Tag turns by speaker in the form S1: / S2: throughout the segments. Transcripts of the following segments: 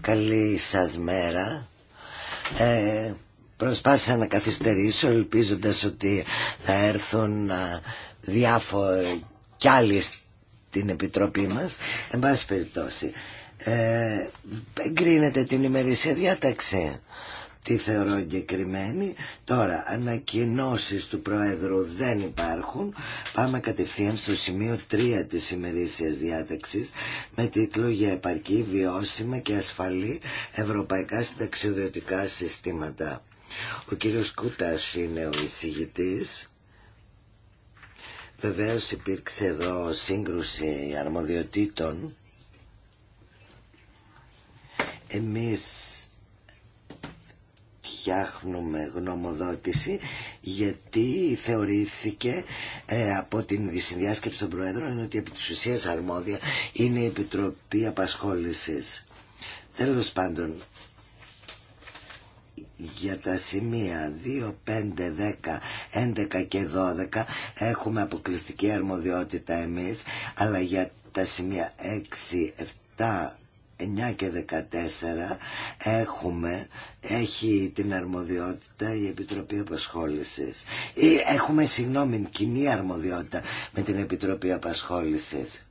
S1: Καλή σας μέρα. Ε, προσπάθησα να καθυστερήσω ελπίζοντας ότι θα έρθουν διάφοροι κι άλλοι στην Επιτροπή μας. Εν πάση περιπτώσει, ε, εγκρίνεται την ημερήσια διάταξη τι θεωρώ εγκεκριμένη. Τώρα, ανακοινώσει του Προέδρου δεν υπάρχουν. Πάμε κατευθείαν στο σημείο 3 της ημερήσιας διάταξης με τίτλο «Για επαρκή, βιώσιμα και ασφαλή ευρωπαϊκά συνταξιδιωτικά συστήματα». Ο κύριος Κούτας είναι ο εισηγητής. Βεβαίως υπήρξε εδώ σύγκρουση αρμοδιοτήτων. Εμείς φτιάχνουμε γνωμοδότηση γιατί θεωρήθηκε ε, από την συνδιάσκεψη των Προέδρων ότι επί της ουσίας αρμόδια είναι η Επιτροπή Απασχόλησης. Τέλος πάντων, για τα σημεία 2, 5, 10, 11 και 12 έχουμε αποκλειστική αρμοδιότητα εμείς, αλλά για τα σημεία 6, 7, 9 και 14 έχουμε, έχει την αρμοδιότητα η Επιτροπή Απασχόλησης. Ή ε, έχουμε, συγγνώμη, κοινή αρμοδιότητα με την Επιτροπή Απασχόλησης.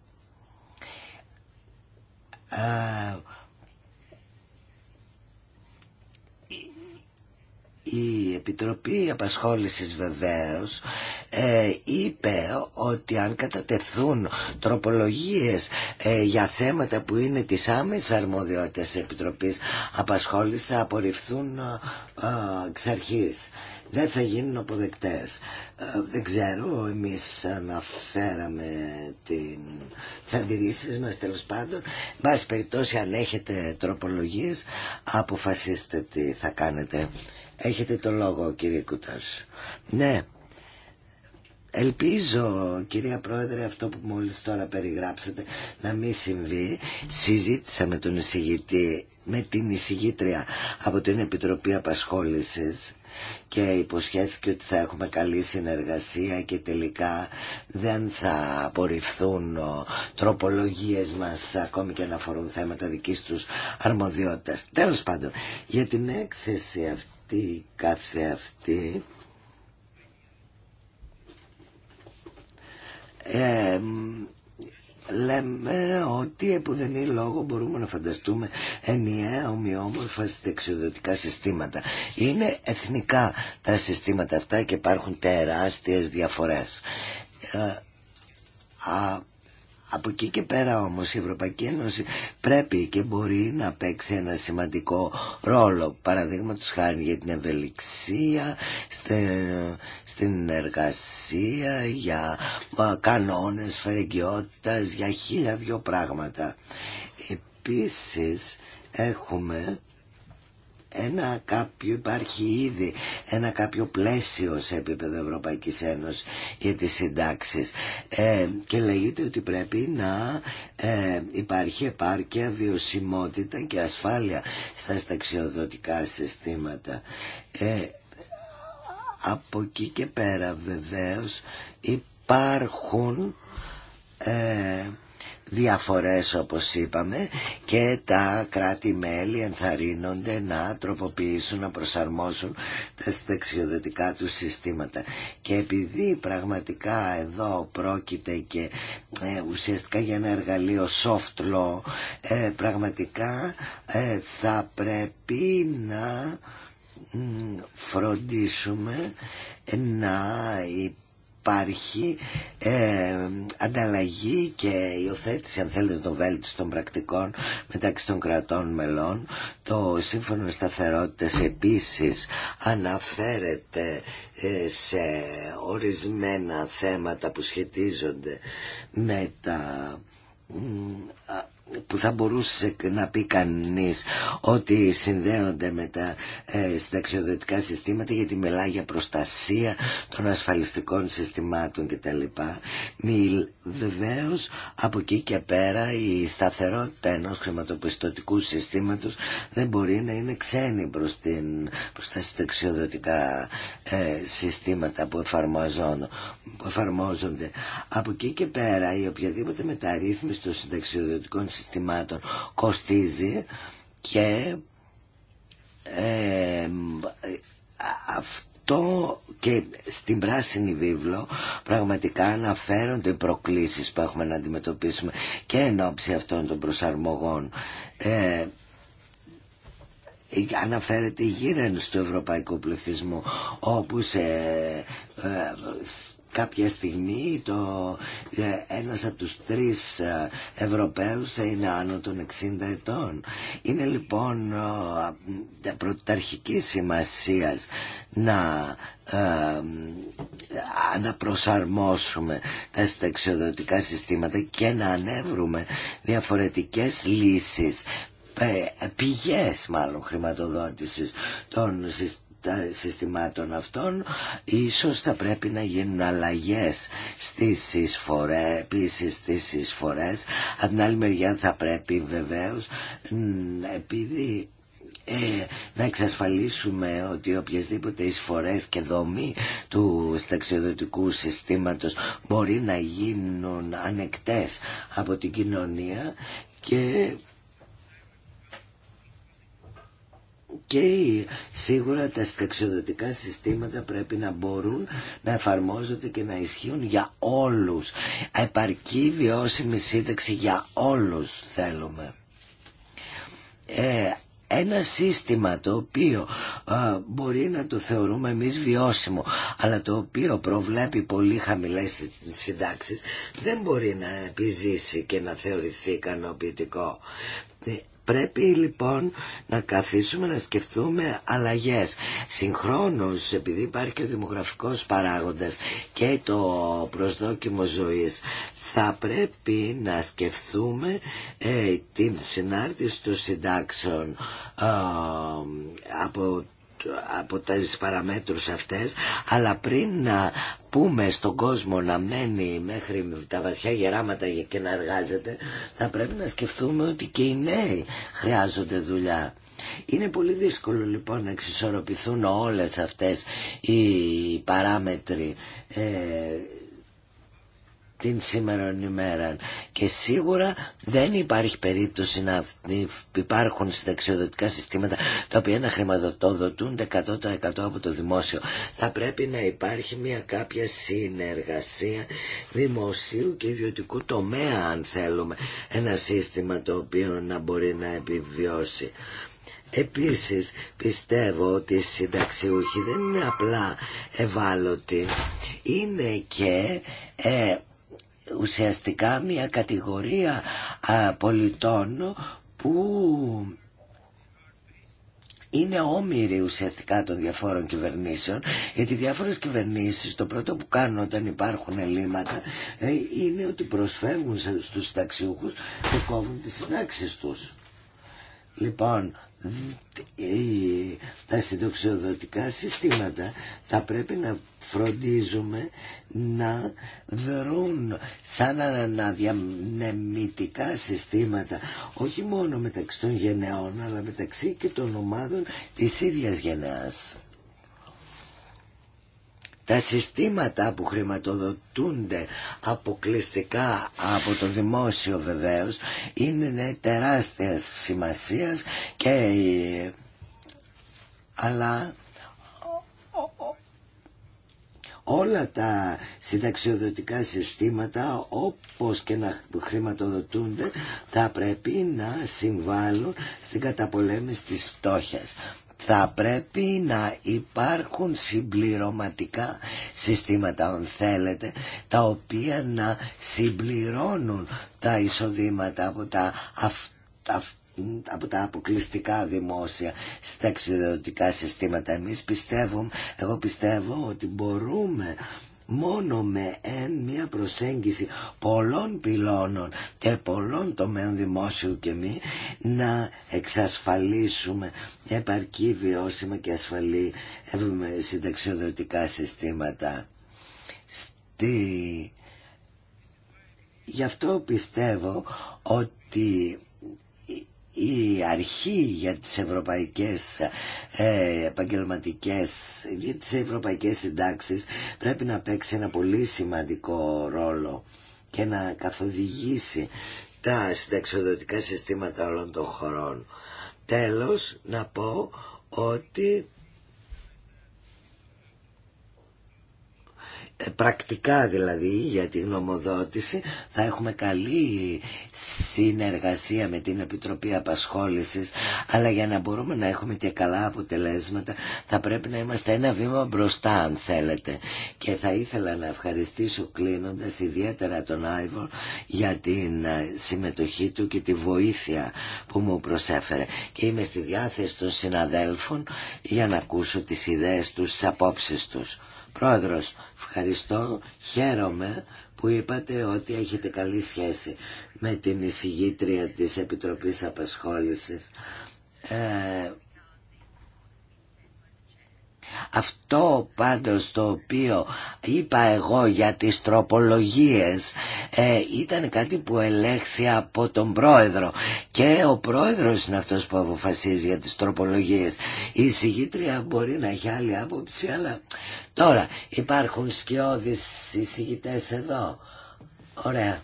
S1: Η Επιτροπή Απασχόλησης βεβαίως ε, είπε ότι αν κατατεθούν τροπολογίες ε, για θέματα που είναι της άμεσης αρμοδιότητας Επιτροπής Απασχόλησης θα απορριφθούν ε, εξ αρχής. Δεν θα γίνουν αποδεκτές. δεν ξέρω, εμείς αναφέραμε την... τις αντιρρήσεις μας τέλος πάντων. Μπάς περιπτώσει αν έχετε τροπολογίες αποφασίστε τι θα κάνετε. Έχετε το λόγο κύριε Κουτάς. Ναι. Ελπίζω, κυρία Πρόεδρε, αυτό που μόλις τώρα περιγράψατε να μην συμβεί. Συζήτησα με τον εισηγητή, με την εισηγήτρια από την Επιτροπή Απασχόλησης και υποσχέθηκε ότι θα έχουμε καλή συνεργασία και τελικά δεν θα απορριφθούν τροπολογίες μας ακόμη και να αφορούν θέματα δικής τους αρμοδιότητας. Τέλος πάντων, για την έκθεση αυτή αυτή κάθε ε, λέμε ότι επουδενή λόγο μπορούμε να φανταστούμε ενιαία ομοιόμορφα συνταξιοδοτικά συστήματα. Είναι εθνικά τα συστήματα αυτά και υπάρχουν τεράστιες διαφορές. Ε, α, από εκεί και πέρα όμως η Ευρωπαϊκή Ένωση πρέπει και μπορεί να παίξει ένα σημαντικό ρόλο παραδείγματος χάρη για την ευελιξία, στην εργασία, για κανόνες φερεγγιότητας, για χίλια δυο πράγματα. Επίσης έχουμε ένα κάποιο υπάρχει ήδη ένα κάποιο πλαίσιο σε επίπεδο Ευρωπαϊκής Ένωσης για τις συντάξεις ε, και λέγεται ότι πρέπει να ε, υπάρχει επάρκεια βιωσιμότητα και ασφάλεια στα σταξιοδοτικά συστήματα ε, από εκεί και πέρα βεβαίως υπάρχουν ε, διαφορές όπως είπαμε και τα κράτη-μέλη ενθαρρύνονται να τροποποιήσουν, να προσαρμόσουν τα συνταξιοδοτικά του συστήματα. Και επειδή πραγματικά εδώ πρόκειται και ε, ουσιαστικά για ένα εργαλείο soft law, ε, πραγματικά ε, θα πρέπει να φροντίσουμε να υπάρχει ε, ανταλλαγή και υιοθέτηση αν θέλετε των βέλτιστων πρακτικών μεταξύ των κρατών μελών το σύμφωνο σταθερότητας επίσης αναφέρεται ε, σε ορισμένα θέματα που σχετίζονται με τα που θα μπορούσε να πει κανείς ότι συνδέονται με τα ε, συνταξιοδοτικά συστήματα γιατί τη για προστασία των ασφαλιστικών συστημάτων κτλ. Μιλ, Βεβαίω, από εκεί και πέρα η σταθερότητα ενός χρηματοπιστωτικού συστήματος δεν μπορεί να είναι ξένη προς, την, προς τα συνταξιοδοτικά ε, συστήματα που, που εφαρμόζονται. Από εκεί και πέρα η οποιαδήποτε μεταρρύθμιση των συνταξιοδοτικών συστημάτων κοστίζει και ε, ε, αυτό και στην πράσινη βίβλο πραγματικά αναφέρονται οι προκλήσεις που έχουμε να αντιμετωπίσουμε και εν ώψη αυτών των προσαρμογών. Ε, αναφέρεται η γύρενους του ευρωπαϊκού πληθυσμού όπου ε, κάποια στιγμή το, ε, ένας από τους τρεις ε, Ευρωπαίους θα είναι άνω των 60 ετών. Είναι λοιπόν πρωταρχική σημασία να ε, να προσαρμόσουμε τα εξοδοτικά συστήματα και να ανέβρουμε διαφορετικές λύσεις πηγές μάλλον χρηματοδότησης των συστημάτων τα συστημάτων αυτών ίσως θα πρέπει να γίνουν αλλαγές στις εισφορές επίσης στις εισφορές από την άλλη μεριά θα πρέπει βεβαίως επειδή ε, να εξασφαλίσουμε ότι οποιασδήποτε εισφορές και δομή του σταξιοδοτικού συστήματος μπορεί να γίνουν ανεκτές από την κοινωνία και και σίγουρα τα στεξιοδοτικά συστήματα πρέπει να μπορούν να εφαρμόζονται και να ισχύουν για όλους. Επαρκή βιώσιμη σύνταξη για όλους θέλουμε. Ε, ένα σύστημα το οποίο α, ε, μπορεί να το θεωρούμε εμείς βιώσιμο αλλά το οποίο προβλέπει πολύ χαμηλές συντάξεις δεν μπορεί να επιζήσει και να θεωρηθεί ικανοποιητικό. Ε, Πρέπει λοιπόν να καθίσουμε να σκεφτούμε αλλαγές. Συγχρόνως, επειδή υπάρχει και ο δημογραφικός παράγοντας και το προσδόκιμο ζωής, θα πρέπει να σκεφτούμε ε, την συνάρτηση των συντάξεων ε, από από τις παραμέτρους αυτές αλλά πριν να πούμε στον κόσμο να μένει μέχρι τα βαθιά γεράματα και να εργάζεται, θα πρέπει να σκεφτούμε ότι και οι νέοι χρειάζονται δουλειά. Είναι πολύ δύσκολο λοιπόν να εξισορροπηθούν όλες αυτές οι παράμετροι. Ε, την σήμερα ημέρα και σίγουρα δεν υπάρχει περίπτωση να υπάρχουν συνταξιοδοτικά συστήματα τα οποία να χρηματοδοτούν 100% από το δημόσιο. Θα πρέπει να υπάρχει μια κάποια συνεργασία δημοσίου και ιδιωτικού τομέα αν θέλουμε ένα σύστημα το οποίο να μπορεί να επιβιώσει. Επίσης πιστεύω ότι οι συνταξιούχοι δεν είναι απλά ευάλωτοι, είναι και ε, ουσιαστικά μια κατηγορία πολιτών που είναι όμοιροι ουσιαστικά των διαφόρων κυβερνήσεων γιατί οι διάφορες κυβερνήσεις το πρώτο που κάνουν όταν υπάρχουν ελλείμματα ε, είναι ότι προσφεύγουν στους συνταξιούχους και κόβουν τις συντάξεις τους. Λοιπόν, ε, τα συντοξιοδοτικά συστήματα θα πρέπει να φροντίζουμε να δρούν σαν αναδιανεμητικά συστήματα όχι μόνο μεταξύ των γενεών αλλά μεταξύ και των ομάδων της ίδιας γενεάς. Τα συστήματα που χρηματοδοτούνται αποκλειστικά από το δημόσιο βεβαίως είναι ναι, τεράστια σημασίας και αλλά όλα τα συνταξιοδοτικά συστήματα όπως και να χρηματοδοτούνται θα πρέπει να συμβάλλουν στην καταπολέμηση της φτώχειας θα πρέπει να υπάρχουν συμπληρωματικά συστήματα αν θέλετε τα οποία να συμπληρώνουν τα εισοδήματα από τα, αποκλειστικά δημόσια στα συστήματα. Εμείς πιστεύουμε, εγώ πιστεύω ότι μπορούμε μόνο με μια προσέγγιση πολλών πυλώνων και πολλών τομέων δημόσιου και μη να εξασφαλίσουμε επαρκή βιώσιμα και ασφαλή συνταξιοδοτικά συστήματα. Στη... Γι' αυτό πιστεύω ότι η αρχή για τις ευρωπαϊκές ε, επαγγελματικές για τις ευρωπαϊκές συντάξεις πρέπει να παίξει ένα πολύ σημαντικό ρόλο και να καθοδηγήσει τα συνταξιοδοτικά συστήματα όλων των χωρών. Τέλος να πω ότι Ε, πρακτικά δηλαδή για τη γνωμοδότηση θα έχουμε καλή συνεργασία με την Επιτροπή Απασχόλησης αλλά για να μπορούμε να έχουμε και καλά αποτελέσματα θα πρέπει να είμαστε ένα βήμα μπροστά αν θέλετε και θα ήθελα να ευχαριστήσω κλείνοντας ιδιαίτερα τον Άιβορ για την ε, συμμετοχή του και τη βοήθεια που μου προσέφερε και είμαι στη διάθεση των συναδέλφων για να ακούσω τις ιδέες τους, τις απόψεις τους. Πρόεδρος, Ευχαριστώ. Χαίρομαι που είπατε ότι έχετε καλή σχέση με την εισηγήτρια της Επιτροπής Απασχόλησης. Ε, αυτό πάντως το οποίο είπα εγώ για τις τροπολογίες ε, ήταν κάτι που ελέγχθη από τον πρόεδρο και ο πρόεδρος είναι αυτός που αποφασίζει για τις τροπολογίες. Η συγκήτρια μπορεί να έχει άλλη άποψη αλλά τώρα υπάρχουν σκιώδεις εισηγητές εδώ. Ωραία.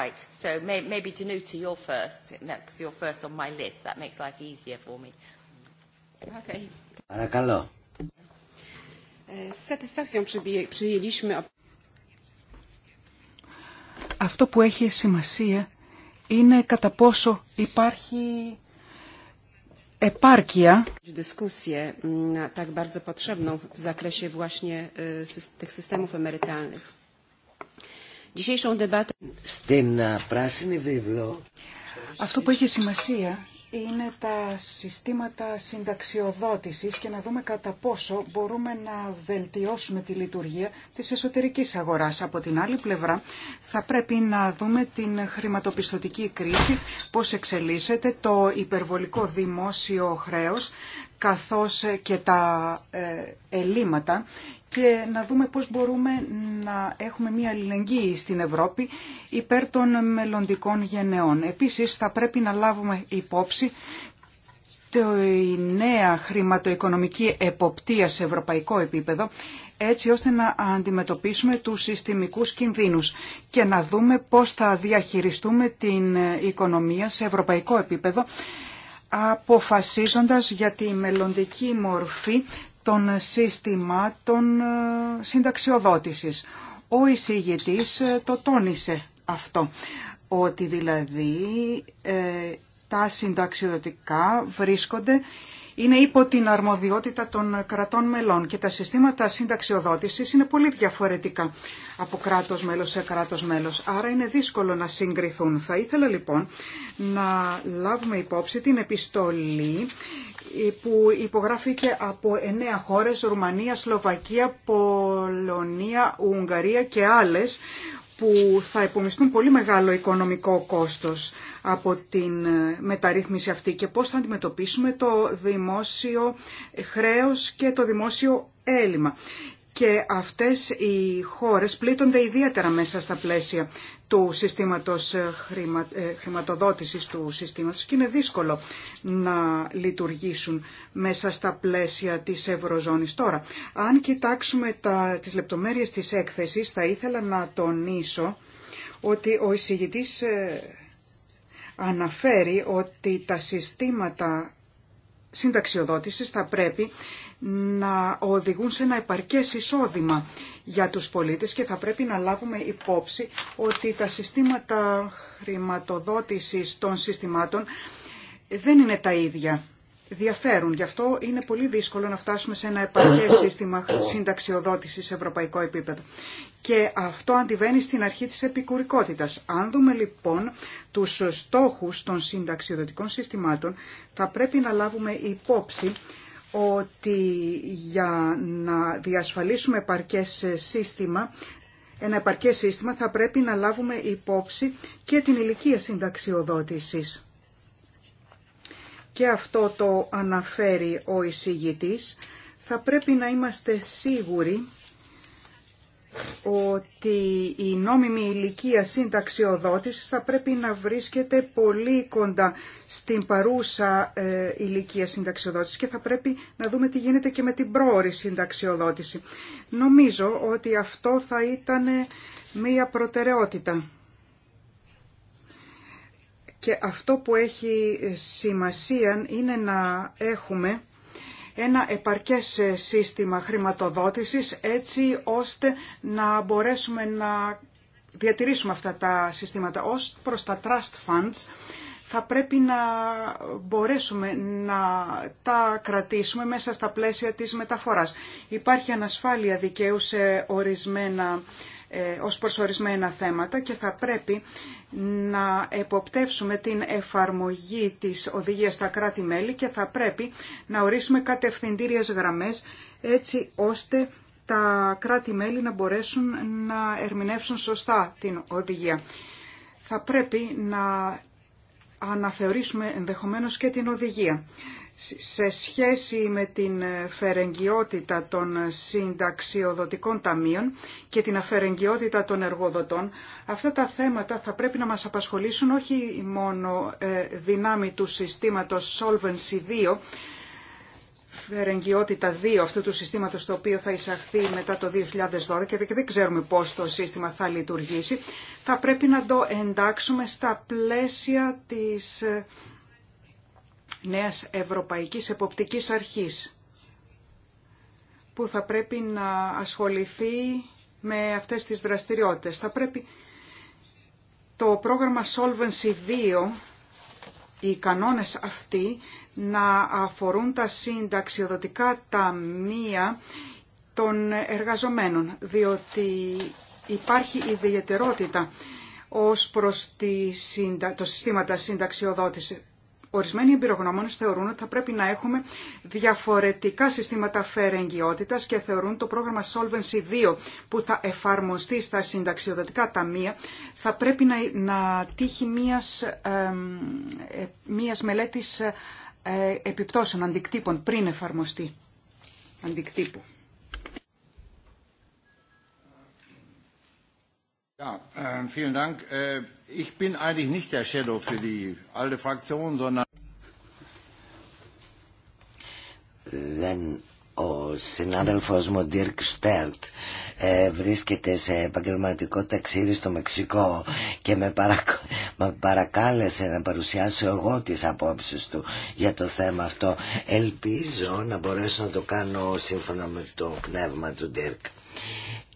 S2: Right, so maybe Danuta, you're first, because your first on my list. That makes life easier for me. Okay.
S3: Παρακαλώ. Ε, αυτό που έχει σημασία είναι κατά πόσο υπάρχει επάρκεια mm, e,
S1: στην πράσινη βίβλο
S3: αυτό που έχει σημασία είναι τα συστήματα συνταξιοδότησης και να δούμε κατά πόσο μπορούμε να βελτιώσουμε τη λειτουργία της εσωτερικής αγοράς. Από την άλλη πλευρά θα πρέπει να δούμε την χρηματοπιστωτική κρίση, πώς εξελίσσεται το υπερβολικό δημόσιο χρέος καθώς και τα ε, ελλείμματα και να δούμε πώς μπορούμε να έχουμε μια αλληλεγγύη στην Ευρώπη υπέρ των μελλοντικών γενεών. Επίσης θα πρέπει να λάβουμε υπόψη η νέα χρηματοοικονομική εποπτεία σε ευρωπαϊκό επίπεδο έτσι ώστε να αντιμετωπίσουμε τους συστημικούς κινδύνους και να δούμε πώς θα διαχειριστούμε την οικονομία σε ευρωπαϊκό επίπεδο αποφασίζοντας για τη μελλοντική μορφή των συστημάτων ε, συνταξιοδότησης. Ο εισηγητής ε, το τόνισε αυτό, ότι δηλαδή ε, τα συνταξιοδοτικά βρίσκονται είναι υπό την αρμοδιότητα των κρατών μελών και τα συστήματα συνταξιοδότηση είναι πολύ διαφορετικά από κράτος μέλος σε κράτος μέλος, άρα είναι δύσκολο να συγκριθούν. Θα ήθελα λοιπόν να λάβουμε υπόψη την επιστολή ε, που υπογράφηκε από εννέα χώρες, Ρουμανία, Σλοβακία, Πολωνία, Ουγγαρία και άλλες, που θα υπομισθούν πολύ μεγάλο οικονομικό κόστος από την ε, μεταρρύθμιση αυτή και πώς θα αντιμετωπίσουμε το δημόσιο χρέος και το δημόσιο έλλειμμα. Και αυτές οι χώρες πλήττονται ιδιαίτερα μέσα στα πλαίσια του συστήματος ε, χρημα, ε, χρηματοδότησης του συστήματος και είναι δύσκολο να λειτουργήσουν μέσα στα πλαίσια της Ευρωζώνης. Τώρα, αν κοιτάξουμε τα, τις λεπτομέρειες της έκθεσης, θα ήθελα να τονίσω ότι ο εισηγητής ε, αναφέρει ότι τα συστήματα συνταξιοδότησης θα πρέπει να οδηγούν σε ένα επαρκές εισόδημα για τους πολίτες και θα πρέπει να λάβουμε υπόψη ότι τα συστήματα χρηματοδότησης των συστημάτων δεν είναι τα ίδια. Διαφέρουν. Γι' αυτό είναι πολύ δύσκολο να φτάσουμε σε ένα επαρκέ σύστημα συνταξιοδότησης σε ευρωπαϊκό επίπεδο. Και αυτό αντιβαίνει στην αρχή της επικουρικότητας. Αν δούμε λοιπόν τους στόχους των συνταξιοδοτικών συστημάτων, θα πρέπει να λάβουμε υπόψη ότι για να διασφαλίσουμε επαρκές σύστημα, ένα επαρκές σύστημα θα πρέπει να λάβουμε υπόψη και την ηλικία συνταξιοδότησης. Και αυτό το αναφέρει ο εισηγητής. Θα πρέπει να είμαστε σίγουροι ότι η νόμιμη ηλικία συνταξιοδότησης θα πρέπει να βρίσκεται πολύ κοντά στην παρούσα ε, ηλικία συνταξιοδότησης και θα πρέπει να δούμε τι γίνεται και με την πρόορη συνταξιοδότηση. Νομίζω ότι αυτό θα ήταν μία προτεραιότητα. Και αυτό που έχει σημασία είναι να έχουμε ένα επαρκές ε, σύστημα χρηματοδότησης έτσι ώστε να μπορέσουμε να διατηρήσουμε αυτά τα συστήματα. Ως προς τα trust funds θα πρέπει να μπορέσουμε να τα κρατήσουμε μέσα στα πλαίσια της μεταφοράς. Υπάρχει ανασφάλεια δικαίου σε ορισμένα ε, ως προσωρισμένα θέματα και θα πρέπει να εποπτεύσουμε την εφαρμογή της οδηγίας στα κράτη-μέλη και θα πρέπει να ορίσουμε κατευθυντήριες γραμμές έτσι ώστε τα κράτη-μέλη να μπορέσουν να ερμηνεύσουν σωστά την οδηγία. Θα πρέπει να αναθεωρήσουμε ενδεχομένως και την οδηγία σε σχέση με την φερεγγιότητα των συνταξιοδοτικών ταμείων και την αφαιρεγγιότητα των εργοδοτών, αυτά τα θέματα θα πρέπει να μας απασχολήσουν όχι μόνο ε, δυνάμει του συστήματος Solvency 2, φερεγγιότητα 2 αυτού του συστήματος το οποίο θα εισαχθεί μετά το 2012 και δεν ξέρουμε πώς το σύστημα θα λειτουργήσει, θα πρέπει να το εντάξουμε στα πλαίσια της ε, νέας Ευρωπαϊκής Εποπτικής Αρχής που θα πρέπει να ασχοληθεί με αυτές τις δραστηριότητες. Θα πρέπει το πρόγραμμα Solvency 2, οι κανόνες αυτοί, να αφορούν τα συνταξιοδοτικά ταμεία των εργαζομένων, διότι υπάρχει ιδιαιτερότητα ως προς τη, το τα συνταξιοδότηση Ορισμένοι εμπειρογνώμονε θεωρούν ότι θα πρέπει να έχουμε διαφορετικά συστήματα φερεγγιότητας και θεωρούν το πρόγραμμα Solvency 2 που θα εφαρμοστεί στα συνταξιοδοτικά ταμεία θα πρέπει να, να τύχει μίας, ε, μίας μελέτης ε, επιπτώσεων αντικτύπων πριν εφαρμοστεί αντικτύπου.
S4: δεν ähm,
S1: äh, ο συνάδελφος μου Dirk Στέρτ ε, βρίσκεται σε επαγγελματικό ταξίδι στο Μεξικό και με, παρακάλεσε να παρουσιάσω εγώ τις απόψεις του για το θέμα αυτό. Ελπίζω να μπορέσω να το κάνω σύμφωνα με το πνεύμα του Dirk.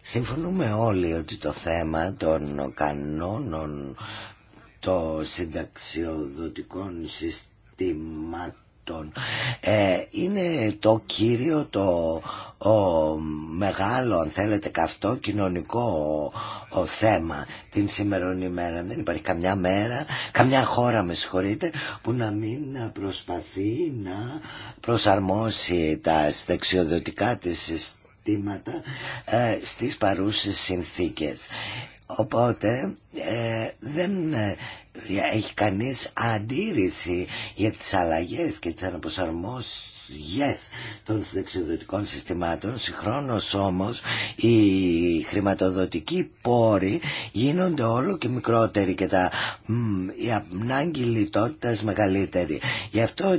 S1: Συμφωνούμε όλοι ότι το θέμα των κανόνων των συνταξιοδοτικών συστημάτων ε, είναι το κύριο, το ο, μεγάλο αν θέλετε καυτό κοινωνικό θέμα την σήμερον ημέρα. Δεν υπάρχει καμιά μέρα, καμιά χώρα με συγχωρείτε που να μην προσπαθεί να προσαρμόσει τα συνταξιοδοτικά της συστήματα ζητήματα ε, στις παρούσες συνθήκες. Οπότε ε, δεν ε, έχει κανείς αντίρρηση για τις αλλαγές και τις αναποσαρμόσεις των δεξιοδοτικών συστημάτων συγχρόνως όμως οι χρηματοδοτικοί πόροι γίνονται όλο και μικρότεροι και τα, μ, η ανάγκη λιτότητας μεγαλύτερη γι' αυτό ο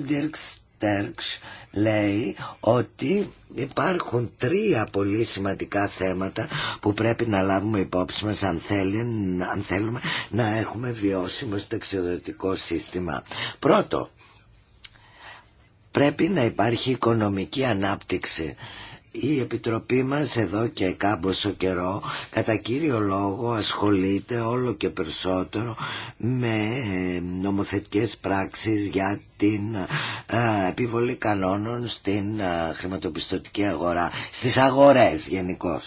S1: λέει ότι υπάρχουν τρία πολύ σημαντικά θέματα που πρέπει να λάβουμε υπόψη μας αν, θέλει, αν θέλουμε να έχουμε βιώσιμο εξοδοτικό σύστημα. Πρώτο, πρέπει να υπάρχει οικονομική ανάπτυξη η Επιτροπή μας εδώ και κάμποσο καιρό κατά κύριο λόγο ασχολείται όλο και περισσότερο με ε, νομοθετικές πράξεις για την α, ε, επιβολή κανόνων στην ε, χρηματοπιστωτική αγορά, στις αγορές γενικώ.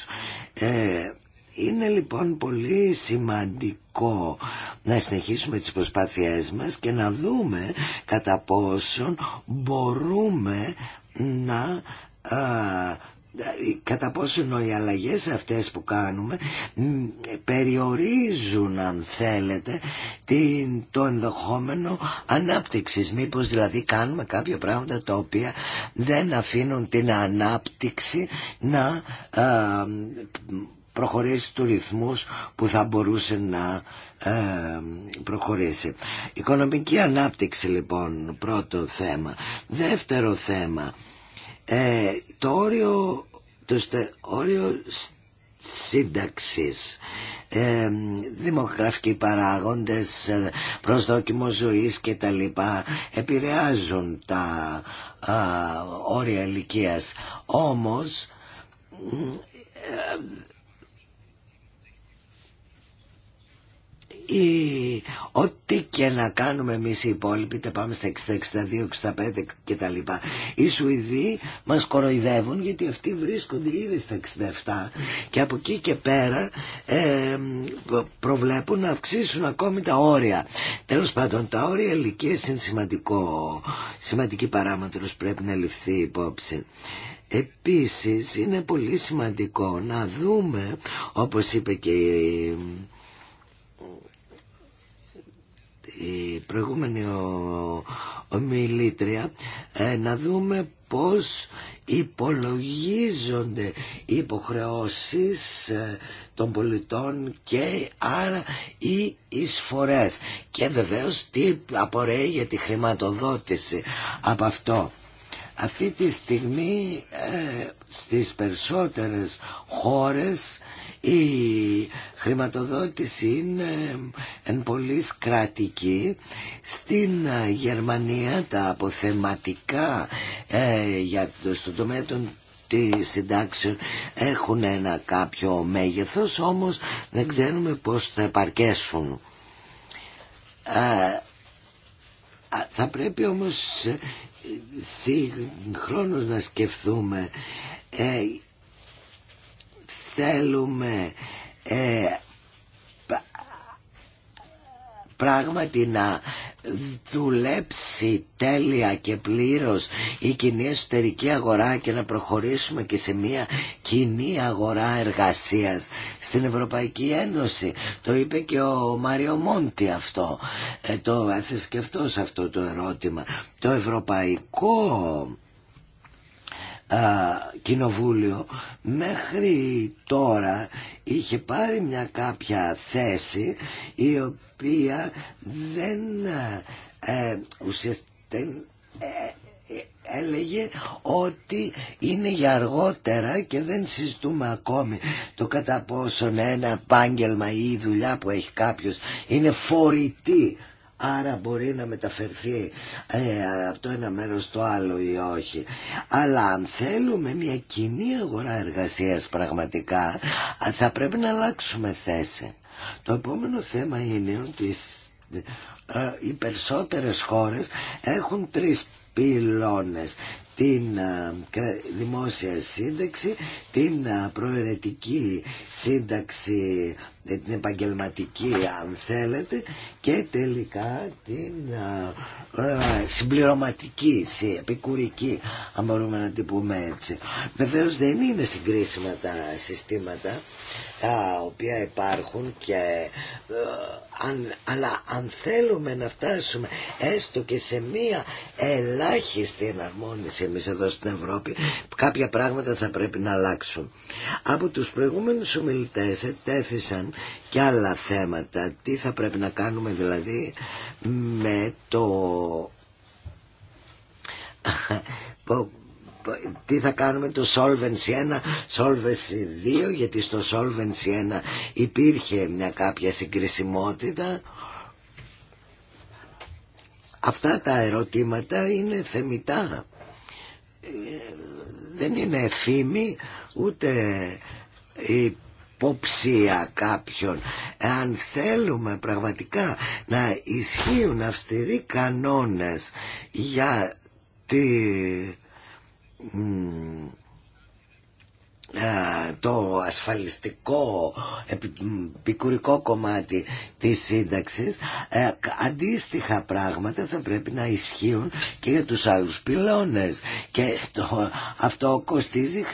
S1: είναι λοιπόν πολύ σημαντικό να συνεχίσουμε τις προσπάθειές μας και να δούμε κατά πόσον μπορούμε να Δηλαδή, κατά πόσο οι αλλαγές αυτές που κάνουμε περιορίζουν αν θέλετε την, το ενδεχόμενο ανάπτυξης μήπως δηλαδή κάνουμε κάποια πράγματα τα οποία δεν αφήνουν την ανάπτυξη να ε, προχωρήσει του ρυθμούς που θα μπορούσε να ε, προχωρήσει. Οικονομική ανάπτυξη λοιπόν πρώτο θέμα. Δεύτερο θέμα ε, το όριο, το στε, όριο σύνταξης ε, δημογραφικοί παράγοντες, ε, προσδόκιμο ζωής και τα λοιπά επηρεάζουν τα α, όρια ηλικία. Όμως ε, ό,τι και να κάνουμε εμεί οι υπόλοιποι, τα πάμε στα 60, 62, 65 κτλ. Οι Σουηδοί μας κοροϊδεύουν γιατί αυτοί βρίσκονται ήδη στα 67 και από εκεί και πέρα προβλέπουν να αυξήσουν ακόμη τα όρια. Τέλος πάντων, τα όρια ηλικία είναι σημαντικό, σημαντική παράμετρος πρέπει να ληφθεί υπόψη. Επίσης είναι πολύ σημαντικό να δούμε, όπως είπε και η η προηγούμενη ομιλήτρια ε, να δούμε πώς υπολογίζονται οι υποχρεώσεις ε, των πολιτών και άρα οι εισφορές και βεβαίως τι απορρέει για τη χρηματοδότηση από αυτό. Αυτή τη στιγμή ε, στις περισσότερες χώρες η χρηματοδότηση είναι εν πολλής κρατική. Στην Γερμανία τα αποθεματικά ε, για το, στο τομέα των τη συντάξεων έχουν ένα κάποιο μέγεθος όμως δεν ξέρουμε πως θα επαρκέσουν ε, θα πρέπει όμως ε, χρόνος να σκεφτούμε ε, θέλουμε ε, πράγματι να δουλέψει τέλεια και πλήρως η κοινή εσωτερική αγορά και να προχωρήσουμε και σε μια κοινή αγορά εργασίας στην Ευρωπαϊκή Ένωση. Το είπε και ο Μάριο Μόντι αυτό. Ε, το έθεσε και αυτός αυτό το ερώτημα. Το ευρωπαϊκό κοινοβούλιο μέχρι τώρα είχε πάρει μια κάποια θέση η οποία δεν ε, ουσιαστικά ε, ε, έλεγε ότι είναι για αργότερα και δεν συζητούμε ακόμη το κατά πόσον ένα επάγγελμα ή η δουλειά που έχει κάποιος είναι φορητή άρα μπορεί να μεταφερθεί ε, από το ένα μέρος στο άλλο ή όχι. Αλλά αν θέλουμε μια κοινή αγορά εργασίας πραγματικά θα πρέπει να αλλάξουμε θέση. Το επόμενο θέμα είναι ότι ε, οι περισσότερες χώρες έχουν τρεις πυλώνες την ε, δημόσια σύνταξη, την ε, προαιρετική σύνταξη την επαγγελματική αν θέλετε και τελικά την συμπληρωματική, επικουρική αν μπορούμε να την πούμε έτσι. Βεβαίως δεν είναι συγκρίσιμα τα συστήματα τα οποία υπάρχουν και ε, αλλά αν θέλουμε να φτάσουμε έστω και σε μία ελάχιστη εναρμόνιση εμείς εδώ στην Ευρώπη κάποια πράγματα θα πρέπει να αλλάξουν από τους προηγούμενους ομιλητές ετέθησαν και άλλα θέματα τι θα πρέπει να κάνουμε δηλαδή με το τι θα κάνουμε το Solvency 1, Solvency 2 γιατί στο Solvency 1 υπήρχε μια κάποια συγκρισιμότητα αυτά τα ερωτήματα είναι θεμητά δεν είναι φήμη ούτε υποψία κάποιων. Αν θέλουμε πραγματικά να ισχύουν αυστηροί κανόνες για τη το ασφαλιστικό επικουρικό κομμάτι της σύνταξης ε, αντίστοιχα πράγματα θα πρέπει να ισχύουν και για τους άλλους πυλώνες και το, αυτό κοστίζει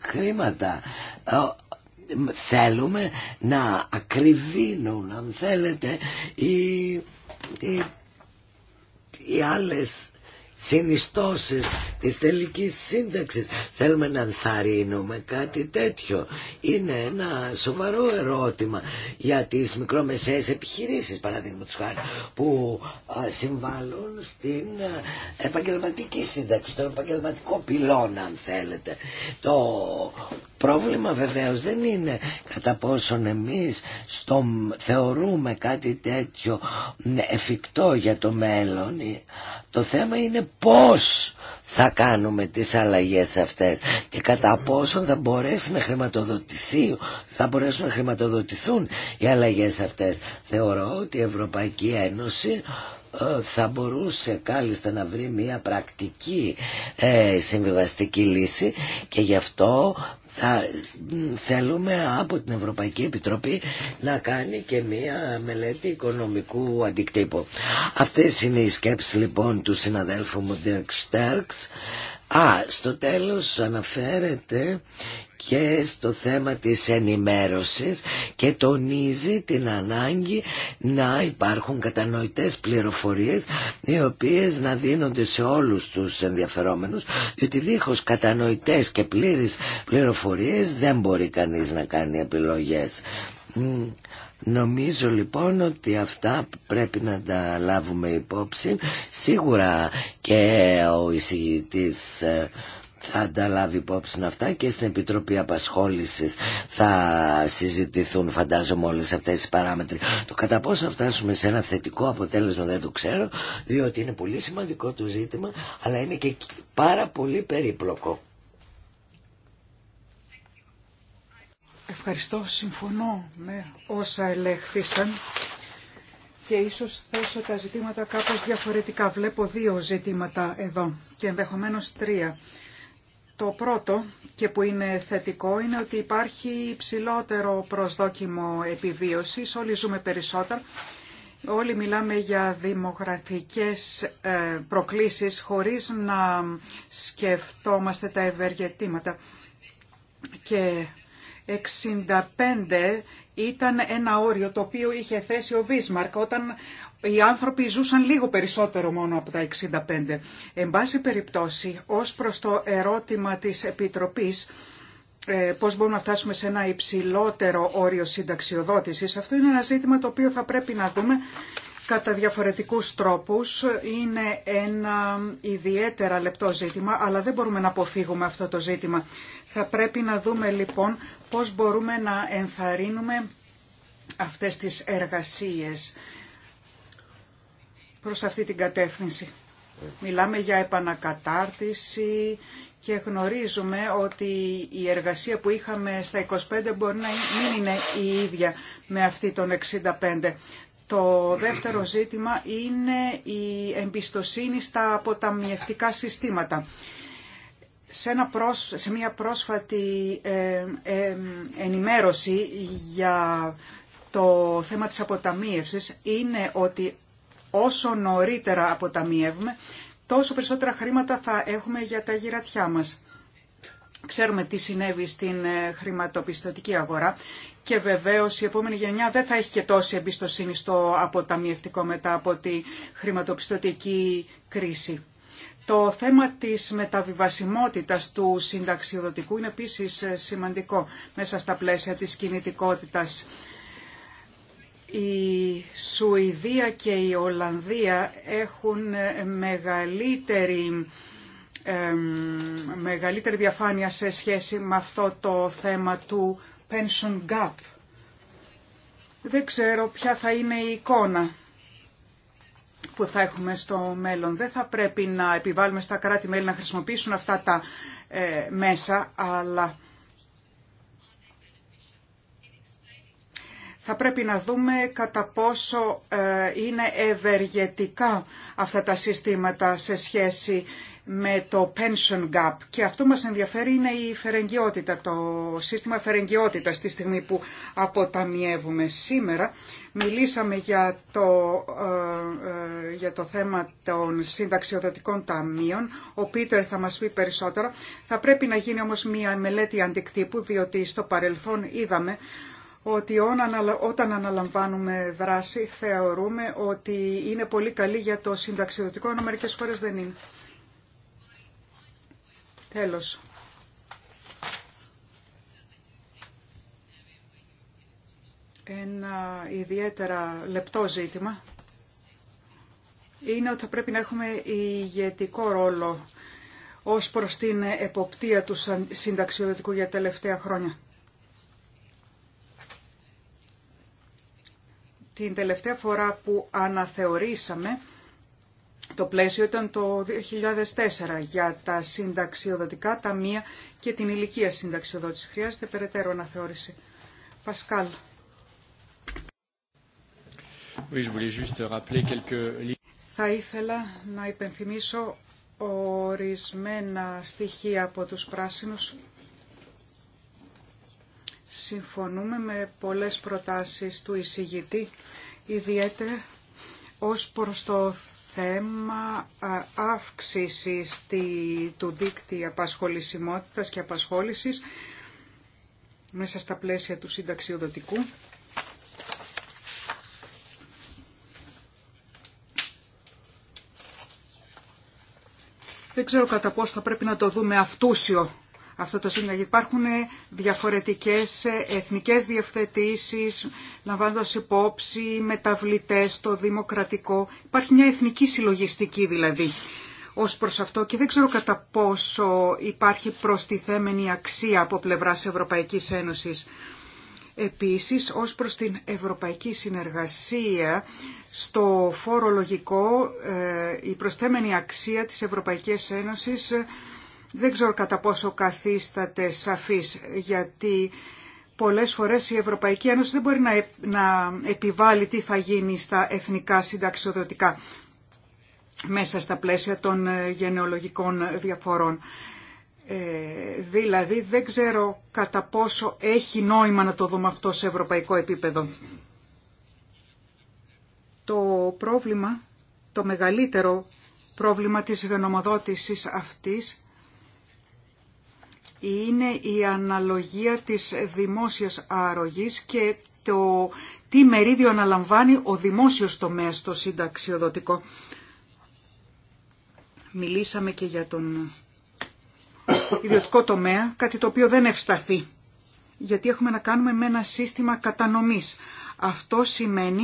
S1: χρήματα θέλουμε να ακριβίνουν αν θέλετε οι, οι, οι άλλες συνιστώσεις της τελικής σύνταξης. Θέλουμε να ενθαρρύνουμε κάτι τέτοιο. Είναι ένα σοβαρό ερώτημα για τις μικρομεσαίες επιχειρήσεις, του χάρη, που συμβάλλουν στην επαγγελματική σύνταξη, στον επαγγελματικό πυλώνα, αν θέλετε. Το Πρόβλημα βεβαίως δεν είναι κατά πόσον εμείς θεωρούμε κάτι τέτοιο εφικτό για το μέλλον. Ε, το θέμα είναι πώς θα κάνουμε τις αλλαγές αυτές και κατά πόσον θα μπορέσει να χρηματοδοτηθεί, θα μπορέσουν να χρηματοδοτηθούν οι αλλαγές αυτές. Θεωρώ ότι η Ευρωπαϊκή Ένωση ε, θα μπορούσε κάλλιστα να βρει μια πρακτική ε, συμβιβαστική λύση και γι' αυτό θα θέλουμε από την Ευρωπαϊκή Επιτροπή να κάνει και μία μελέτη οικονομικού αντικτύπου. Αυτές είναι οι σκέψεις λοιπόν του συναδέλφου μου Dirk Sterks. Α, στο τέλος αναφέρεται και στο θέμα της ενημέρωσης και τονίζει την ανάγκη να υπάρχουν κατανοητές πληροφορίες οι οποίες να δίνονται σε όλους τους ενδιαφερόμενους διότι δίχως κατανοητές και πλήρεις πληροφορίες δεν μπορεί κανείς να κάνει επιλογές. Νομίζω λοιπόν ότι αυτά πρέπει να τα λάβουμε υπόψη. Σίγουρα και ο εισηγητής ε, θα τα λάβει υπόψη αυτά και στην Επιτροπή Απασχόλησης θα συζητηθούν φαντάζομαι όλες αυτές οι παράμετροι. Το κατά πόσο θα φτάσουμε σε ένα θετικό αποτέλεσμα δεν το ξέρω, διότι είναι πολύ σημαντικό το ζήτημα, αλλά είναι και πάρα πολύ περίπλοκο.
S3: Ευχαριστώ, συμφωνώ με όσα ελέγχθησαν και ίσως θέσω τα ζητήματα κάπως διαφορετικά. Βλέπω δύο ζητήματα εδώ και ενδεχομένως τρία. Το πρώτο και που είναι θετικό είναι ότι υπάρχει υψηλότερο προσδόκιμο επιβίωσης, όλοι ζούμε περισσότερο. Όλοι μιλάμε για δημογραφικές ε, προκλήσεις χωρίς να σκεφτόμαστε τα ευεργετήματα. Και 65 ήταν ένα όριο το οποίο είχε θέσει ο Βίσμαρκ όταν οι άνθρωποι ζούσαν λίγο περισσότερο μόνο από τα 65. Εν πάση περιπτώσει, ως προς το ερώτημα της Επιτροπής, ε, πώς μπορούμε να φτάσουμε σε ένα υψηλότερο όριο συνταξιοδότησης, αυτό είναι ένα ζήτημα το οποίο θα πρέπει να δούμε κατά διαφορετικούς τρόπους. Είναι ένα ιδιαίτερα λεπτό ζήτημα, αλλά δεν μπορούμε να αποφύγουμε αυτό το ζήτημα. Θα πρέπει να δούμε λοιπόν πώς μπορούμε να ενθαρρύνουμε αυτές τις εργασίες προς αυτή την κατεύθυνση. Μιλάμε για επανακατάρτιση και γνωρίζουμε ότι η εργασία που είχαμε στα 25 μπορεί να μην είναι η ίδια με αυτή των 65. Το δεύτερο ζήτημα είναι η εμπιστοσύνη στα αποταμιευτικά συστήματα. Σε, σε μια πρόσφατη ε, ε, ενημέρωση για το θέμα της αποταμίευσης είναι ότι όσο νωρίτερα αποταμιεύουμε, τόσο περισσότερα χρήματα θα έχουμε για τα γυρατιά μας. Ξέρουμε τι συνέβη στην ε, χρηματοπιστωτική αγορά και βεβαίως η επόμενη γενιά δεν θα έχει και τόση εμπιστοσύνη στο αποταμιευτικό μετά από τη χρηματοπιστωτική κρίση. Το θέμα της μεταβιβασιμότητας του συνταξιοδοτικού είναι επίσης ε, σημαντικό μέσα στα πλαίσια της κινητικότητας η Σουηδία και η Ολλανδία έχουν ε, μεγαλύτερη, μεγαλύτερη διαφάνεια σε σχέση με αυτό το θέμα του pension gap. Δεν ξέρω ποια θα είναι η εικόνα που θα έχουμε στο μέλλον. Δεν θα πρέπει να επιβάλλουμε στα κράτη-μέλη να χρησιμοποιήσουν αυτά τα ε, μέσα, αλλά θα πρέπει να δούμε κατά πόσο ε, είναι ευεργετικά αυτά τα συστήματα σε σχέση με το pension gap και αυτό μας ενδιαφέρει είναι η φερεγγιότητα, το σύστημα φερεγγιότητας στη στιγμή που αποταμιεύουμε σήμερα. Μιλήσαμε για το, ε, ε, για το θέμα των συνταξιοδοτικών ταμείων, ο Πίτερ θα μας πει περισσότερα. Θα πρέπει να γίνει όμως μια μελέτη αντικτύπου διότι στο παρελθόν είδαμε ότι όταν αναλαμβάνουμε δράση θεωρούμε ότι είναι πολύ καλή για το συνταξιδοτικό, ενώ μερικές φορές δεν είναι. Τέλος. Ένα ιδιαίτερα λεπτό ζήτημα είναι ότι θα πρέπει να έχουμε ηγετικό ρόλο ως προς την εποπτεία του συνταξιοδοτικού για τελευταία χρόνια. Την τελευταία φορά που αναθεωρήσαμε το πλαίσιο ήταν το 2004 για τα συνταξιοδοτικά ταμεία και την ηλικία συνταξιοδότηση. Χρειάζεται περαιτέρω αναθεώρηση. Πασκάλ. Θα ήθελα να υπενθυμίσω ορισμένα στοιχεία από τους πράσινους Συμφωνούμε με πολλές προτάσεις του εισηγητή, ιδιαίτερα ως προς το θέμα αύξησης του δίκτυα απασχολησιμότητας και απασχόλησης μέσα στα πλαίσια του συνταξιοδοτικού. Δεν ξέρω κατά πώς θα πρέπει να το δούμε αυτούσιο αυτό το σύνολο. Υπάρχουν διαφορετικές εθνικές διευθετήσεις, λαμβάνοντας υπόψη μεταβλητές, στο δημοκρατικό. Υπάρχει μια εθνική συλλογιστική δηλαδή ως προς αυτό και δεν ξέρω κατά πόσο υπάρχει προστιθέμενη αξία από πλευράς Ευρωπαϊκής Ένωσης. Επίσης, ως προς την ευρωπαϊκή συνεργασία, στο φορολογικό ε, η προστέμενη αξία της Ευρωπαϊκής Ένωσης δεν ξέρω κατά πόσο καθίσταται σαφής, γιατί πολλές φορές η Ευρωπαϊκή Ένωση δεν μπορεί να επιβάλλει τι θα γίνει στα εθνικά συνταξιοδοτικά μέσα στα πλαίσια των ε, γενεολογικών διαφορών. Ε, δηλαδή δεν ξέρω κατά πόσο έχει νόημα να το δούμε αυτό σε ευρωπαϊκό επίπεδο. Το πρόβλημα, το μεγαλύτερο πρόβλημα της γενομοδότησης αυτής είναι η αναλογία της δημόσιας άρρωγης και το τι μερίδιο αναλαμβάνει ο δημόσιος τομέας στο συνταξιοδοτικό. Μιλήσαμε και για τον ιδιωτικό τομέα, κάτι το οποίο δεν ευσταθεί, γιατί έχουμε να κάνουμε με ένα σύστημα κατανομής. Αυτό σημαίνει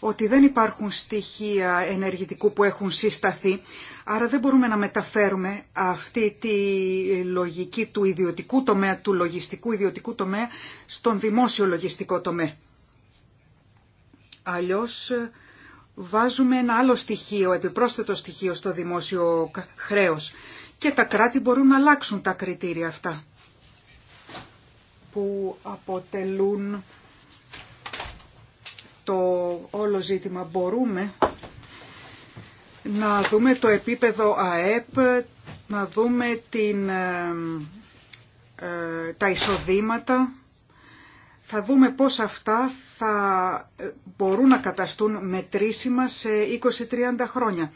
S3: ότι δεν υπάρχουν στοιχεία ενεργητικού που έχουν συσταθεί, άρα δεν μπορούμε να μεταφέρουμε αυτή τη λογική του ιδιωτικού τομέα, του λογιστικού ιδιωτικού τομέα, στον δημόσιο λογιστικό τομέα. Αλλιώς βάζουμε ένα άλλο στοιχείο, επιπρόσθετο στοιχείο στο δημόσιο χρέος και τα κράτη μπορούν να αλλάξουν τα κριτήρια αυτά που αποτελούν το όλο ζήτημα. Μπορούμε να δούμε το επίπεδο ΑΕΠ, να δούμε την, ε, τα εισοδήματα. Θα δούμε πώς αυτά θα ε, μπορούν να καταστούν μετρήσιμα σε 20-30 χρόνια.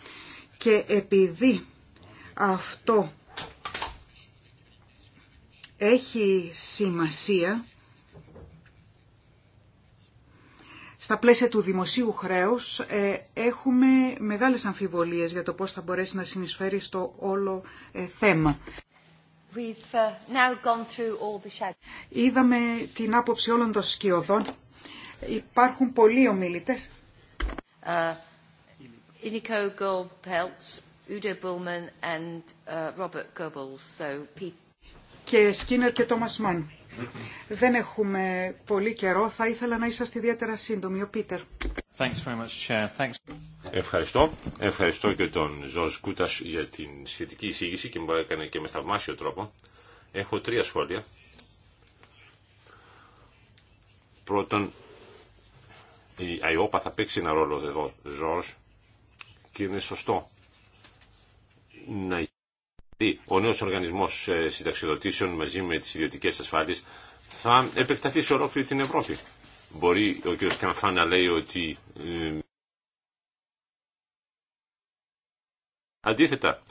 S3: Και επειδή αυτό έχει σημασία, στα πλαίσια του δημοσίου χρέους ε, έχουμε μεγάλες αμφιβολίες για το πώς θα μπορέσει να συνεισφέρει στο όλο ε, θέμα. Uh, Είδαμε την άποψη όλων των σκιωδών. Υπάρχουν πολλοί ομιλητές.
S2: Uh, uh,
S3: και Σκίνερ και Τόμας Μάν. Δεν έχουμε πολύ καιρό. Θα ήθελα να είσαστε ιδιαίτερα σύντομοι. Ο Πίτερ.
S5: Ευχαριστώ. Ευχαριστώ και τον Ζωζ Κούτας για την σχετική εισήγηση και μου έκανε και με θαυμάσιο τρόπο. Έχω τρία σχόλια. Πρώτον, η ΑΙΟΠΑ θα παίξει ένα ρόλο εδώ, Ζωζ, και είναι σωστό να ο νέος οργανισμός ε, συνταξιοδοτήσεων μαζί με τις ιδιωτικές ασφάλειες θα επεκταθεί σε ολόκληρη την Ευρώπη. Μπορεί ο κ. Καμφά να λέει ότι... Ε, αντίθετα,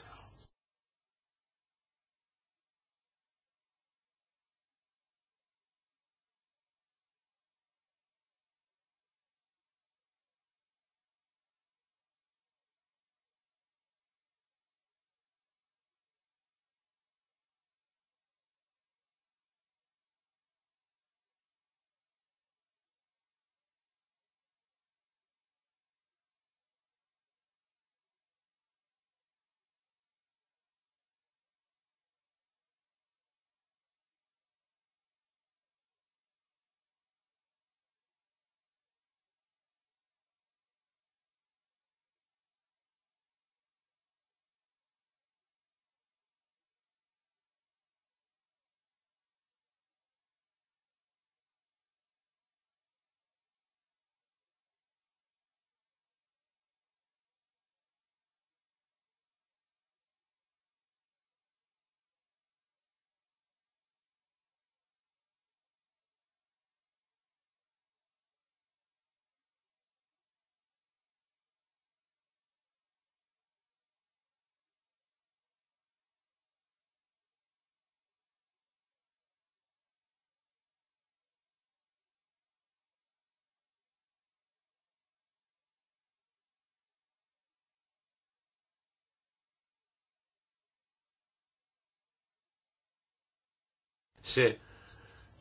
S5: σε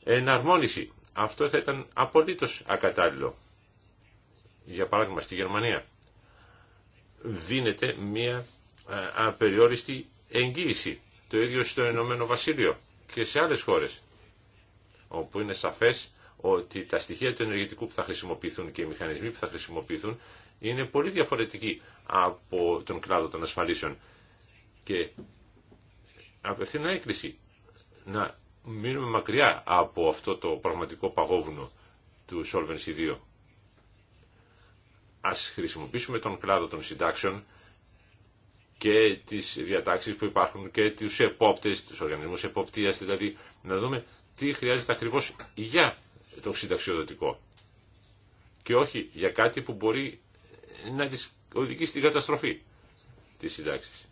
S5: εναρμόνιση. Αυτό θα ήταν απολύτως ακατάλληλο. Για παράδειγμα, στη Γερμανία δίνεται μια ε, απεριόριστη εγγύηση. Το ίδιο στο Ηνωμένο Βασίλειο και σε άλλες χώρες, όπου είναι σαφές ότι τα στοιχεία του ενεργητικού που θα χρησιμοποιηθούν και οι μηχανισμοί που θα χρησιμοποιηθούν είναι πολύ διαφορετικοί από τον κλάδο των ασφαλίσεων. Και απευθύνω έκκληση να μείνουμε μακριά από αυτό το πραγματικό παγόβουνο του Solvency 2. Ας χρησιμοποιήσουμε τον κλάδο των συντάξεων και τις διατάξεις που υπάρχουν και τους επόπτες, τους οργανισμούς εποπτείας, δηλαδή να δούμε τι χρειάζεται ακριβώς για το συνταξιοδοτικό και όχι για κάτι που μπορεί να τις οδηγεί στην καταστροφή της συντάξης.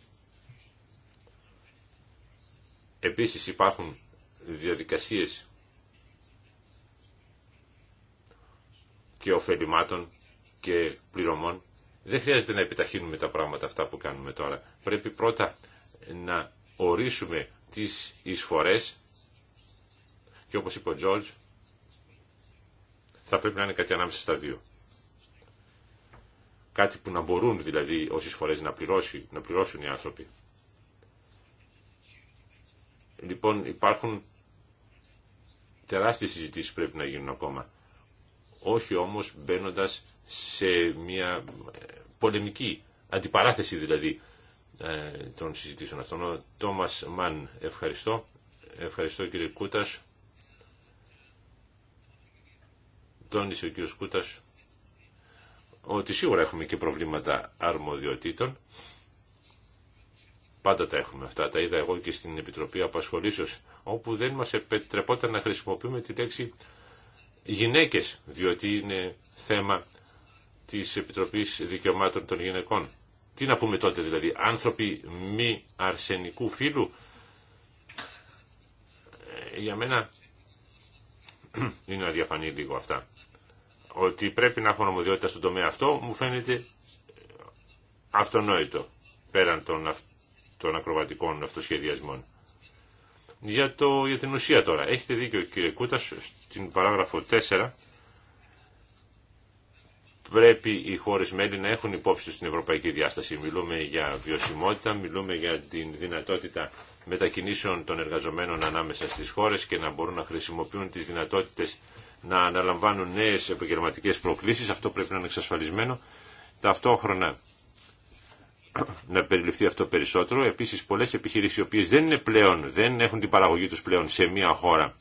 S5: Επίσης υπάρχουν διαδικασίες και ωφελημάτων και πληρωμών. Δεν χρειάζεται να επιταχύνουμε τα πράγματα αυτά που κάνουμε τώρα. Πρέπει πρώτα να ορίσουμε τις εισφορές και όπως είπε ο Τζόρτζ, θα πρέπει να είναι κάτι ανάμεσα στα δύο. Κάτι που να μπορούν δηλαδή όσες φορές να, πληρώσει, να πληρώσουν οι άνθρωποι. Λοιπόν υπάρχουν τεράστιες συζητήσει πρέπει να γίνουν ακόμα. Όχι όμως μπαίνοντα σε μια ε, πολεμική αντιπαράθεση δηλαδή ε, των συζητήσεων αυτών. Ο Τόμας Μαν ευχαριστώ. Ευχαριστώ κύριε Κούτας. Τόνισε ο κύριος Κούτας ότι σίγουρα έχουμε και προβλήματα αρμοδιοτήτων. Πάντα τα έχουμε αυτά. Τα είδα εγώ και στην Επιτροπή Απασχολήσεως, όπου δεν μας επιτρεπόταν να χρησιμοποιούμε τη λέξη γυναίκες, διότι είναι θέμα της Επιτροπής Δικαιωμάτων των Γυναικών. Τι να πούμε τότε δηλαδή, άνθρωποι μη αρσενικού φύλου. Ε, για μένα είναι αδιαφανή λίγο αυτά. Ότι πρέπει να έχω ομοδιότητα στον τομέα αυτό μου φαίνεται αυτονόητο πέραν των των ακροβατικών αυτοσχεδιασμών. Για, το, για την ουσία τώρα. Έχετε δίκιο κύριε Κούτα στην παράγραφο 4 πρέπει οι χώρες μέλη να έχουν υπόψη στην ευρωπαϊκή διάσταση. Μιλούμε για βιωσιμότητα, μιλούμε για την δυνατότητα μετακινήσεων των εργαζομένων ανάμεσα στις χώρες και να μπορούν να χρησιμοποιούν τις δυνατότητες να αναλαμβάνουν νέες επαγγελματικές προκλήσεις. Αυτό πρέπει να είναι εξασφαλισμένο. Ταυτόχρονα να περιληφθεί αυτό περισσότερο. Επίσης πολλές επιχειρήσεις οι οποίες δεν είναι πλέον, δεν έχουν την παραγωγή τους πλέον σε μία χώρα,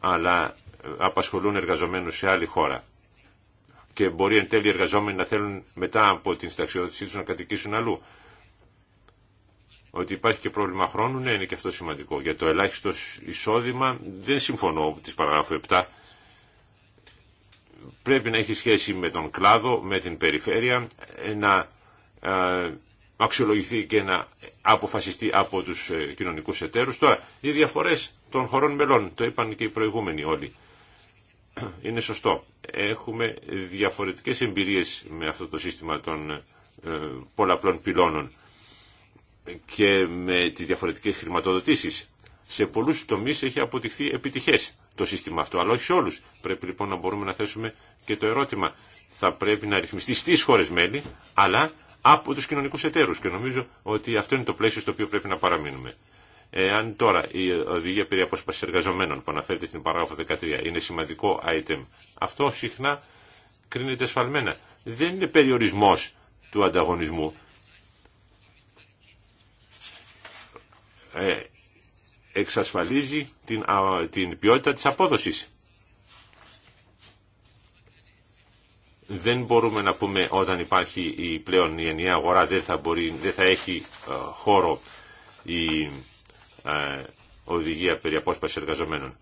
S5: αλλά ε, απασχολούν εργαζομένους σε άλλη χώρα. Και μπορεί εν τέλει οι εργαζόμενοι να θέλουν μετά από την συνταξιότησή τους να κατοικήσουν αλλού. Ότι υπάρχει και πρόβλημα χρόνου, ναι, είναι και αυτό σημαντικό. Για το ελάχιστο εισόδημα δεν συμφωνώ της παραγράφου 7. Πρέπει να έχει σχέση με τον κλάδο, με την περιφέρεια, ε, να αξιολογηθεί και να αποφασιστεί από τους ε, κοινωνικούς εταίρους. Τώρα, οι διαφορές των χωρών μελών, το είπαν και οι προηγούμενοι όλοι, είναι σωστό. Έχουμε διαφορετικές εμπειρίες με αυτό το σύστημα των ε, πολλαπλών πυλώνων και με τις διαφορετικές χρηματοδοτήσεις. Σε πολλούς τομείς έχει αποτυχθεί επιτυχές το σύστημα αυτό, αλλά όχι σε όλους. Πρέπει λοιπόν να μπορούμε να θέσουμε και το ερώτημα. Θα πρέπει να ρυθμιστεί στις χώρες μέλη, αλλά από τους κοινωνικούς εταίρους και νομίζω ότι αυτό είναι το πλαίσιο στο οποίο πρέπει να παραμείνουμε. Εάν τώρα η οδηγία περί απόσπασης εργαζομένων που αναφέρεται στην παράγραφο 13 είναι σημαντικό item, αυτό συχνά κρίνεται ασφαλμένα. Δεν είναι περιορισμός του ανταγωνισμού. Ε, εξασφαλίζει την, την ποιότητα της απόδοσης δεν μπορούμε να πούμε όταν υπάρχει η πλέον η ενιαία αγορά δεν θα, μπορεί, δεν θα έχει ε, χώρο η ε, οδηγία περί απόσπασης εργαζομένων.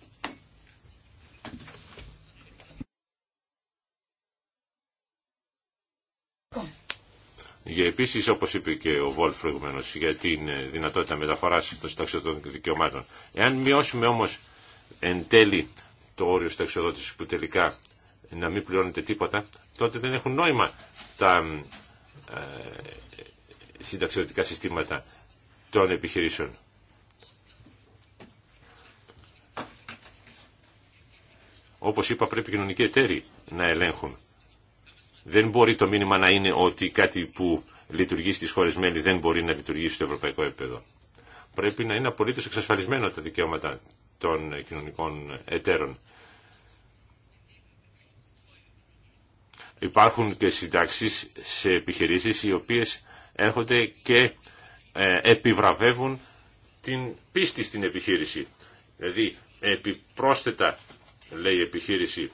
S5: Για επίσης, όπως είπε και ο Βόλφ προηγουμένως, για την ε, δυνατότητα μεταφοράς των συνταξιωτών δικαιωμάτων. Εάν μειώσουμε όμως εν τέλει το όριο συνταξιοδότησης που τελικά να μην πληρώνεται τίποτα, τότε δεν έχουν νόημα τα ε, συνταξιωτικά συστήματα των επιχειρήσεων. Όπως είπα πρέπει οι κοινωνικοί εταίροι να ελέγχουν. Δεν μπορεί το μήνυμα να είναι ότι κάτι που λειτουργεί στις χώρες μέλη δεν μπορεί να λειτουργήσει στο ευρωπαϊκό επίπεδο. Πρέπει να είναι απολύτως εξασφαλισμένο τα δικαιώματα των κοινωνικών εταίρων. Υπάρχουν και συντάξεις σε επιχειρήσεις οι οποίες έρχονται και ε, επιβραβεύουν την πίστη στην επιχείρηση. Δηλαδή επιπρόσθετα λέει η επιχείρηση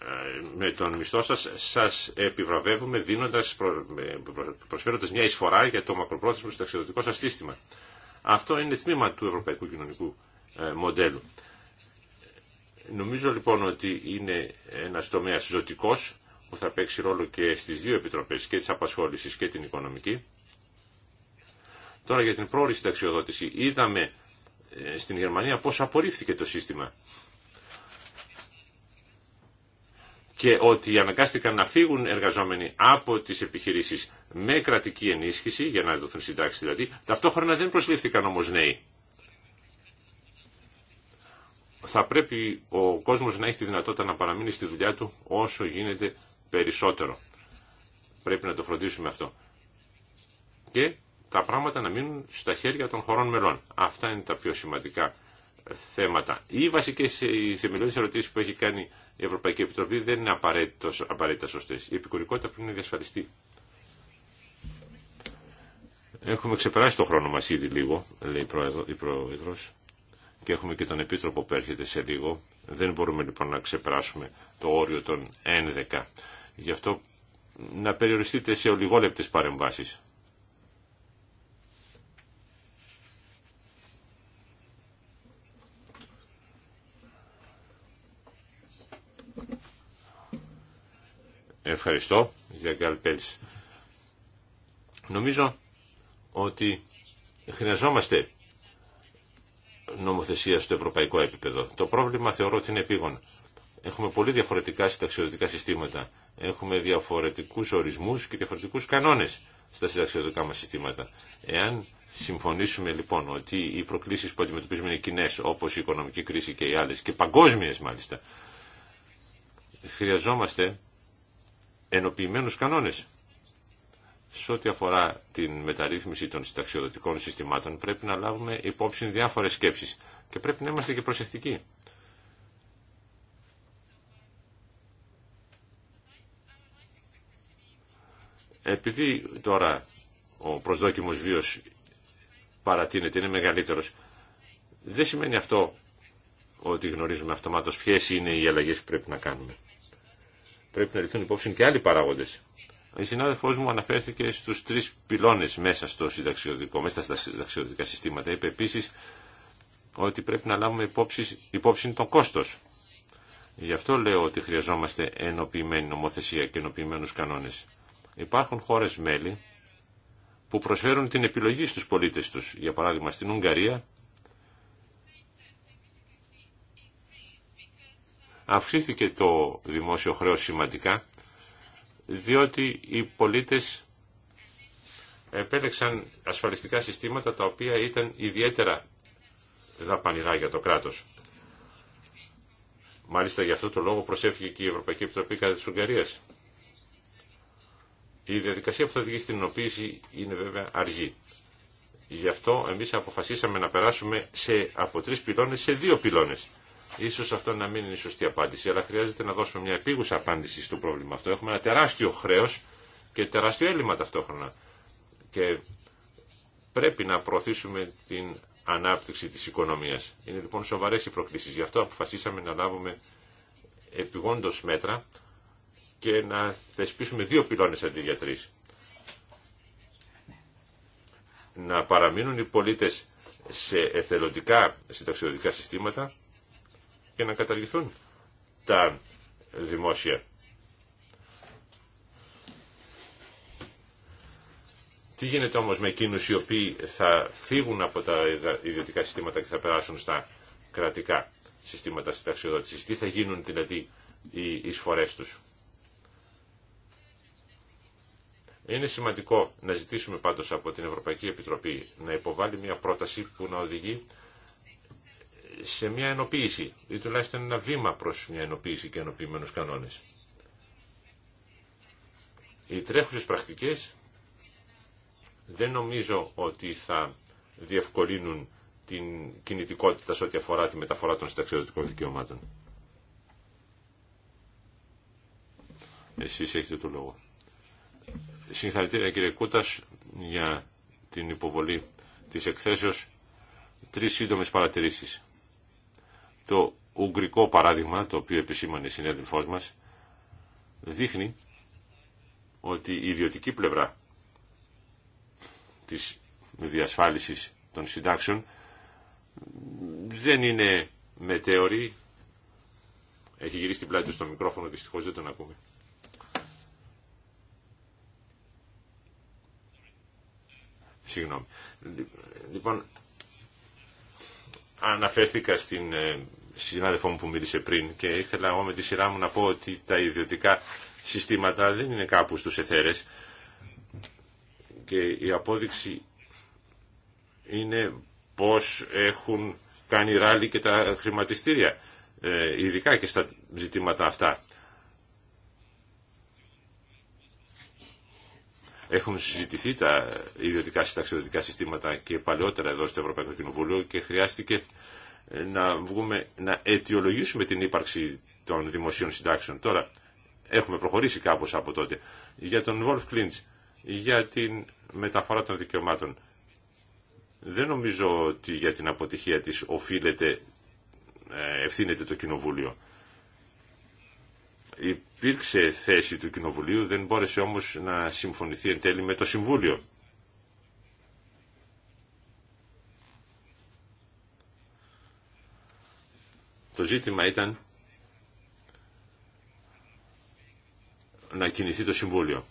S5: ε, με τον μισθό σας σας επιβραβεύουμε δίνοντας, προσφέροντας μια εισφορά για το μακροπρόθεσμο συνταξιδοτικό σας σύστημα. Αυτό είναι τμήμα του ευρωπαϊκού κοινωνικού ε, μοντέλου. Νομίζω λοιπόν ότι είναι ένας τομέας ζωτικός που θα παίξει ρόλο και στις δύο επιτροπές, και της απασχόλησης και την οικονομική. Τώρα για την πρόορη συνταξιοδότηση. Είδαμε ε, στην Γερμανία πώς απορρίφθηκε το σύστημα. Και ότι αναγκάστηκαν να φύγουν εργαζόμενοι από τις επιχειρήσεις με κρατική ενίσχυση, για να δοθούν συντάξει δηλαδή, ταυτόχρονα δεν προσλήφθηκαν όμως νέοι. Θα πρέπει ο κόσμος να έχει τη δυνατότητα να παραμείνει στη δουλειά του όσο γίνεται περισσότερο. Πρέπει να το φροντίσουμε αυτό. Και τα πράγματα να μείνουν στα χέρια των χωρών μελών. Αυτά είναι τα πιο σημαντικά θέματα. Οι βασικέ θεμελιώδει ερωτήσει που έχει κάνει η Ευρωπαϊκή Επιτροπή δεν είναι απαραίτητα σωστέ. Η επικουρικότητα πρέπει να διασφαλιστεί. Έχουμε ξεπεράσει το χρόνο μα ήδη λίγο, λέει η προεδρό. και έχουμε και τον Επίτροπο που έρχεται σε λίγο. Δεν μπορούμε λοιπόν να ξεπεράσουμε το όριο των 11. Γι' αυτό να περιοριστείτε σε ολιγόλεπτες παρεμβάσεις. Ευχαριστώ για Γκαλπέλς. Νομίζω ότι χρειαζόμαστε νομοθεσία στο ευρωπαϊκό επίπεδο. Το πρόβλημα θεωρώ ότι είναι επίγον. Έχουμε πολύ διαφορετικά συνταξιοδοτικά συστήματα έχουμε διαφορετικούς ορισμούς και διαφορετικούς κανόνες στα συνταξιοδοτικά μας συστήματα. Εάν συμφωνήσουμε λοιπόν ότι οι προκλήσεις που αντιμετωπίζουμε είναι κοινέ, όπως η οικονομική κρίση και οι άλλες, και παγκόσμιες μάλιστα, χρειαζόμαστε ενοποιημένους κανόνες. Σε ό,τι αφορά την μεταρρύθμιση των συνταξιοδοτικών συστημάτων πρέπει να λάβουμε υπόψη διάφορες σκέψεις και πρέπει να είμαστε και προσεκτικοί Επειδή τώρα ο προσδόκιμος βίος παρατείνεται, είναι μεγαλύτερος, δεν σημαίνει αυτό ότι γνωρίζουμε αυτομάτως ποιες είναι οι αλλαγές που πρέπει να κάνουμε. Πρέπει να ληφθούν υπόψη και άλλοι παράγοντες. Η συνάδελφός μου αναφέρθηκε στους τρεις πυλώνες μέσα στο συνταξιοδικό, μέσα στα συνταξιοδικά συστήματα. Είπε επίσης ότι πρέπει να λάβουμε υπόψη, υπόψη τον κόστος. Γι' αυτό λέω ότι χρειαζόμαστε ενοποιημένη νομοθεσία και ενοποιημένους κανόνες. Υπάρχουν χώρες μέλη που προσφέρουν την επιλογή στους πολίτες τους. Για παράδειγμα, στην Ουγγαρία αυξήθηκε το δημόσιο χρέος σημαντικά, διότι οι πολίτες επέλεξαν ασφαλιστικά συστήματα τα οποία ήταν ιδιαίτερα δαπανηρά για το κράτος. Μάλιστα γι' αυτό το λόγο προσέφηκε και η Ευρωπαϊκή Επιτροπή κατά της Ουγγαρίας. Η διαδικασία που θα οδηγήσει στην ενοποίηση είναι βέβαια αργή. Γι' αυτό εμεί αποφασίσαμε να περάσουμε σε, από τρεις πυλώνες σε δύο πυλώνες. Ίσως αυτό να μην είναι η σωστή απάντηση, αλλά χρειάζεται να δώσουμε μια επίγουσα απάντηση στο πρόβλημα αυτό. Έχουμε ένα τεράστιο χρέο και τεράστιο έλλειμμα ταυτόχρονα. Και πρέπει να προωθήσουμε την ανάπτυξη τη οικονομία. Είναι λοιπόν σοβαρέ οι προκλήσει. Γι' αυτό αποφασίσαμε να λάβουμε επιγόντω μέτρα και να θεσπίσουμε δύο πυλώνες αντί για τρεις. Να παραμείνουν οι πολίτες σε εθελοντικά συνταξιδοτικά συστήματα και να καταργηθούν τα δημόσια. Τι γίνεται όμως με εκείνους οι οποίοι θα φύγουν από τα ιδιωτικά συστήματα και θα περάσουν στα κρατικά συστήματα συνταξιοδότησης. Τι θα γίνουν δηλαδή οι εισφορές τους. Είναι σημαντικό να ζητήσουμε πάντως από την Ευρωπαϊκή Επιτροπή να υποβάλει μια πρόταση που να οδηγεί σε μια ενοποίηση ή τουλάχιστον ένα βήμα προς μια ενοποίηση και ενοποιημένους κανόνες. Οι τρέχουσες πρακτικές δεν νομίζω ότι θα διευκολύνουν την κινητικότητα σε ό,τι αφορά τη μεταφορά των συνταξιδοτικών δικαιωμάτων. Εσείς έχετε το λόγο. Συγχαρητήρια κύριε Κούτας για την υποβολή της εκθέσεως. Τρεις σύντομες παρατηρήσεις. Το ουγγρικό παράδειγμα, το οποίο επισήμανε η συνέδελφός μας, δείχνει ότι η ιδιωτική πλευρά της διασφάλισης των συντάξεων δεν είναι μετέωρη. Έχει γυρίσει την πλάτη του στο μικρόφωνο, δυστυχώς δεν τον ακούμε. Συγγνώμη. Λοιπόν, αναφέρθηκα στην ε, συνάδελφό μου που μίλησε πριν και ήθελα εγώ με τη σειρά μου να πω ότι τα ιδιωτικά συστήματα δεν είναι κάπου στους εθέρες και η απόδειξη είναι πώς έχουν κάνει ράλι και τα χρηματιστήρια ε, ειδικά και στα ζητήματα αυτά. Έχουν συζητηθεί τα ιδιωτικά συνταξιδοτικά συστήματα και παλαιότερα εδώ στο Ευρωπαϊκό Κοινοβούλιο και χρειάστηκε να, βγούμε, να αιτιολογήσουμε την ύπαρξη των δημοσίων συντάξεων. Τώρα έχουμε προχωρήσει κάπως από τότε. Για τον Wolf Klintz, για την μεταφορά των δικαιωμάτων. Δεν νομίζω ότι για την αποτυχία της οφείλεται, ε, ευθύνεται το Κοινοβούλιο υπήρξε θέση του Κοινοβουλίου, δεν μπόρεσε όμως να συμφωνηθεί εν τέλει με το Συμβούλιο. Το ζήτημα ήταν να κινηθεί το Συμβούλιο.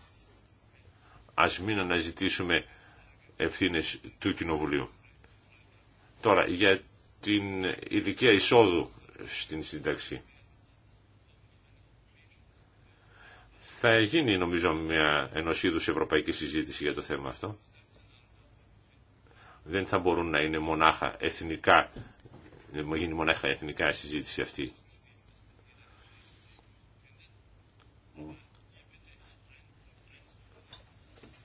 S5: Ας μην αναζητήσουμε ευθύνες του Κοινοβουλίου. Τώρα, για την ηλικία εισόδου στην σύνταξη. Θα γίνει νομίζω μια ενός είδους ευρωπαϊκή συζήτηση για το θέμα αυτό. Δεν θα μπορούν να είναι μονάχα εθνικά, δεν γίνει μονάχα εθνικά συζήτηση αυτή.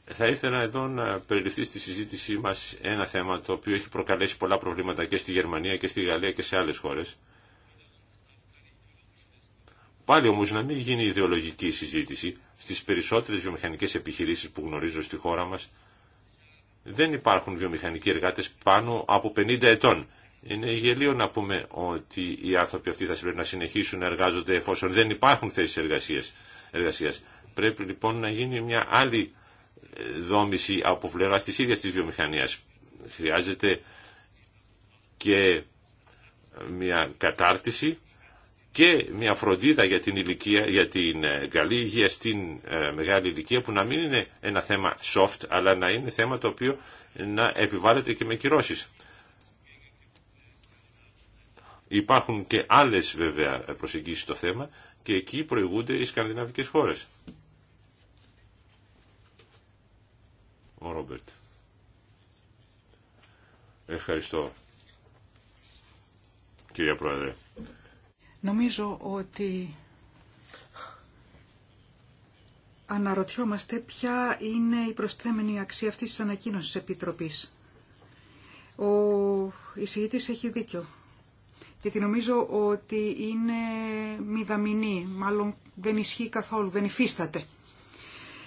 S5: Θα ήθελα εδώ να περιληφθεί στη συζήτησή μας ένα θέμα το οποίο έχει προκαλέσει πολλά προβλήματα και στη Γερμανία και στη Γαλλία και σε άλλες χώρες Πάλι όμως να μην γίνει ιδεολογική συζήτηση στις περισσότερες βιομηχανικές επιχειρήσεις που γνωρίζω στη χώρα μας δεν υπάρχουν βιομηχανικοί εργάτες πάνω από 50 ετών. Είναι γελίο να πούμε ότι οι άνθρωποι αυτοί θα πρέπει να συνεχίσουν να εργάζονται εφόσον δεν υπάρχουν θέσεις εργασίας. Πρέπει λοιπόν να γίνει μια άλλη ε, δόμηση από πλευρά της ίδιας της βιομηχανίας. Χρειάζεται και ε, μια κατάρτιση και μια φροντίδα για την, ηλικία, για την ε, καλή υγεία στην ε, μεγάλη ηλικία που να μην είναι ένα θέμα soft αλλά να είναι θέμα το οποίο να επιβάλλεται και με κυρώσεις. Υπάρχουν και άλλες βέβαια προσεγγίσεις στο θέμα και εκεί προηγούνται οι σκανδιναβικές χώρες. Ο Ρόμπερτ. Ευχαριστώ. κυρία Πρόεδρε.
S3: Νομίζω ότι αναρωτιόμαστε ποια είναι η προσθέμενη αξία αυτής της ανακοίνωσης της Επιτροπής. Ο εισηγητής έχει δίκιο, γιατί νομίζω ότι είναι μηδαμινή, μάλλον δεν ισχύει καθόλου, δεν υφίσταται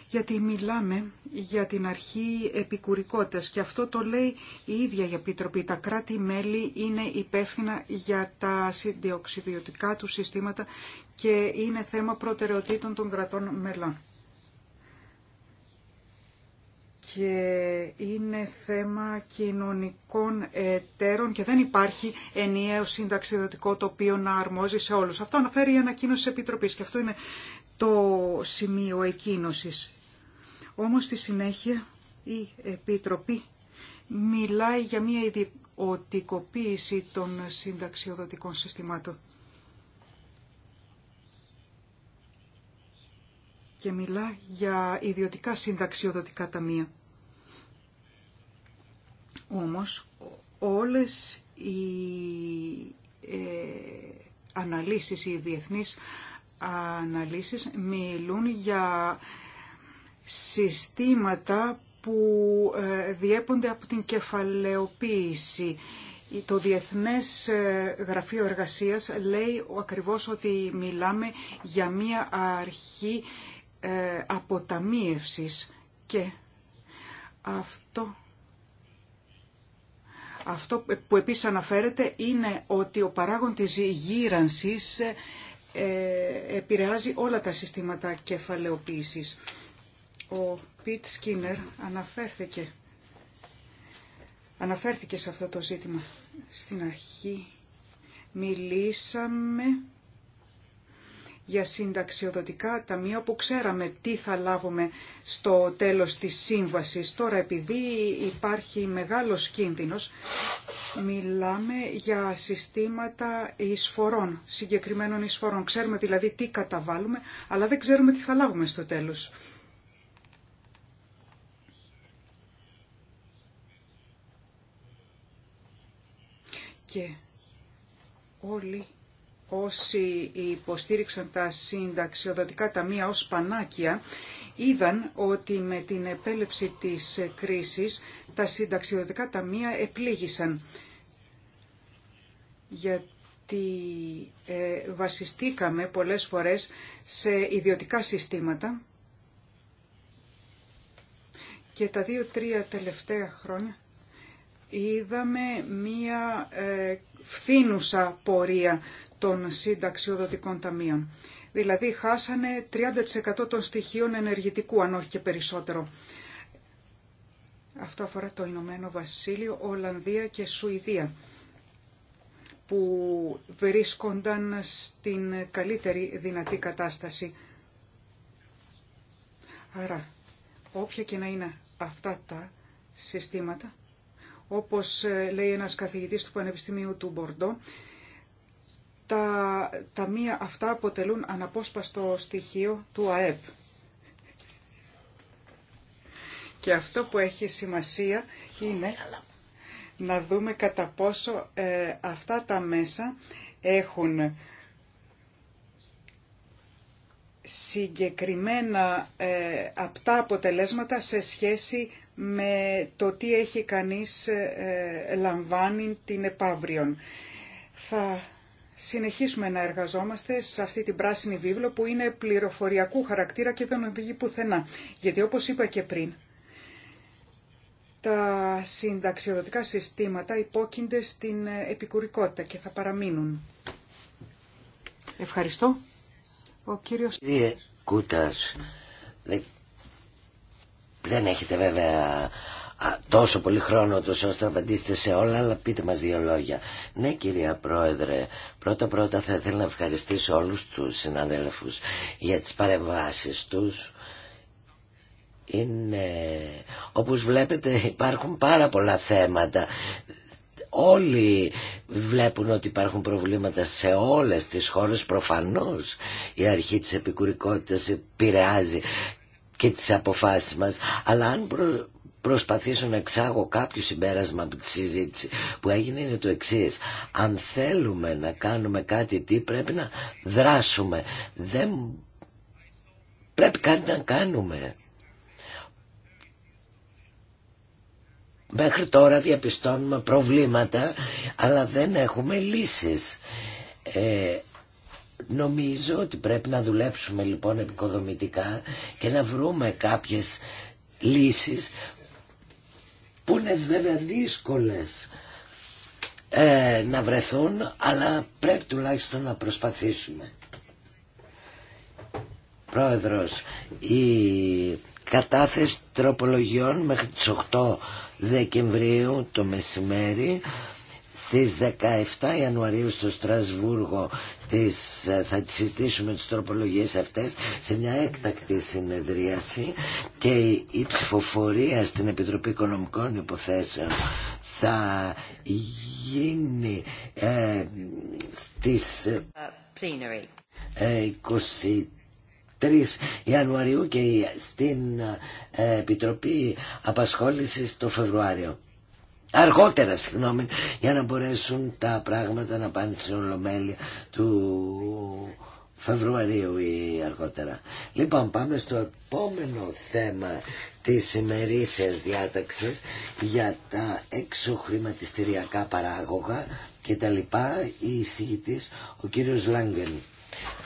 S3: γιατί μιλάμε για την αρχή επικουρικότητας και αυτό το λέει η ίδια η Επιτροπή. Τα κράτη-μέλη είναι υπεύθυνα για τα συνδιοξιδιωτικά του συστήματα και είναι θέμα προτεραιοτήτων των κρατών μελών. Και είναι θέμα κοινωνικών εταίρων και δεν υπάρχει ενιαίο συνταξιδοτικό οποίο να αρμόζει σε όλους. Αυτό αναφέρει η ανακοίνωση της Επιτροπής και αυτό είναι το σημείο εκκίνωσης. Όμως στη συνέχεια η Επιτροπή μιλάει για μια ιδιωτικοποίηση των συνταξιοδοτικών συστημάτων. Και μιλά για ιδιωτικά συνταξιοδοτικά ταμεία. Όμως όλες οι ε, αναλύσεις, οι διεθνείς αναλύσεις μιλούν για συστήματα που ε, διέπονται από την κεφαλαιοποίηση. Το Διεθνές ε, Γραφείο Εργασίας λέει ακριβώς ότι μιλάμε για μία αρχή ε, αποταμίευσης και αυτό αυτό που επίσης αναφέρεται είναι ότι ο παράγον της γύρανσης επηρεάζει όλα τα συστήματα κεφαλαιοποίησης. Ο Πιτ Σκίνερ αναφέρθηκε, αναφέρθηκε σε αυτό το ζήτημα. Στην αρχή μιλήσαμε για συνταξιοδοτικά ταμεία που ξέραμε τι θα λάβουμε στο τέλος της σύμβασης. Τώρα επειδή υπάρχει μεγάλος κίνδυνος, μιλάμε για συστήματα εισφορών, συγκεκριμένων εισφορών. Ξέρουμε δηλαδή τι καταβάλουμε, αλλά δεν ξέρουμε τι θα λάβουμε στο τέλος. και όλοι όσοι υποστήριξαν τα συνταξιοδοτικά ταμεία ως πανάκια είδαν ότι με την επέλευση της κρίσης τα συνταξιοδοτικά ταμεία επλήγησαν γιατί ε, βασιστήκαμε πολλές φορές σε ιδιωτικά συστήματα και τα δύο-τρία τελευταία χρόνια είδαμε μία ε, φθήνουσα πορεία των συνταξιοδοτικών ταμείων. Δηλαδή χάσανε 30% των στοιχείων ενεργητικού, αν όχι και περισσότερο. Αυτό αφορά το Ηνωμένο Βασίλειο, Ολλανδία και Σουηδία που βρίσκονταν στην καλύτερη δυνατή κατάσταση. Άρα, όποια και να είναι αυτά τα συστήματα, όπως ε, λέει ένας καθηγητής του Πανεπιστημίου του Μπορντό, τα μία αυτά αποτελούν αναπόσπαστο στοιχείο του ΑΕΠ. Και αυτό που έχει σημασία είναι να δούμε κατά πόσο ε, αυτά τα μέσα έχουν συγκεκριμένα ε, απτά αποτελέσματα σε σχέση με το τι έχει κανείς ε, λαμβάνει την επαύριον. Θα συνεχίσουμε να εργαζόμαστε σε αυτή την πράσινη βίβλο που είναι πληροφοριακού χαρακτήρα και δεν οδηγεί πουθενά. Γιατί όπως είπα και πριν, τα συνταξιοδοτικά συστήματα υπόκεινται στην ε, επικουρικότητα και θα παραμείνουν. Ευχαριστώ. Ο κύριος
S1: Κούτας, δεν έχετε βέβαια τόσο πολύ χρόνο τόσο ώστε να απαντήσετε σε όλα, αλλά πείτε μας δύο λόγια. Ναι κυρία Πρόεδρε, πρώτα-πρώτα θα ήθελα να ευχαριστήσω όλους τους συναδέλφους για τις παρεμβάσεις τους. Είναι... Όπως βλέπετε υπάρχουν πάρα πολλά θέματα. Όλοι βλέπουν ότι υπάρχουν προβλήματα σε όλες τις χώρες. Προφανώς η αρχή της επικουρικότητας επηρεάζει και τις αποφάσεις μας αλλά αν προ, προσπαθήσω να εξάγω κάποιο συμπέρασμα από τη συζήτηση που έγινε είναι το εξή. αν θέλουμε να κάνουμε κάτι τι πρέπει να δράσουμε δεν πρέπει κάτι να κάνουμε Μέχρι τώρα διαπιστώνουμε προβλήματα αλλά δεν έχουμε λύσεις. Ε, Νομίζω ότι πρέπει να δουλέψουμε λοιπόν επικοδομητικά και να βρούμε κάποιες λύσεις που είναι βέβαια δύσκολες ε, να βρεθούν αλλά πρέπει τουλάχιστον να προσπαθήσουμε. Πρόεδρος, η κατάθεση τροπολογιών μέχρι τις 8 Δεκεμβρίου το μεσημέρι στις 17 Ιανουαρίου στο Στρασβούργο τις, θα τις συζητήσουμε τις τροπολογίες αυτές σε μια έκτακτη συνεδρίαση και η ψηφοφορία στην Επιτροπή Οικονομικών Υποθέσεων θα γίνει ε, στις ε, ε Ιανουαρίου και στην ε, Επιτροπή Απασχόλησης το Φεβρουάριο αργότερα συγγνώμη, για να μπορέσουν τα πράγματα να πάνε στην Ολομέλεια του Φεβρουαρίου ή αργότερα. Λοιπόν, πάμε στο επόμενο θέμα της ημερήσιας διάταξης για τα εξωχρηματιστηριακά παράγωγα και τα λοιπά, η εισηγητής ο κύριος Λάγκεν.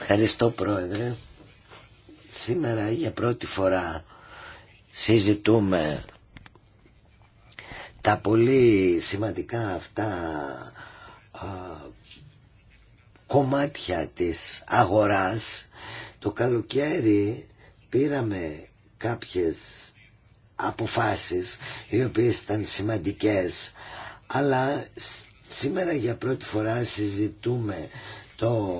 S1: Ευχαριστώ πρόεδρε. Σήμερα για πρώτη φορά συζητούμε τα πολύ σημαντικά αυτά κομμάτια της αγοράς το καλοκαίρι πήραμε κάποιες αποφάσεις οι οποίες ήταν σημαντικές αλλά σήμερα για πρώτη φορά συζητούμε το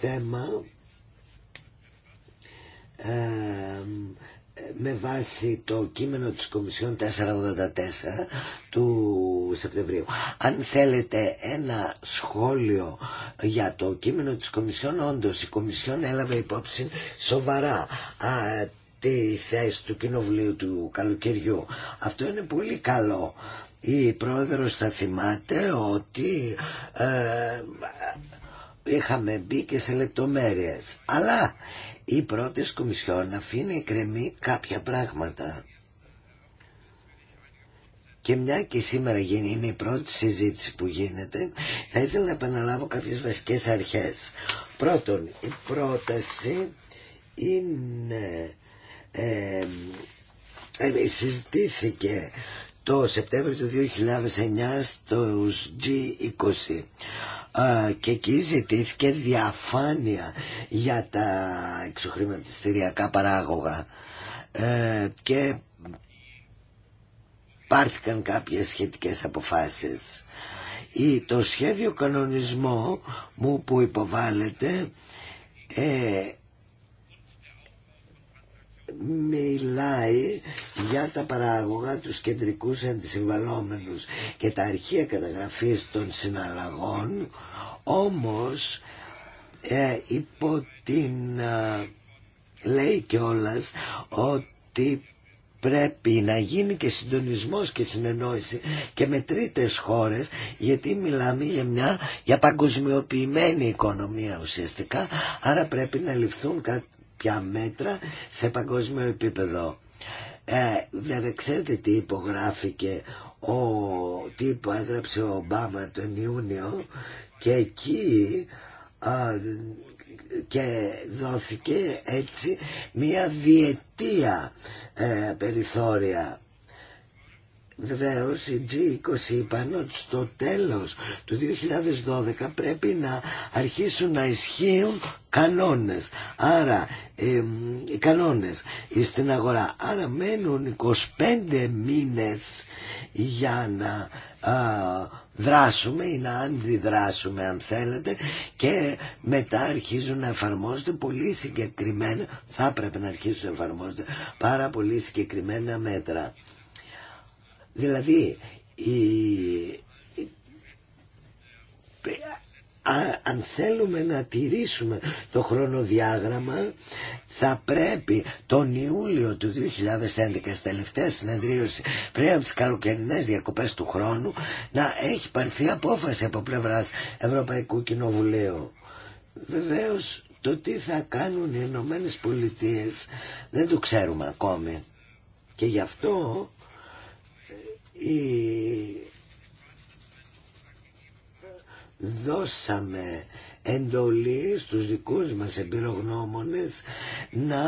S1: θέμα ε, με βάση το κείμενο της Κομισιόν 484 του Σεπτεμβρίου. Αν θέλετε ένα σχόλιο για το κείμενο της Κομισιόν, όντως η Κομισιόν έλαβε υπόψη σοβαρά α, τη θέση του Κοινοβουλίου του Καλοκαιριού. Αυτό είναι πολύ καλό. Η Πρόεδρος θα θυμάται ότι ε, είχαμε μπει και σε λεπτομέρειες. Αλλά η πρώτε Κομισιόν αφήνει εκκρεμή κάποια πράγματα. Και μια και σήμερα γίνει, είναι η πρώτη συζήτηση που γίνεται, θα ήθελα να επαναλάβω κάποιε βασικέ αρχές. Πρώτον, η πρόταση είναι... Ε, συζητήθηκε το Σεπτέμβριο του 2009 στο G20 και εκεί ζητήθηκε διαφάνεια για τα εξωχρηματιστηριακά παράγωγα ε, και πάρθηκαν κάποιες σχετικές αποφάσεις. Ή το σχέδιο κανονισμό μου που υποβάλλεται ε, μιλάει για τα παράγωγα, τους κεντρικού αντισυμβαλόμενους και τα αρχεία καταγραφής των συναλλαγών, όμως ε, υπό την... λέει κιόλα ότι πρέπει να γίνει και συντονισμός και συνεννόηση και με τρίτες χώρες γιατί μιλάμε για μια για παγκοσμιοποιημένη οικονομία ουσιαστικά άρα πρέπει να ληφθούν πια μέτρα σε παγκόσμιο επίπεδο. Ε, ξέρετε τι υπογράφηκε, ο, τι έγραψε ο Ομπάμα τον Ιούνιο και εκεί και δόθηκε έτσι μια διετία ε, περιθώρια Βεβαίω οι G20 είπαν ότι στο τέλος του 2012 πρέπει να αρχίσουν να ισχύουν κανόνες. Άρα ε, οι κανόνες στην αγορά. Άρα μένουν 25 μήνες για να δράσουμε ή να αντιδράσουμε αν θέλετε και μετά αρχίζουν να εφαρμόζονται πολύ συγκεκριμένα, θα πρέπει να αρχίσουν να εφαρμόζονται πάρα πολύ συγκεκριμένα μέτρα. Δηλαδή, αν θέλουμε να τηρήσουμε το χρονοδιάγραμμα θα πρέπει τον Ιούλιο του 2011 στα τελευταία συνεδρίωση πριν από τις καλοκαιρινές διακοπές του χρόνου να έχει πάρθει απόφαση από πλευράς Ευρωπαϊκού Κοινοβουλίου. Βεβαίως το τι θα κάνουν οι Ηνωμένε Πολιτείε δεν το ξέρουμε ακόμη και γι' αυτό δώσαμε εντολή στους δικούς μας εμπειρογνώμονες να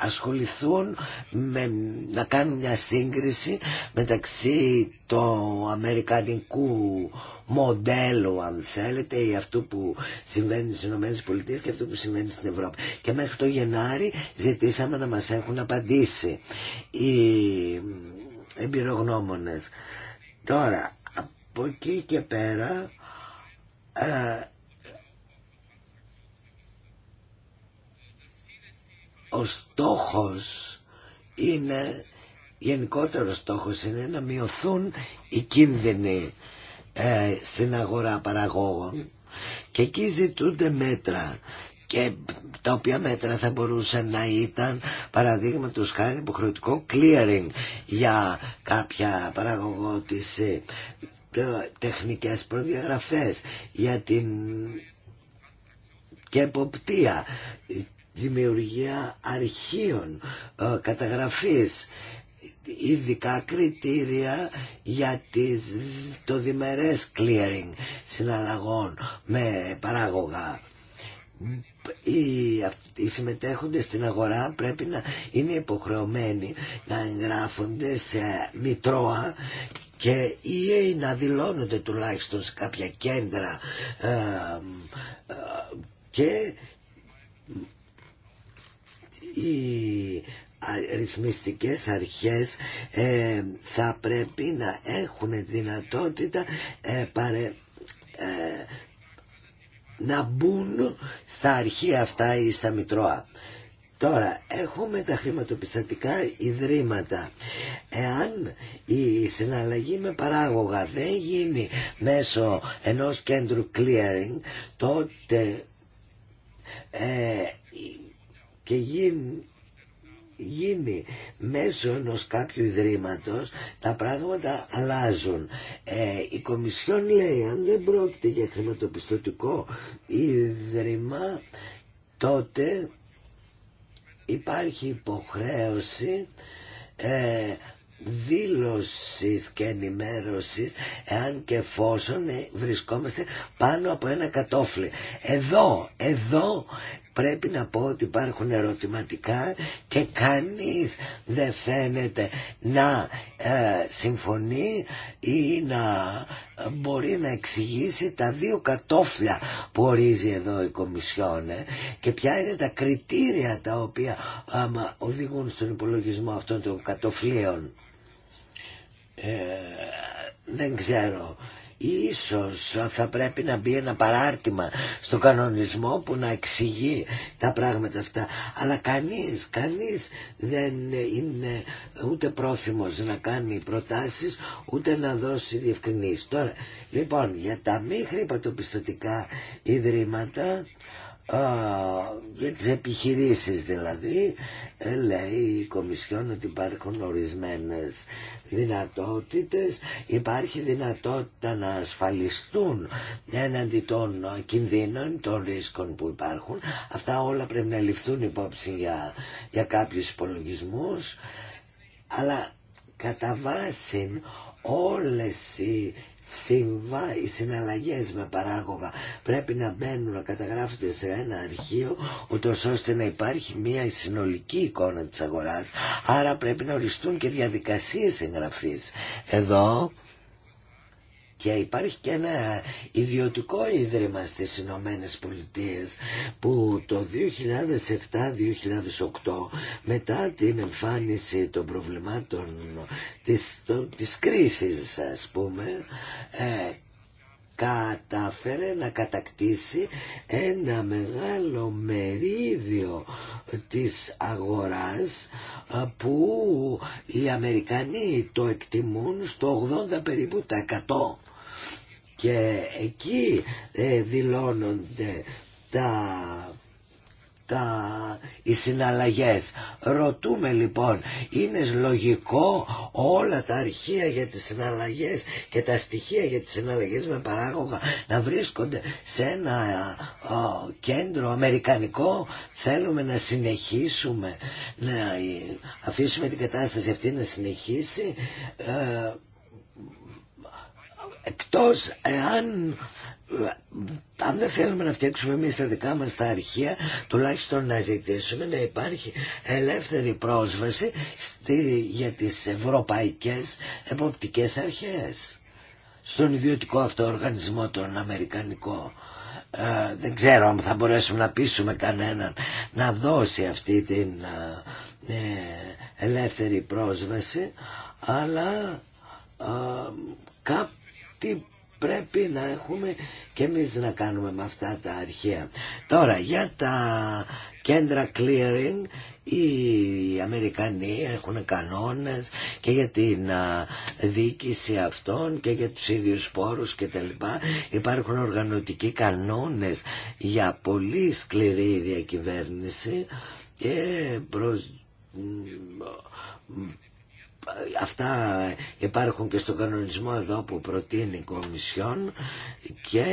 S1: ασχοληθούν με, να κάνουν μια σύγκριση μεταξύ του αμερικανικού μοντέλου αν θέλετε ή αυτού που συμβαίνει στις ΗΠΑ και αυτού που συμβαίνει στην Ευρώπη και μέχρι το Γενάρη ζητήσαμε να μας έχουν απαντήσει οι εμπειρογνώμονες τώρα από εκεί και πέρα ε, ο στόχος είναι, γενικότερο στόχος είναι να μειωθούν οι κίνδυνοι ε, στην αγορά παραγώγων και εκεί ζητούνται μέτρα και τα οποία μέτρα θα μπορούσαν να ήταν παραδείγματο χάρη υποχρεωτικό clearing για κάποια παραγωγότηση ε, τεχνικές προδιαγραφές για την και εποπτεία δημιουργία αρχείων ε, καταγραφής ειδικά κριτήρια για τις, το διμερές clearing συναλλαγών με παράγωγα. Οι, οι συμμετέχοντες στην αγορά πρέπει να είναι υποχρεωμένοι να εγγράφονται σε μητρώα και ή να δηλώνονται τουλάχιστον σε κάποια κέντρα ε, ε, και οι ρυθμιστικές αρχές ε, θα πρέπει να έχουν δυνατότητα ε, παρε, ε, να μπουν στα αρχεία αυτά ή στα Μητρώα. Τώρα, έχουμε τα χρηματοπιστατικά ιδρύματα. Εάν η συναλλαγή με παράγωγα δεν γίνει μέσω ενός κέντρου clearing, τότε και γίνει, μέσω ενός κάποιου ιδρύματος τα πράγματα αλλάζουν ε, η Κομισιόν λέει αν δεν πρόκειται για χρηματοπιστωτικό ίδρυμα τότε υπάρχει υποχρέωση ε, δήλωσης και ενημέρωσης εάν και εφόσον ε, βρισκόμαστε πάνω από ένα κατόφλι. Εδώ, εδώ πρέπει να πω ότι υπάρχουν ερωτηματικά και κανείς δεν φαίνεται να ε, συμφωνεί ή να μπορεί να εξηγήσει τα δύο κατόφλια που ορίζει εδώ η Κομισιόν ε. και ποια είναι τα κριτήρια τα οποία άμα οδηγούν στον υπολογισμό αυτών των κατοφλίων. Ε, δεν ξέρω Ίσως θα πρέπει να μπει ένα παράρτημα στο κανονισμό που να εξηγεί τα πράγματα αυτά. Αλλά κανείς, κανείς δεν είναι ούτε πρόθυμος να κάνει προτάσεις ούτε να δώσει διευκρινήσεις. Τώρα, λοιπόν, για τα μη χρηματοπιστωτικά ιδρύματα για τις επιχειρήσεις δηλαδή ε, λέει η Κομισιόν ότι υπάρχουν ορισμένες δυνατότητες υπάρχει δυνατότητα να ασφαλιστούν έναντι των κινδύνων των ρίσκων που υπάρχουν αυτά όλα πρέπει να ληφθούν υπόψη για, για κάποιους υπολογισμούς αλλά κατά βάση όλες οι συμβα... οι συναλλαγές με παράγωγα πρέπει να μπαίνουν να καταγράφονται σε ένα αρχείο ούτως ώστε να υπάρχει μια συνολική εικόνα της αγοράς άρα πρέπει να οριστούν και διαδικασίες εγγραφής εδώ και υπάρχει και ένα ιδιωτικό ίδρυμα στις Ηνωμένε Πολιτείε που το 2007-2008 μετά την εμφάνιση των προβλημάτων της, το, της κρίσης ας πούμε ε, κατάφερε να κατακτήσει ένα μεγάλο μερίδιο της αγοράς ε, που οι Αμερικανοί το εκτιμούν στο 80 περίπου τα 100 και εκεί ε, δηλώνονται τα, τα, οι συναλλαγές. Ρωτούμε λοιπόν, είναι λογικό όλα τα αρχεία για τις συναλλαγές και τα στοιχεία για τις συναλλαγές με παράγωγα να βρίσκονται σε ένα κέντρο αμερικανικό. Θέλουμε να συνεχίσουμε, να ε, αφήσουμε την κατάσταση αυτή να συνεχίσει. Ε, εκτός εάν αν δεν θέλουμε να φτιάξουμε εμείς τα δικά μας τα αρχεία, τουλάχιστον να ζητήσουμε να υπάρχει ελεύθερη πρόσβαση στη, για τις ευρωπαϊκές εποπτικές αρχές. Στον ιδιωτικό αυτό οργανισμό τον Αμερικανικό. Ε, δεν ξέρω αν θα μπορέσουμε να πείσουμε κανέναν να δώσει αυτή την ε, ε, ελεύθερη πρόσβαση, αλλά ε, τι πρέπει να έχουμε και εμείς να κάνουμε με αυτά τα αρχεία. Τώρα για τα κέντρα clearing οι Αμερικανοί έχουν κανόνες και για την διοίκηση αυτών και για τους ίδιους πόρους και τα λοιπά. Υπάρχουν οργανωτικοί κανόνες για πολύ σκληρή διακυβέρνηση και προς αυτά υπάρχουν και στον κανονισμό εδώ που προτείνει η Κομισιόν και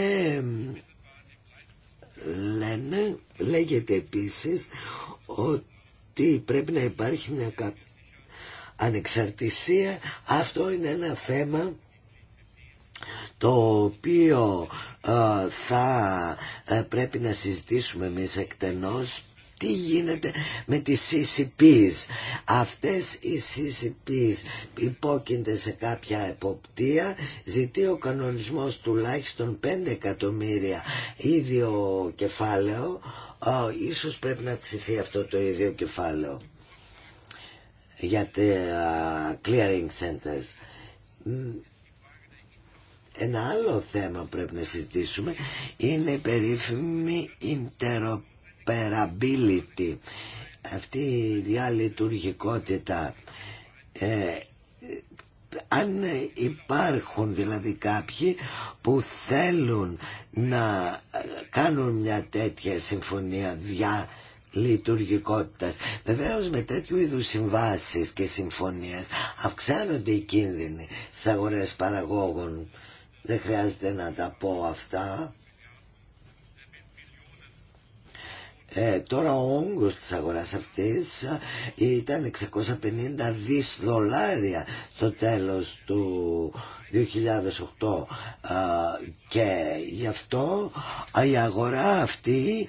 S1: λένε, λέγεται επίσης ότι πρέπει να υπάρχει μια ανεξαρτησία. Αυτό είναι ένα θέμα το οποίο ε, θα ε, πρέπει να συζητήσουμε εμεί εκτενώς τι γίνεται με τις CCPs. Αυτές οι CCPs υπόκεινται σε κάποια εποπτεία, ζητεί ο κανονισμός τουλάχιστον 5 εκατομμύρια ίδιο κεφάλαιο, Ά, ίσως πρέπει να αυξηθεί αυτό το ίδιο κεφάλαιο για τα clearing centers. Ένα άλλο θέμα πρέπει να συζητήσουμε είναι η περίφημη interoperability interoperability αυτή η διαλειτουργικότητα ε, αν υπάρχουν δηλαδή κάποιοι που θέλουν να ε, κάνουν μια τέτοια συμφωνία δια λειτουργικότητας. Βεβαίως με τέτοιου είδους συμβάσεις και συμφωνίες αυξάνονται οι κίνδυνοι στις αγορές παραγόγων. Δεν χρειάζεται να τα πω αυτά. Ε, τώρα ο όγκος της αγοράς αυτής ε, ήταν 650 δις δολάρια στο τέλος του 2008 ε, και γι' αυτό η αγορά αυτή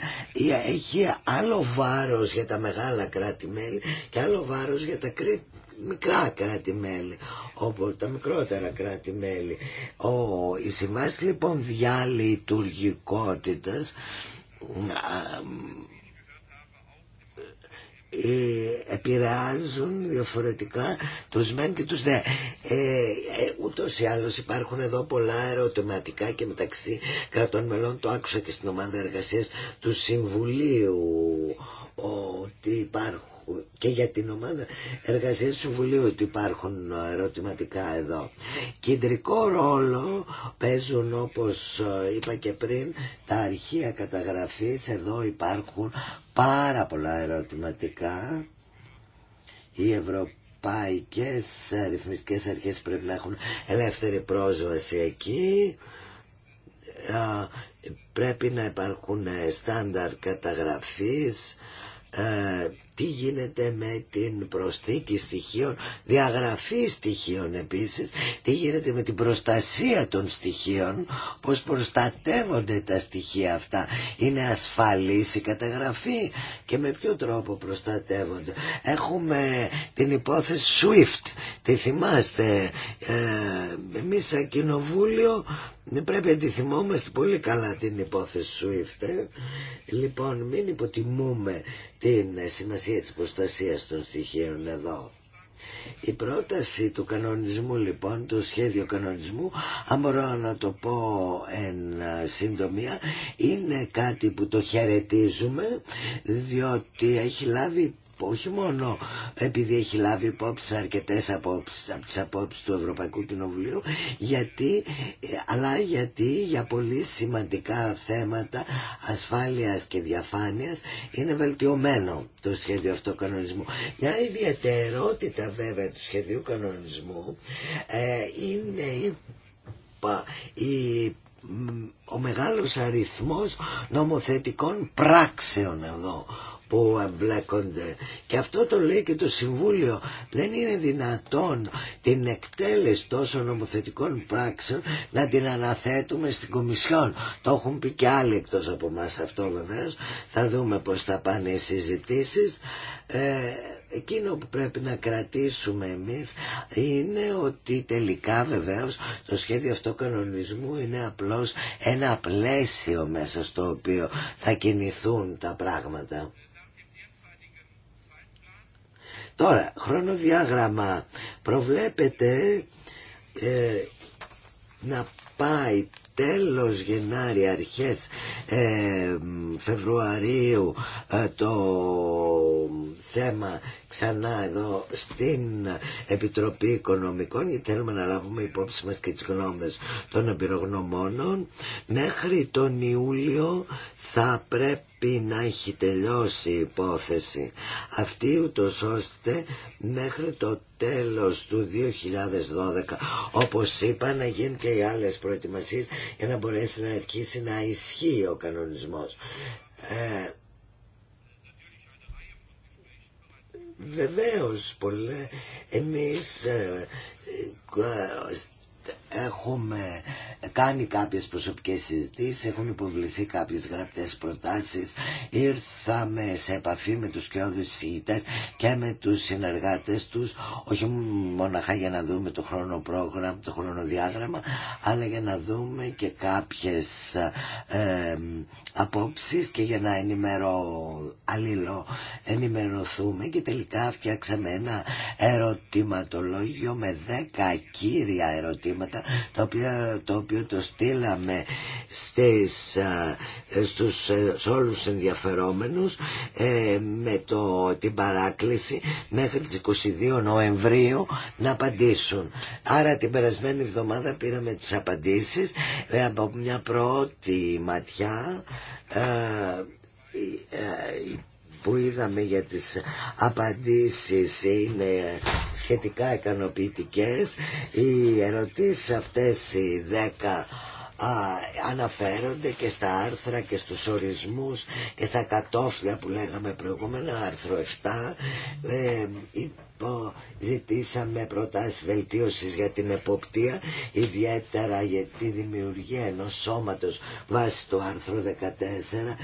S1: έχει άλλο βάρος για τα μεγάλα κράτη-μέλη και άλλο βάρος για τα μικρα μικρά κράτη-μέλη, όπως τα μικρότερα κράτη-μέλη. Ο, η λοιπόν διαλειτουργικότητας ε, επηρεάζουν διαφορετικά τους μεν και τους δε. Ε, ε, ούτως ή άλλως υπάρχουν εδώ πολλά ερωτηματικά και μεταξύ κρατών μελών το άκουσα και στην ομάδα εργασίας του Συμβουλίου ότι υπάρχουν και για την ομάδα εργασίας του Βουλίου ότι υπάρχουν ε, ερωτηματικά εδώ. Κεντρικό ρόλο παίζουν όπως ε, είπα και πριν τα αρχεία καταγραφής. Εδώ υπάρχουν πάρα πολλά ερωτηματικά. Η Ευρωπαϊκή ευρωπαϊκές αριθμιστικές αρχές πρέπει να έχουν ελεύθερη πρόσβαση εκεί ε, πρέπει να υπάρχουν στάνταρ καταγραφής ε, τι γίνεται με την προσθήκη στοιχείων, διαγραφή στοιχείων επίσης, τι γίνεται με την προστασία των στοιχείων, πώς προστατεύονται τα στοιχεία αυτά, είναι ασφαλής η καταγραφή και με ποιο τρόπο προστατεύονται. Έχουμε την υπόθεση SWIFT, τη θυμάστε, ε, εμείς σαν κοινοβούλιο ναι, πρέπει να τη θυμόμαστε πολύ καλά την υπόθεση SWIFT. Ε. Λοιπόν, μην υποτιμούμε την σημασία της προστασίας των στοιχείων εδώ. Η πρόταση του κανονισμού λοιπόν, το σχέδιο κανονισμού, αν μπορώ να το πω εν συντομία, είναι κάτι που το χαιρετίζουμε διότι έχει λάβει που όχι μόνο επειδή έχει λάβει υπόψη αρκετές απόψεις, από τις απόψεις του Ευρωπαϊκού Κοινοβουλίου γιατί, αλλά γιατί για πολύ σημαντικά θέματα ασφάλειας και διαφάνειας είναι βελτιωμένο το σχέδιο αυτοκανονισμού. Μια ιδιαιτερότητα βέβαια του σχεδίου κανονισμού ε, είναι η, ο μεγάλος αριθμός νομοθετικών πράξεων εδώ που εμπλέκονται. Και αυτό το λέει και το Συμβούλιο. Δεν είναι δυνατόν την εκτέλεση τόσων νομοθετικών πράξεων να την αναθέτουμε στην Κομισιόν. Το έχουν πει και άλλοι εκτός από μας αυτό βεβαίως. Θα δούμε πώς θα πάνε οι συζητήσεις. Ε, εκείνο που πρέπει να κρατήσουμε εμείς είναι ότι τελικά βεβαίως το σχέδιο αυτό κανονισμού είναι απλώς ένα πλαίσιο μέσα στο οποίο θα κινηθούν τα πράγματα. Τώρα, χρονοδιάγραμμα προβλέπεται ε, να πάει τέλος Γενάρη, αρχές ε, Φεβρουαρίου ε, το θέμα ξανά εδώ στην Επιτροπή Οικονομικών γιατί θέλουμε να λάβουμε υπόψη μας και τις γνώμες των εμπειρογνωμόνων μέχρι τον Ιούλιο θα πρέπει να έχει τελειώσει η υπόθεση αυτή ούτως ώστε μέχρι το τέλος του 2012 όπως είπα να γίνουν και οι άλλες προετοιμασίες για να μπορέσει να αρχίσει να ισχύει ο κανονισμός. Ε, βεβαίως πολλές εμείς ε, ε, Έχουμε κάνει κάποιες προσωπικές συζητήσεις, έχουν υποβληθεί κάποιες γραπτές προτάσεις, ήρθαμε σε επαφή με τους κοιόδους συζητητές και με τους συνεργάτες τους, όχι μοναχά για να δούμε το χρονοπρόγραμμα, το χρονοδιάγραμμα, αλλά για να δούμε και κάποιες ε, απόψεις και για να ενημερώ, αλληλό, ενημερωθούμε και τελικά φτιάξαμε ένα ερωτηματολόγιο με 10 κύρια ερωτήματα το οποίο το, οποίο το στείλαμε στις, στους, ε, όλους ενδιαφερόμενους ε, με το, την παράκληση μέχρι τις 22 Νοεμβρίου να απαντήσουν. Άρα την περασμένη εβδομάδα πήραμε τις απαντήσεις ε, από μια πρώτη ματιά που είδαμε για τις απαντήσεις είναι σχετικά ικανοποιητικέ. Οι ερωτήσεις αυτές οι 10 αναφέρονται και στα άρθρα και στους ορισμούς και στα κατόφλια που λέγαμε προηγούμενα, άρθρο 7, ε, ζητήσαμε προτάσεις βελτίωσης για την εποπτεία, ιδιαίτερα για τη δημιουργία ενός σώματος βάσει του άρθρου 14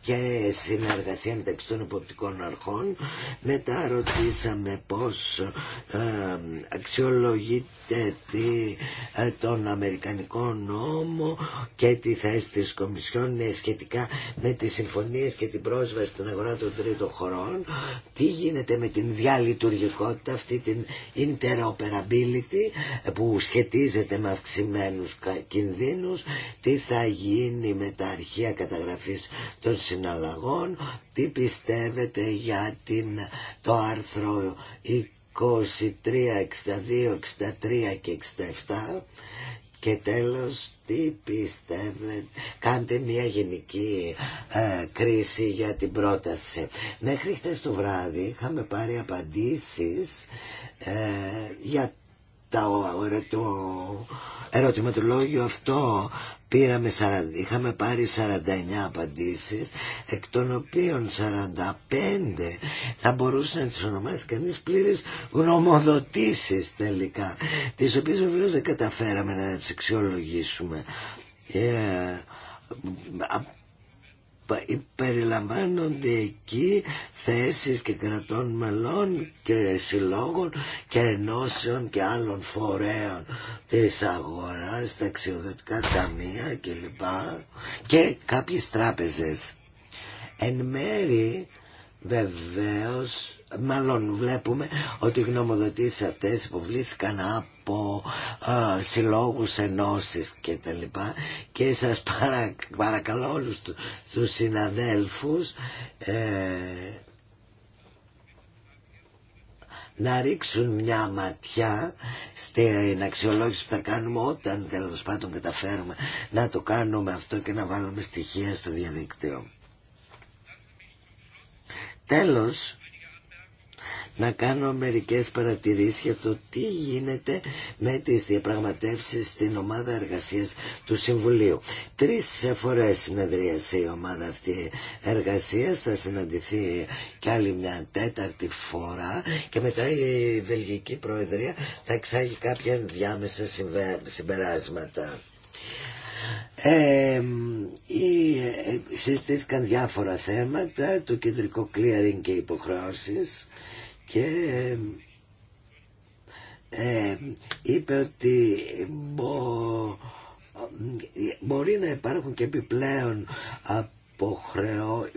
S1: και συνεργασία μεταξύ των εποπτικών αρχών. Μετά ρωτήσαμε πώς ε, αξιολογείται τη, ε, τον Αμερικανικό νόμο και τη θέση της Κομισιόν ε, σχετικά με τις συμφωνίες και την πρόσβαση στην αγορά των τρίτων χωρών. Τι γίνεται με την διαλειτουργία αυτή την interoperability ε, που σχετίζεται με αυξημένους κινδύνους, τι θα γίνει με τα αρχεία καταγραφής των συναλλαγών, τι πιστεύετε για την, το άρθρο 23, 62, 63 και 67 και τέλος, τι πιστεύετε, κάντε μια γενική ε, κρίση για την πρόταση. Μέχρι χτες το βράδυ είχαμε πάρει απαντήσεις ε, για τα, το ερωτηματολόγιο αυτό πήραμε, 40, είχαμε πάρει 49 απαντήσεις, εκ των οποίων 45 θα μπορούσε να τις ονομάσει κανείς πλήρες γνωμοδοτήσεις τελικά, τις οποίες βεβαίως δεν καταφέραμε να τις αξιολογήσουμε. Ε, ε, περιλαμβάνονται εκεί θέσεις και κρατών μελών και συλλόγων και ενώσεων και άλλων φορέων της αγοράς, ταξιοδοτικά ταμεία κλπ. και κάποιες τράπεζες. Εν μέρη βεβαίως μάλλον βλέπουμε ότι οι γνωμοδοτήσεις αυτές υποβλήθηκαν από συλλόγου συλλόγους ενώσεις και τα και σας παρακαλώ όλους του, τους συναδέλφους ε, να ρίξουν μια ματιά στην αξιολόγηση που θα κάνουμε όταν τέλο πάντων καταφέρουμε να το κάνουμε αυτό και να βάλουμε στοιχεία στο διαδίκτυο. Τέλος, να κάνω μερικές παρατηρήσεις για το τι γίνεται με τις διαπραγματεύσεις στην ομάδα εργασίας του Συμβουλίου. Τρεις φορές συνεδρίασε η ομάδα αυτή εργασίας, θα συναντηθεί κι άλλη μια τέταρτη φορά και μετά η Βελγική Προεδρία θα εξάγει κάποια ενδιάμεσα συμπεράσματα. Ε, ε, συστήθηκαν διάφορα θέματα, το κεντρικό clearing και υποχρεώσεις και ε, είπε ότι μπο, μπορεί να υπάρχουν και επιπλέον αποχρεώ...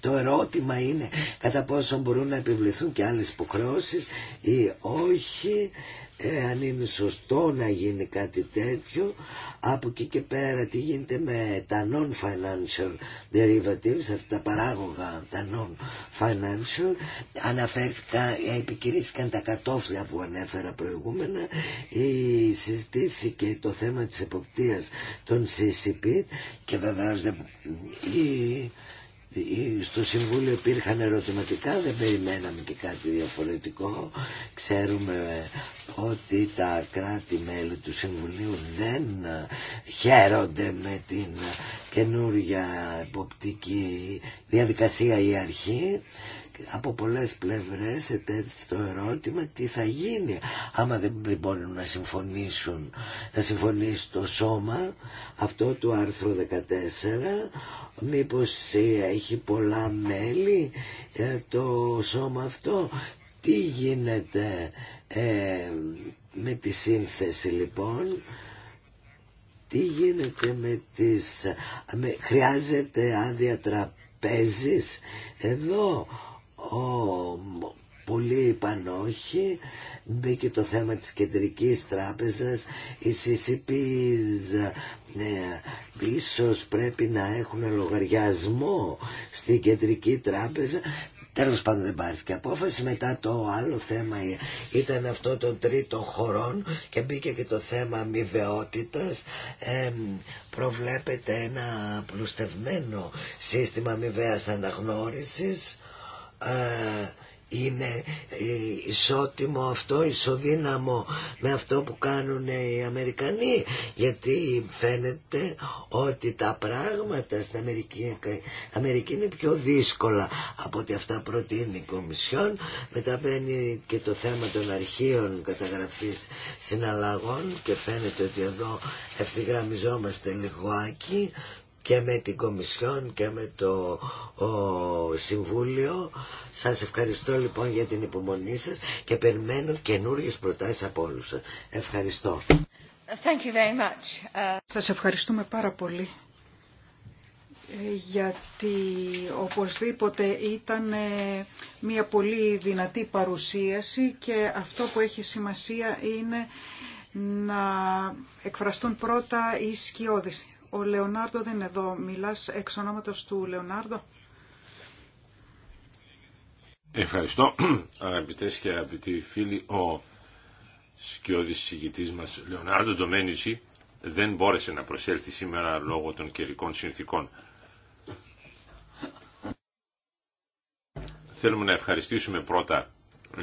S1: Το ερώτημα είναι κατά πόσο μπορούν να επιβληθούν και άλλες υποχρεώσεις ή όχι εάν είναι σωστό να γίνει κάτι τέτοιο από εκεί και πέρα τι γίνεται με τα non-financial derivatives αυτά τα παράγωγα τα non-financial αναφέρθηκα, επικηρύθηκαν τα κατόφλια που ανέφερα προηγούμενα ή συζητήθηκε το θέμα της εποπτείας των CCP και βεβαίως η ε, στο Συμβούλιο υπήρχαν ερωτηματικά, δεν περιμέναμε και κάτι διαφορετικό. Ξέρουμε ε, ότι τα κράτη-μέλη του Συμβουλίου δεν ε, χαίρονται με την καινούργια εποπτική διαδικασία ή αρχή. Από πολλές πλευρές ετέθη το ερώτημα τι θα γίνει άμα δεν μπορούν να συμφωνήσουν, να συμφωνήσει το σώμα αυτό του άρθρου 14 Μήπως ε, έχει πολλά μέλη ε, το σώμα αυτό. Τι γίνεται ε, με τη σύνθεση λοιπόν. Τι γίνεται με τις... χρειάζεται άδεια τραπέζης. Εδώ ο, πολλοί είπαν όχι. Μπήκε το θέμα της κεντρικής τράπεζας. Η CCP ναι, ίσως πρέπει να έχουν λογαριασμό στην κεντρική τράπεζα Τέλος πάντων δεν πάρθηκε απόφαση. Μετά το άλλο θέμα ήταν αυτό των τρίτων χωρών και μπήκε και το θέμα αμοιβαιότητας. Ε, προβλέπεται ένα πλουστευμένο σύστημα αμοιβαίας αναγνώρισης. Ε, είναι ε, ισότιμο αυτό, ισοδύναμο με αυτό που κάνουν οι Αμερικανοί γιατί φαίνεται ότι τα πράγματα στην Αμερική, Αμερική είναι πιο δύσκολα από ότι αυτά προτείνει η Κομισιόν μετά μπαίνει και το θέμα των αρχείων καταγραφής συναλλαγών και φαίνεται ότι εδώ ευθυγραμμιζόμαστε λιγάκι και με την Κομισιόν και με το ο, Συμβούλιο. Σας ευχαριστώ λοιπόν για την υπομονή σας και περιμένω καινούριε προτάσεις από όλους σας. Ευχαριστώ.
S3: Thank you very much. Uh, σας ευχαριστούμε πάρα πολύ ε, γιατί οπωσδήποτε ήταν ε, μια πολύ δυνατή παρουσίαση και αυτό που έχει σημασία είναι να εκφραστούν πρώτα οι σκιώδεις. Ο Λεωνάρδο δεν είναι εδώ. Μιλάς εξ ονόματος του Λεωνάρδο.
S5: Ευχαριστώ αγαπητές και αγαπητοί φίλοι. Ο σκιώδης συγκητής μας Λεωνάρδο Ντομένιση δεν μπόρεσε να προσέλθει σήμερα λόγω των καιρικών συνθήκων. Θέλουμε να ευχαριστήσουμε πρώτα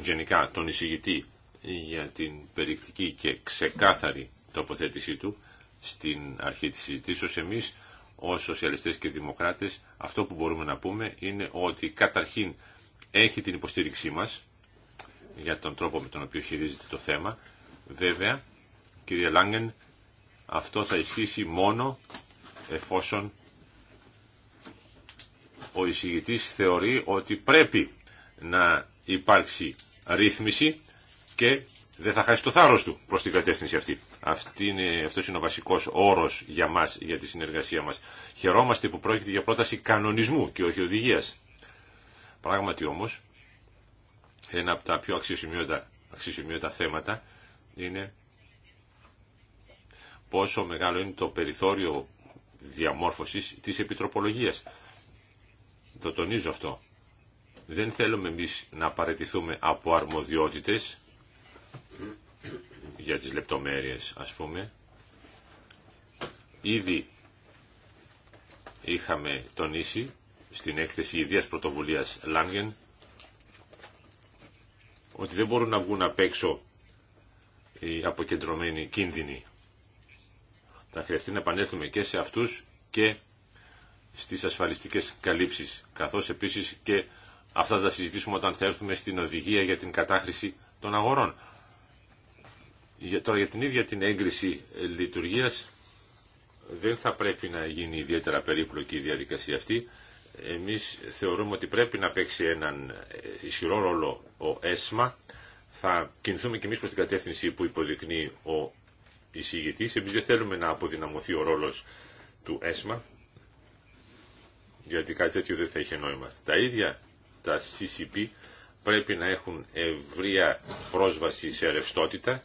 S5: γενικά τον εισηγητή για την περιεκτική και ξεκάθαρη τοποθέτησή του στην αρχή της συζητήσεως εμείς ως σοσιαλιστές και δημοκράτες αυτό που μπορούμε να πούμε είναι ότι καταρχήν έχει την υποστήριξή μας για τον τρόπο με τον οποίο χειρίζεται το θέμα. Βέβαια, κύριε Λάγκεν, αυτό θα ισχύσει μόνο εφόσον ο εισηγητής θεωρεί ότι πρέπει να υπάρξει ρύθμιση και δεν θα χάσει το θάρρος του προς την κατεύθυνση αυτή. Αυτή είναι, αυτός είναι ο βασικός όρος για μας, για τη συνεργασία μας. Χαιρόμαστε που πρόκειται για πρόταση κανονισμού και όχι οδηγίας. Πράγματι όμως, ένα από τα πιο αξιοσημείωτα, αξιοσημείωτα θέματα είναι πόσο μεγάλο είναι το περιθώριο διαμόρφωσης της επιτροπολογίας. Το τονίζω αυτό. Δεν θέλουμε εμείς να παραιτηθούμε από αρμοδιότητες για τις λεπτομέρειες ας πούμε. Ήδη είχαμε τονίσει στην έκθεση ιδίας πρωτοβουλίας Λάνγεν ότι δεν μπορούν να βγουν απ' έξω οι αποκεντρωμένοι κίνδυνοι. Θα χρειαστεί να επανέλθουμε και σε αυτούς και στις ασφαλιστικές καλύψεις, καθώς επίσης και αυτά θα συζητήσουμε όταν θα έρθουμε στην οδηγία για την κατάχρηση των αγορών. Τώρα για την ίδια την έγκριση ε, λειτουργίας δεν θα πρέπει να γίνει ιδιαίτερα περίπλοκη η διαδικασία αυτή. Εμείς θεωρούμε ότι πρέπει να παίξει έναν ε, ισχυρό ρόλο ο ΕΣΜΑ. Θα κινηθούμε και εμείς προς την κατεύθυνση που υποδεικνύει ο εισηγητής. Εμείς δεν θέλουμε να αποδυναμωθεί ο ρόλος του ΕΣΜΑ, γιατί κάτι τέτοιο δεν θα είχε νόημα. Τα ίδια τα CCP πρέπει να έχουν ευρεία πρόσβαση σε ρευστότητα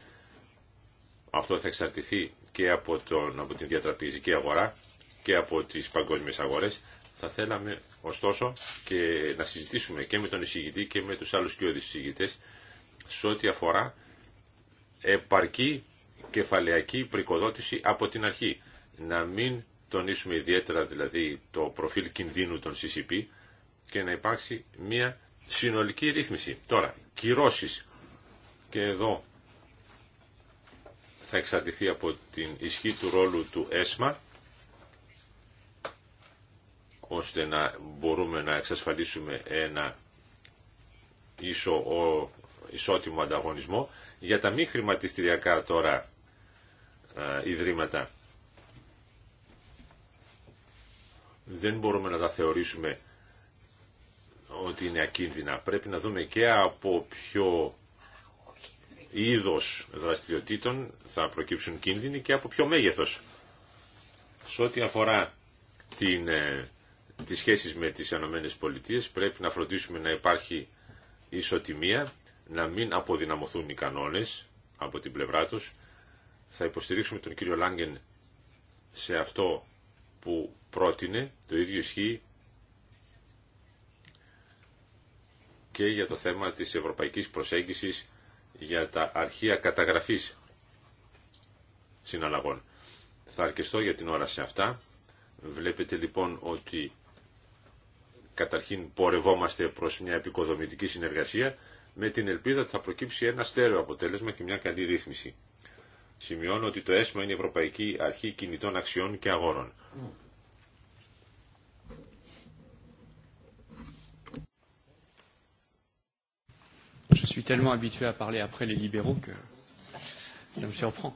S5: αυτό θα εξαρτηθεί και από, τον, από την διατραπεζική αγορά και από τις παγκόσμιες αγορές. Θα θέλαμε ωστόσο και να συζητήσουμε και με τον εισηγητή και με τους άλλους κοιόδης εισηγητές σε ό,τι αφορά επαρκή κεφαλαιακή πρικοδότηση από την αρχή. Να μην τονίσουμε ιδιαίτερα δηλαδή το προφίλ κινδύνου των CCP και να υπάρξει μια συνολική ρύθμιση. Τώρα, κυρώσεις. Και εδώ θα εξαρτηθεί από την ισχύ του ρόλου του ΕΣΜΑ ώστε να μπορούμε να εξασφαλίσουμε ένα ίσο, ισότιμο ανταγωνισμό για τα μη χρηματιστηριακά τώρα α, ιδρύματα. Δεν μπορούμε να τα θεωρήσουμε ότι είναι ακίνδυνα. Πρέπει να δούμε και από ποιο είδο δραστηριοτήτων θα προκύψουν κίνδυνοι και από ποιο μέγεθο Σε ό,τι αφορά την, ε, τις σχέσεις με τις ΗΠΑ Πολιτείες πρέπει να φροντίσουμε να υπάρχει ισοτιμία, να μην αποδυναμωθούν οι κανόνες από την πλευρά τους. Θα υποστηρίξουμε τον κύριο Λάγκεν σε αυτό που πρότεινε, το ίδιο ισχύει και για το θέμα της ευρωπαϊκής προσέγγισης για τα αρχεία καταγραφής συναλλαγών. Θα αρκεστώ για την ώρα σε αυτά. Βλέπετε λοιπόν ότι καταρχήν πορευόμαστε προς μια επικοδομητική συνεργασία με την ελπίδα ότι θα προκύψει ένα στέρεο αποτέλεσμα και μια καλή ρύθμιση. Σημειώνω ότι το ΕΣΜΑ είναι η Ευρωπαϊκή Αρχή Κινητών Αξιών και Αγόρων.
S4: Je suis tellement habitué à parler après les libéraux que ça me surprend.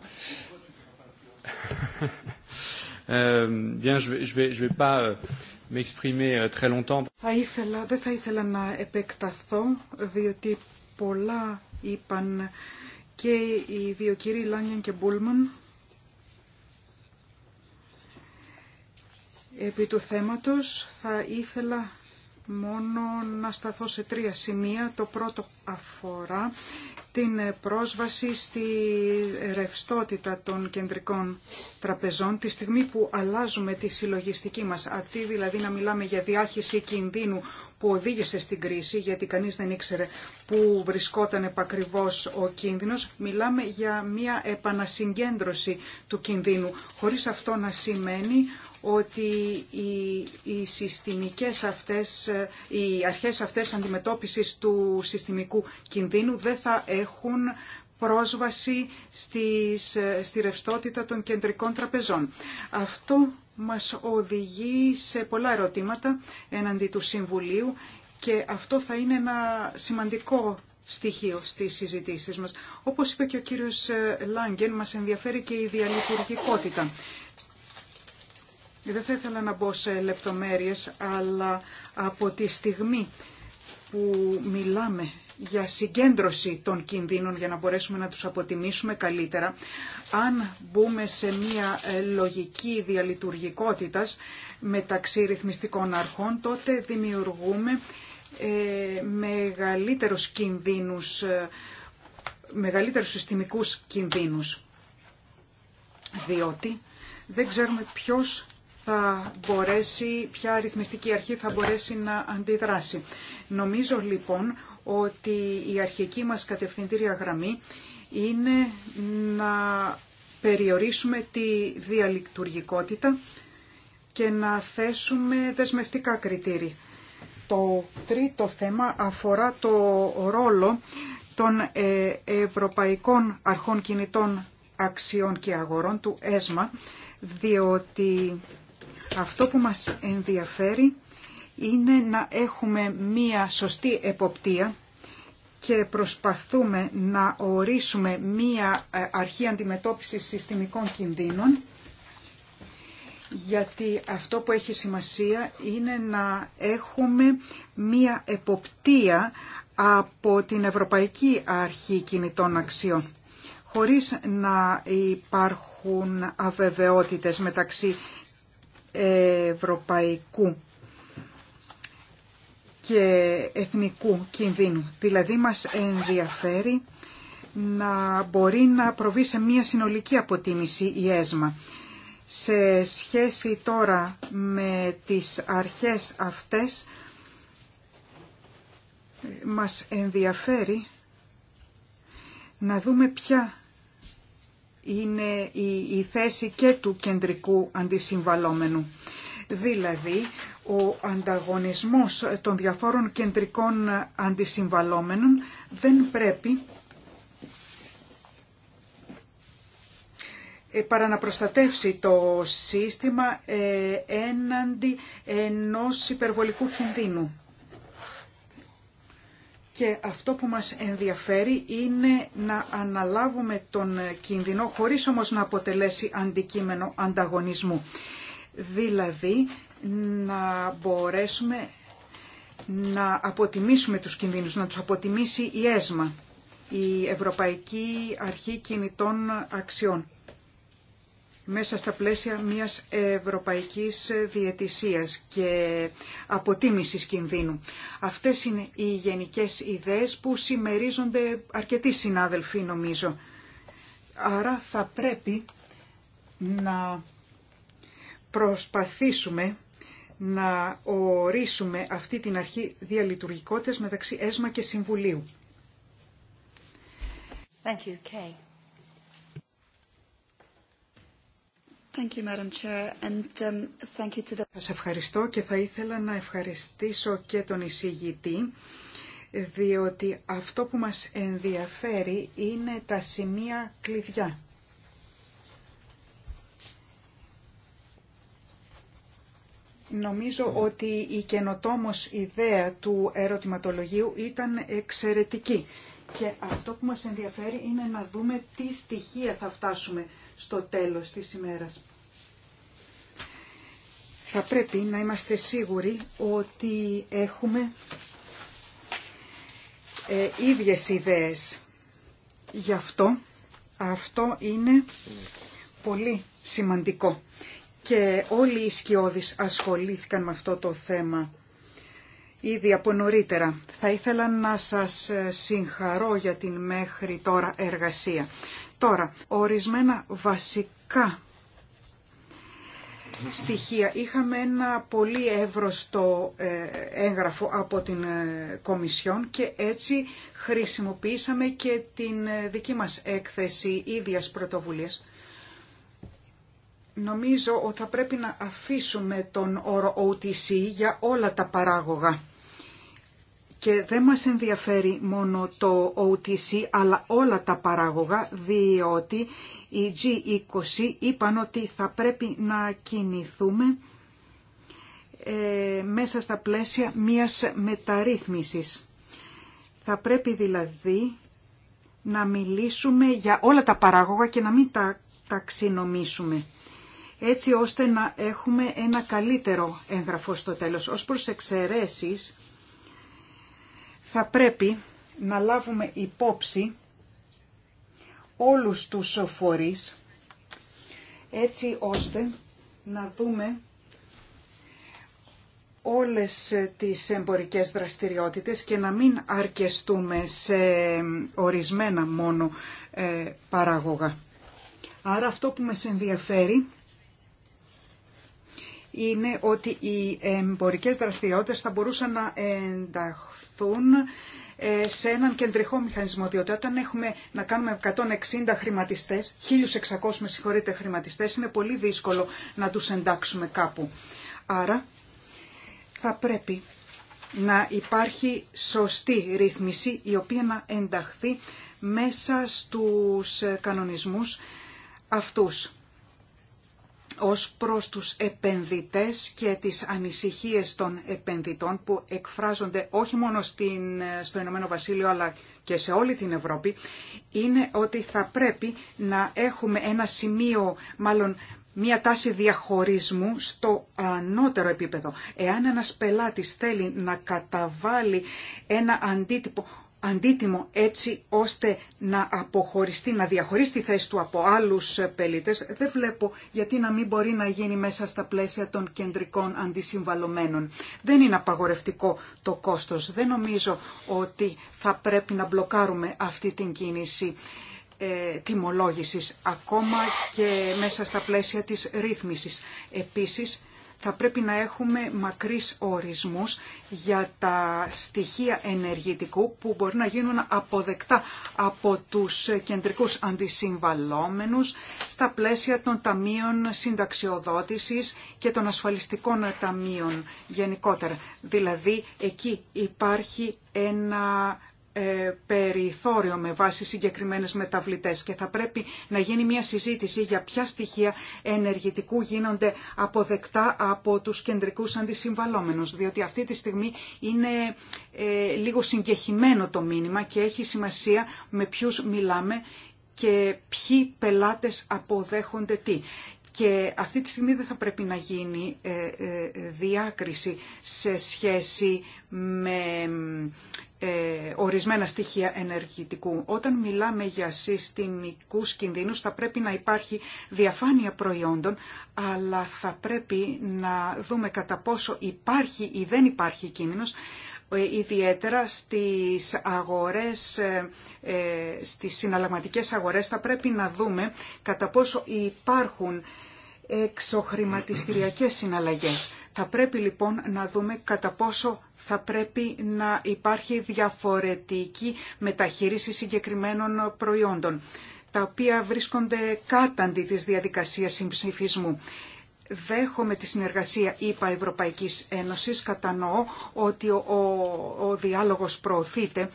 S6: euh, bien, je vais, vais, je vais pas m'exprimer très longtemps.
S3: και οι δύο κύριοι Λάνιαν και Μπούλμαν επί του θέματος θα ήθελα μόνο να σταθώ σε τρία σημεία. Το πρώτο αφορά την πρόσβαση στη ρευστότητα των κεντρικών τραπεζών τη στιγμή που αλλάζουμε τη συλλογιστική μας. Αντί δηλαδή να μιλάμε για διάχυση κινδύνου που οδήγησε στην κρίση, γιατί κανείς δεν ήξερε που βρισκόταν επακριβώς ο κίνδυνος, μιλάμε για μια επανασυγκέντρωση του κινδύνου, χωρίς αυτό να σημαίνει ότι οι, οι συστημικές αυτές, οι αρχές αυτές αντιμετώπισης του συστημικού κινδύνου δεν θα έχουν πρόσβαση στις, στη ρευστότητα των κεντρικών τραπεζών. Αυτό μας οδηγεί σε πολλά ερωτήματα εναντί του Συμβουλίου και αυτό θα είναι ένα σημαντικό στοιχείο στις συζητήσεις μας. Όπως είπε και ο κύριος Λάγκεν, μας ενδιαφέρει και η διαλειτουργικότητα. Ε, δεν θα ήθελα να μπω σε λεπτομέρειες, αλλά από τη στιγμή που μιλάμε για συγκέντρωση των κινδύνων για να μπορέσουμε να τους αποτιμήσουμε καλύτερα, αν μπούμε σε μια ε, λογική διαλειτουργικότητας μεταξύ ρυθμιστικών αρχών, τότε δημιουργούμε ε, μεγαλύτερους κινδύνους, ε, μεγαλύτερους συστημικούς κινδύνους. Διότι δεν ξέρουμε ποιος θα μπορέσει, ποια αριθμιστική αρχή θα μπορέσει να αντιδράσει. Νομίζω λοιπόν ότι η αρχική μας κατευθυντήρια γραμμή είναι να περιορίσουμε τη διαλειτουργικότητα και να θέσουμε δεσμευτικά κριτήρια. Το τρίτο θέμα αφορά το ρόλο των ε, Ευρωπαϊκών Αρχών Κινητών Αξιών και Αγορών, του ΕΣΜΑ, διότι αυτό που μας ενδιαφέρει είναι να έχουμε μία σωστή εποπτεία και προσπαθούμε να ορίσουμε μία ε, αρχή αντιμετώπισης συστημικών κινδύνων γιατί αυτό που έχει σημασία είναι να έχουμε μία εποπτεία από την Ευρωπαϊκή Αρχή Κινητών Αξιών χωρίς να υπάρχουν αβεβαιότητες μεταξύ ευρωπαϊκού και εθνικού κινδύνου. Δηλαδή μας ενδιαφέρει να μπορεί να προβεί σε μια συνολική αποτίμηση η ΕΣΜΑ. Σε σχέση τώρα με τις αρχές αυτές, μας ενδιαφέρει να δούμε ποια είναι η θέση και του κεντρικού αντισυμβαλόμενου. Δηλαδή, ο ανταγωνισμός των διαφόρων κεντρικών αντισυμβαλόμενων δεν πρέπει ε, παρά να προστατεύσει το σύστημα ε, έναντι ενός υπερβολικού κινδύνου και αυτό που μας ενδιαφέρει είναι να αναλάβουμε τον κίνδυνο χωρίς όμως να αποτελέσει αντικείμενο ανταγωνισμού. Δηλαδή να μπορέσουμε να αποτιμήσουμε τους κινδύνους, να τους αποτιμήσει η ΕΣΜΑ, η Ευρωπαϊκή Αρχή Κινητών Αξιών μέσα στα πλαίσια μιας ευρωπαϊκής διαιτησίας και αποτίμησης κινδύνου. Αυτές είναι οι γενικές ιδέες που συμμερίζονται αρκετοί συνάδελφοι νομίζω. Άρα θα πρέπει να προσπαθήσουμε να ορίσουμε αυτή την αρχή διαλειτουργικότητας μεταξύ ΕΣΜΑ και Συμβουλίου. Thank you, Thank um, Σας ευχαριστώ και θα ήθελα να ευχαριστήσω και τον εισηγητή διότι αυτό που μας ενδιαφέρει είναι τα σημεία κλειδιά. Νομίζω ότι η καινοτόμος ιδέα του ερωτηματολογίου ήταν εξαιρετική. Και αυτό που μας ενδιαφέρει είναι να δούμε τι στοιχεία θα φτάσουμε στο τέλος της ημέρας. Θα πρέπει να είμαστε σίγουροι ότι έχουμε ε, ίδιες ιδέες. Γι' αυτό, αυτό είναι πολύ σημαντικό. Και όλοι οι σκιώδεις ασχολήθηκαν με αυτό το θέμα ήδη από νωρίτερα. Θα ήθελα να σας ε, συγχαρώ για την μέχρι τώρα εργασία. Τώρα, ορισμένα βασικά στοιχεία. Είχαμε ένα πολύ εύρωστο ε, έγγραφο από την ε, Κομισιόν και έτσι χρησιμοποιήσαμε και την ε, δική μας έκθεση ίδιας πρωτοβουλίας. Νομίζω ότι θα πρέπει να αφήσουμε τον όρο OTC για όλα τα παράγωγα και δεν μας ενδιαφέρει μόνο το OTC, αλλά όλα τα παράγωγα, διότι οι G20 είπαν ότι θα πρέπει να κινηθούμε ε, μέσα στα πλαίσια μιας μεταρρύθμισης. Θα πρέπει δηλαδή να μιλήσουμε για όλα τα παράγωγα και να μην τα ταξινομήσουμε έτσι ώστε να έχουμε ένα καλύτερο έγγραφο στο τέλος. Ως προς εξαιρέσεις, θα πρέπει να λάβουμε υπόψη όλους τους φορείς έτσι ώστε να δούμε όλες τις εμπορικές δραστηριότητες και να μην αρκεστούμε σε ορισμένα μόνο ε, παράγωγα. Άρα αυτό που με ενδιαφέρει είναι ότι οι εμπορικές δραστηριότητες θα μπορούσαν να ενταχθούν ε, σε έναν κεντρικό μηχανισμό, διότι όταν έχουμε να κάνουμε 160 χρηματιστές, 1600 με συγχωρείτε χρηματιστές, είναι πολύ δύσκολο να τους εντάξουμε κάπου. Άρα θα πρέπει να υπάρχει σωστή ρύθμιση η οποία να ενταχθεί μέσα στους ε, κανονισμούς αυτούς ως προς τους επενδυτές και τις ανησυχίες των επενδυτών που εκφράζονται όχι μόνο στην, στο Ηνωμένο Βασίλειο αλλά και σε όλη την Ευρώπη είναι ότι θα πρέπει να έχουμε ένα σημείο, μάλλον μία τάση διαχωρισμού στο ανώτερο επίπεδο. Εάν ένας πελάτης θέλει να καταβάλει ένα αντίτυπο αντίτιμο έτσι ώστε να αποχωριστεί, να διαχωρίσει τη θέση του από άλλους πελίτες, δεν βλέπω γιατί να μην μπορεί να γίνει μέσα στα πλαίσια των κεντρικών αντισυμβαλωμένων. Δεν είναι απαγορευτικό το κόστος. Δεν νομίζω ότι θα πρέπει να μπλοκάρουμε αυτή την κίνηση ε, τιμολόγησης, ακόμα και μέσα στα πλαίσια της ρύθμισης. Επίσης, θα πρέπει να έχουμε μακρύς ορισμούς για τα στοιχεία ενεργητικού που μπορεί να γίνουν αποδεκτά από τους κεντρικούς αντισυμβαλόμενους στα πλαίσια των ταμείων συνταξιοδότησης και των ασφαλιστικών ταμείων γενικότερα. Δηλαδή εκεί υπάρχει ένα ε, περιθώριο με βάση συγκεκριμένες μεταβλητές και θα πρέπει να γίνει μια συζήτηση για ποια στοιχεία ενεργητικού γίνονται αποδεκτά από τους κεντρικούς αντισυμβαλόμενους διότι αυτή τη στιγμή είναι ε, λίγο συγκεχημένο το μήνυμα και έχει σημασία με ποιους μιλάμε και ποιοι πελάτες αποδέχονται τι. Και αυτή τη στιγμή δεν θα πρέπει να γίνει ε, διάκριση σε σχέση με ε, ορισμένα στοιχεία ενεργητικού. Όταν μιλάμε για συστημικούς κινδύνους θα πρέπει να υπάρχει διαφάνεια προϊόντων, αλλά θα πρέπει να δούμε κατά πόσο υπάρχει ή δεν υπάρχει κίνδυνος, ε, ιδιαίτερα στις αγορές, ε, ε, στις συναλλαγματικές αγορές θα πρέπει να δούμε κατά πόσο υπάρχουν εξοχρηματιστηριακές συναλλαγές. Θα πρέπει λοιπόν να δούμε κατά πόσο θα πρέπει να υπάρχει διαφορετική μεταχείριση συγκεκριμένων προϊόντων, τα οποία βρίσκονται κάταντι της διαδικασίας συμψηφισμού. Δέχομαι τη συνεργασία ΕΠΑ Ευρωπαϊκής Ένωσης, κατανοώ ότι ο, διάλογος προωθείται,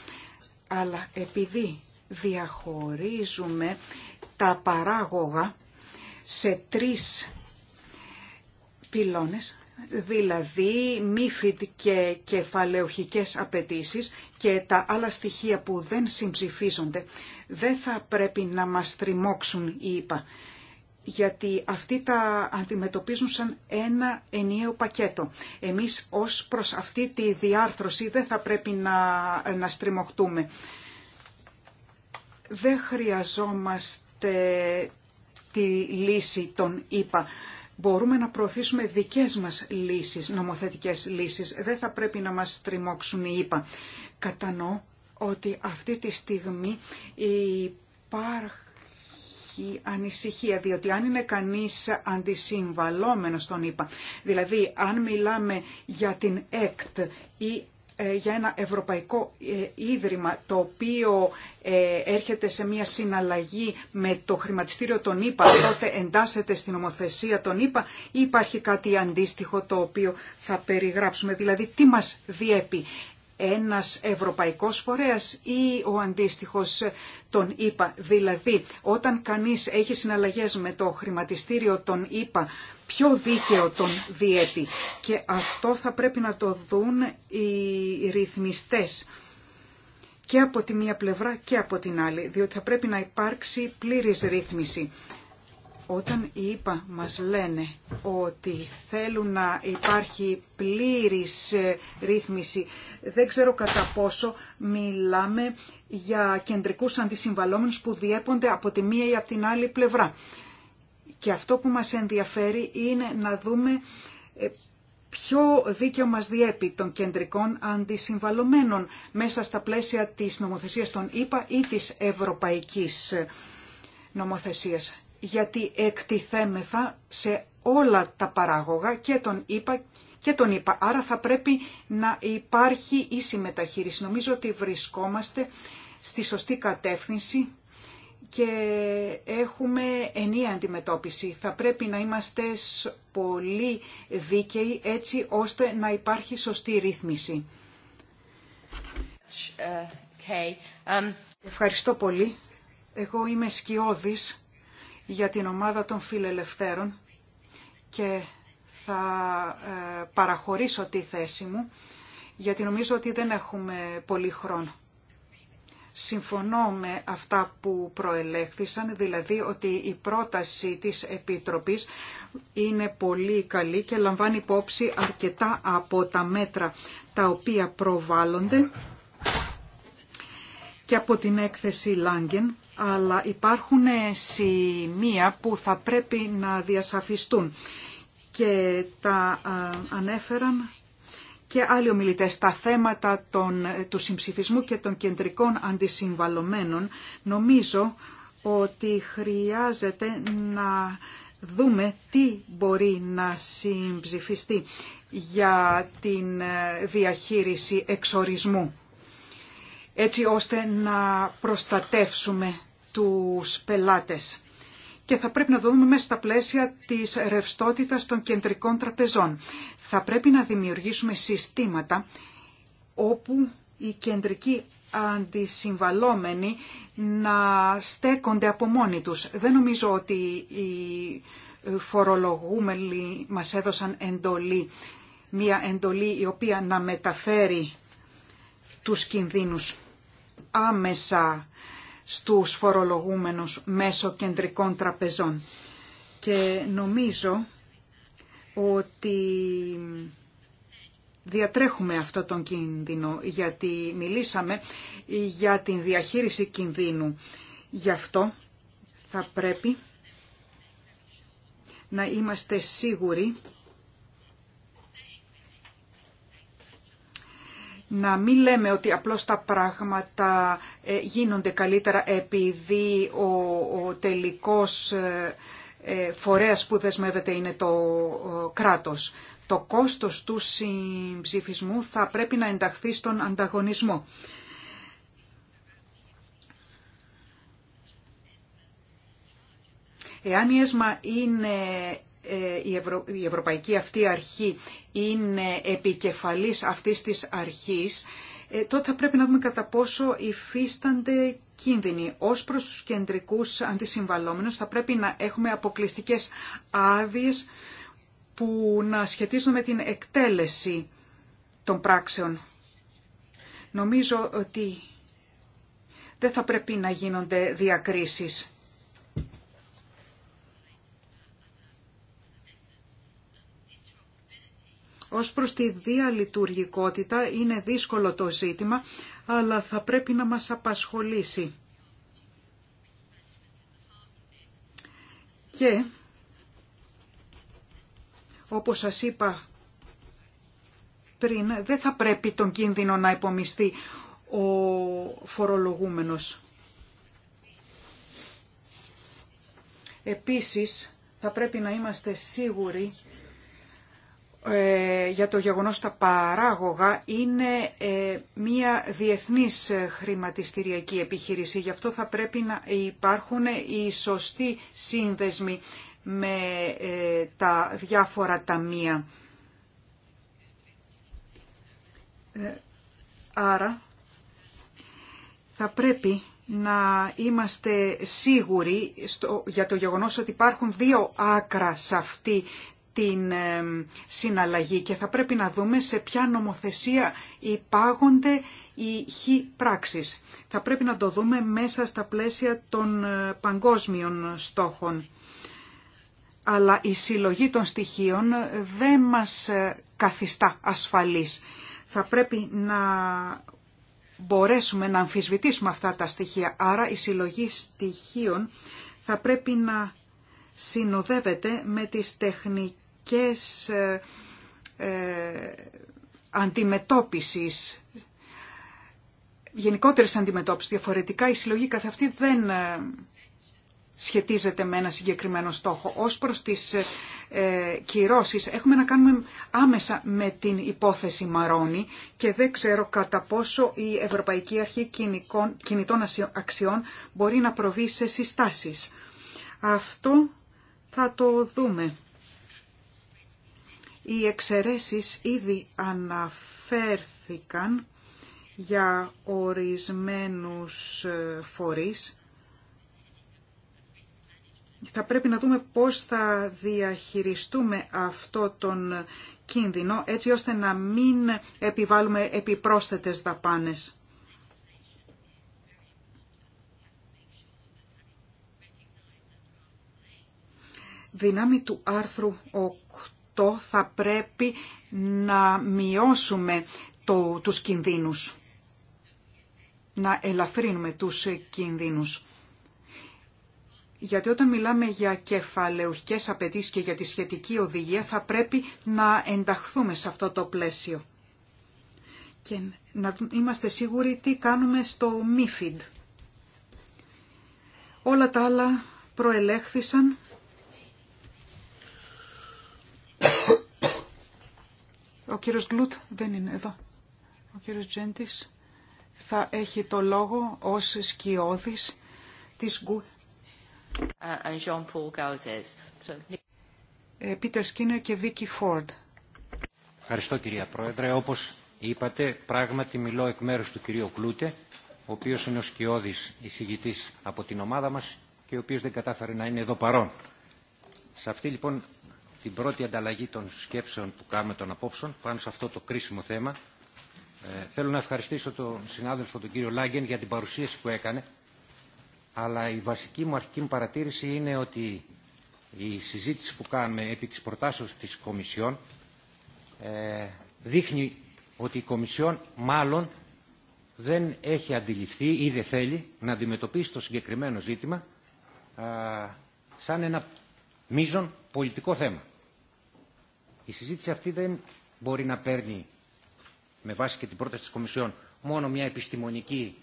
S3: αλλά επειδή διαχωρίζουμε τα παράγωγα σε τρεις πυλώνες, δηλαδή μύφιτ και κεφαλαιοχικές απαιτήσεις και τα άλλα στοιχεία που δεν συμψηφίζονται δεν θα πρέπει να μας τριμώξουν οι γιατί αυτοί τα αντιμετωπίζουν σαν ένα ενιαίο πακέτο. Εμείς ως προς αυτή τη διάρθρωση δεν θα πρέπει να, να στριμωχτούμε. Δεν χρειαζόμαστε τη λύση των ΙΠΑ μπορούμε να προωθήσουμε δικές μας λύσεις, νομοθετικές λύσεις. Δεν θα πρέπει να μας τριμώξουν οι ΙΠΑ. Κατανοώ ότι αυτή τη στιγμή υπάρχει ανησυχία, διότι αν είναι κανείς αντισυμβαλόμενος τον ΙΠΑ, δηλαδή αν μιλάμε για την ΕΚΤ ή ε, για ένα ευρωπαϊκό ε, ίδρυμα το οποίο ε, έρχεται σε μια συναλλαγή με το χρηματιστήριο των ΗΠΑ, τότε εντάσσεται στην ομοθεσία των ΗΠΑ ή υπάρχει κάτι αντίστοιχο το οποίο θα περιγράψουμε. Δηλαδή τι μας διέπει ένας ευρωπαϊκός φορέας ή ο αντίστοιχος των ΙΠΑ. Δηλαδή, όταν κανείς έχει συναλλαγές με το χρηματιστήριο των ΙΠΑ, πιο δίκαιο τον διέπει. Και αυτό θα πρέπει να το δουν οι ρυθμιστές και από τη μία πλευρά και από την άλλη, διότι θα πρέπει να υπάρξει πλήρης ρύθμιση. Όταν οι ΕΠΑ μας λένε ότι θέλουν να υπάρχει πλήρης ε, ρύθμιση, δεν ξέρω κατά πόσο μιλάμε για κεντρικούς αντισυμβαλόμενους που διέπονται από τη μία ή από την άλλη πλευρά. Και αυτό που μας ενδιαφέρει είναι να δούμε ε, ποιο δίκαιο μας διέπει των κεντρικών αντισυμβαλωμένων μέσα στα πλαίσια της νομοθεσίας των ΗΠΑ ή της ευρωπαϊκής νομοθεσίας γιατί εκτιθέμεθα σε όλα τα παράγωγα και τον είπα και τον είπα. Άρα θα πρέπει να υπάρχει ίση μεταχείριση. Νομίζω ότι βρισκόμαστε στη σωστή κατεύθυνση και έχουμε ενία αντιμετώπιση. Θα πρέπει να είμαστε πολύ δίκαιοι έτσι ώστε να υπάρχει σωστή ρύθμιση.
S2: Ε, um,
S3: Ευχαριστώ πολύ. Εγώ είμαι σκιώδης για την ομάδα των φιλελευθέρων και θα ε, παραχωρήσω τη θέση μου γιατί νομίζω ότι δεν έχουμε πολύ χρόνο. Συμφωνώ με αυτά που προελέχθησαν, δηλαδή ότι η πρόταση της Επιτροπής είναι πολύ καλή και λαμβάνει υπόψη αρκετά από τα μέτρα τα οποία προβάλλονται και από την έκθεση Λάγκεν αλλά υπάρχουν σημεία που θα πρέπει να διασαφιστούν και τα ανέφεραν και άλλοι ομιλητές Στα θέματα των, του συμψηφισμού και των κεντρικών αντισυμβαλωμένων νομίζω ότι χρειάζεται να δούμε τι μπορεί να συμψηφιστεί για την ε, διαχείριση εξορισμού έτσι ώστε να προστατεύσουμε τους πελάτες. Και θα πρέπει να δούμε μέσα στα πλαίσια της ρευστότητας των κεντρικών τραπεζών. Θα πρέπει να δημιουργήσουμε συστήματα όπου οι κεντρικοί αντισυμβαλόμενοι να στέκονται από μόνοι τους. Δεν νομίζω ότι οι φορολογούμενοι μας έδωσαν εντολή, μία εντολή η οποία να μεταφέρει τους κινδύνους άμεσα στους φορολογούμενους μέσω κεντρικών τραπεζών. Και νομίζω ότι διατρέχουμε αυτό τον κίνδυνο, γιατί μιλήσαμε για την διαχείριση κινδύνου. Γι' αυτό θα πρέπει να είμαστε σίγουροι να μην λέμε ότι απλώς τα πράγματα ε, γίνονται καλύτερα επειδή ο, τελικός ε, ε, φορέας που δεσμεύεται είναι το κράτος. Το κόστος του συμψηφισμού θα πρέπει να ενταχθεί στον ανταγωνισμό. Εάν η ΕΣΜΑ είναι ε, η, Ευρωπαϊκή αυτή αρχή είναι επικεφαλής αυτής της αρχής, ε, τότε θα πρέπει να δούμε κατά πόσο υφίστανται κίνδυνοι. Ως προς τους κεντρικούς αντισυμβαλόμενους θα πρέπει να έχουμε αποκλειστικές άδειε που να σχετίζονται με την εκτέλεση των πράξεων. Νομίζω ότι δεν θα πρέπει να γίνονται διακρίσεις Ως προς τη διαλειτουργικότητα είναι δύσκολο το ζήτημα, αλλά θα πρέπει να μας απασχολήσει. Και, όπως σας είπα πριν, δεν θα πρέπει τον κίνδυνο να υπομειστεί ο φορολογούμενος. Επίσης, θα πρέπει να είμαστε σίγουροι ε, για το γεγονός τα παράγωγα είναι ε, μια διεθνής ε, χρηματιστηριακή επιχείρηση. Γι' αυτό θα πρέπει να υπάρχουν οι σωστοί σύνδεσμοι με τα διάφορα ταμεία. Άρα θα πρέπει να είμαστε σίγουροι στο, για το γεγονός ότι υπάρχουν δύο άκρα σε αυτή την ε, συναλλαγή και θα πρέπει να δούμε σε ποια νομοθεσία υπάγονται οι χ πράξεις. Θα πρέπει να το δούμε μέσα στα πλαίσια των ε, παγκόσμιων στόχων. Αλλά η συλλογή των στοιχείων δεν μας ε, καθιστά ασφαλής. Θα πρέπει να μπορέσουμε να αμφισβητήσουμε αυτά τα στοιχεία. Άρα η συλλογή στοιχείων θα πρέπει να συνοδεύεται με τις τεχνικές ε, ε, αντιμετώπισης, γενικότερες αντιμετώπισης. Διαφορετικά η συλλογή καθ' αυτή δεν ε, σχετίζεται με ένα συγκεκριμένο στόχο. Ως προς τις ε, ε έχουμε να κάνουμε άμεσα με την υπόθεση Μαρόνι και δεν ξέρω κατά πόσο η Ευρωπαϊκή Αρχή Κινητών Αξιών μπορεί να προβεί σε συστάσεις. Αυτό θα το δούμε. Οι εξαιρέσεις ήδη αναφέρθηκαν για ορισμένους ε, φορείς. Θα πρέπει να δούμε πώς θα διαχειριστούμε αυτό τον κίνδυνο, έτσι ώστε να μην επιβάλλουμε επιπρόσθετες δαπάνες. Δυνάμει του άρθρου 8 αυτό θα πρέπει να μειώσουμε το, τους κινδύνους, να ελαφρύνουμε τους κινδύνους. Γιατί όταν μιλάμε για κεφαλαιουχικές απαιτήσει και για τη σχετική οδηγία θα πρέπει να ενταχθούμε σε αυτό το πλαίσιο. Και να είμαστε σίγουροι τι κάνουμε στο MIFID. Όλα τα άλλα προελέχθησαν Ο κύριος Γκλουτ δεν είναι εδώ. Ο κύριος Τζέντης θα έχει το λόγο ως σκιώδης της Γκου. Ε, ε, ε, Πίτερ Σκίνερ και Βίκη Φόρντ.
S4: Ευχαριστώ κυρία Πρόεδρε. Όπως είπατε, πράγματι μιλώ εκ μέρους του κυρίου Κλούτε, ο οποίος είναι ο σκιώδης εισηγητής από την ομάδα μας και ο οποίος δεν κατάφερε να είναι εδώ παρόν. Σε αυτή λοιπόν στην πρώτη ανταλλαγή των σκέψεων που κάνουμε των απόψεων πάνω σε αυτό το κρίσιμο θέμα. Ε, θέλω να ευχαριστήσω τον συνάδελφο τον κύριο Λάγκεν για την παρουσίαση που έκανε αλλά η βασική μου αρχική μου παρατήρηση είναι ότι η συζήτηση που κάνουμε επί της προτάσεως της Κομισιόν ε, δείχνει ότι η Κομισιόν μάλλον δεν έχει αντιληφθεί ή δεν θέλει να αντιμετωπίσει το συγκεκριμένο ζήτημα α, ε, σαν ένα μείζον πολιτικό θέμα. Η συζήτηση αυτή δεν μπορεί να παίρνει, με βάση και την πρόταση της Κομισιόν, μόνο μια επιστημονική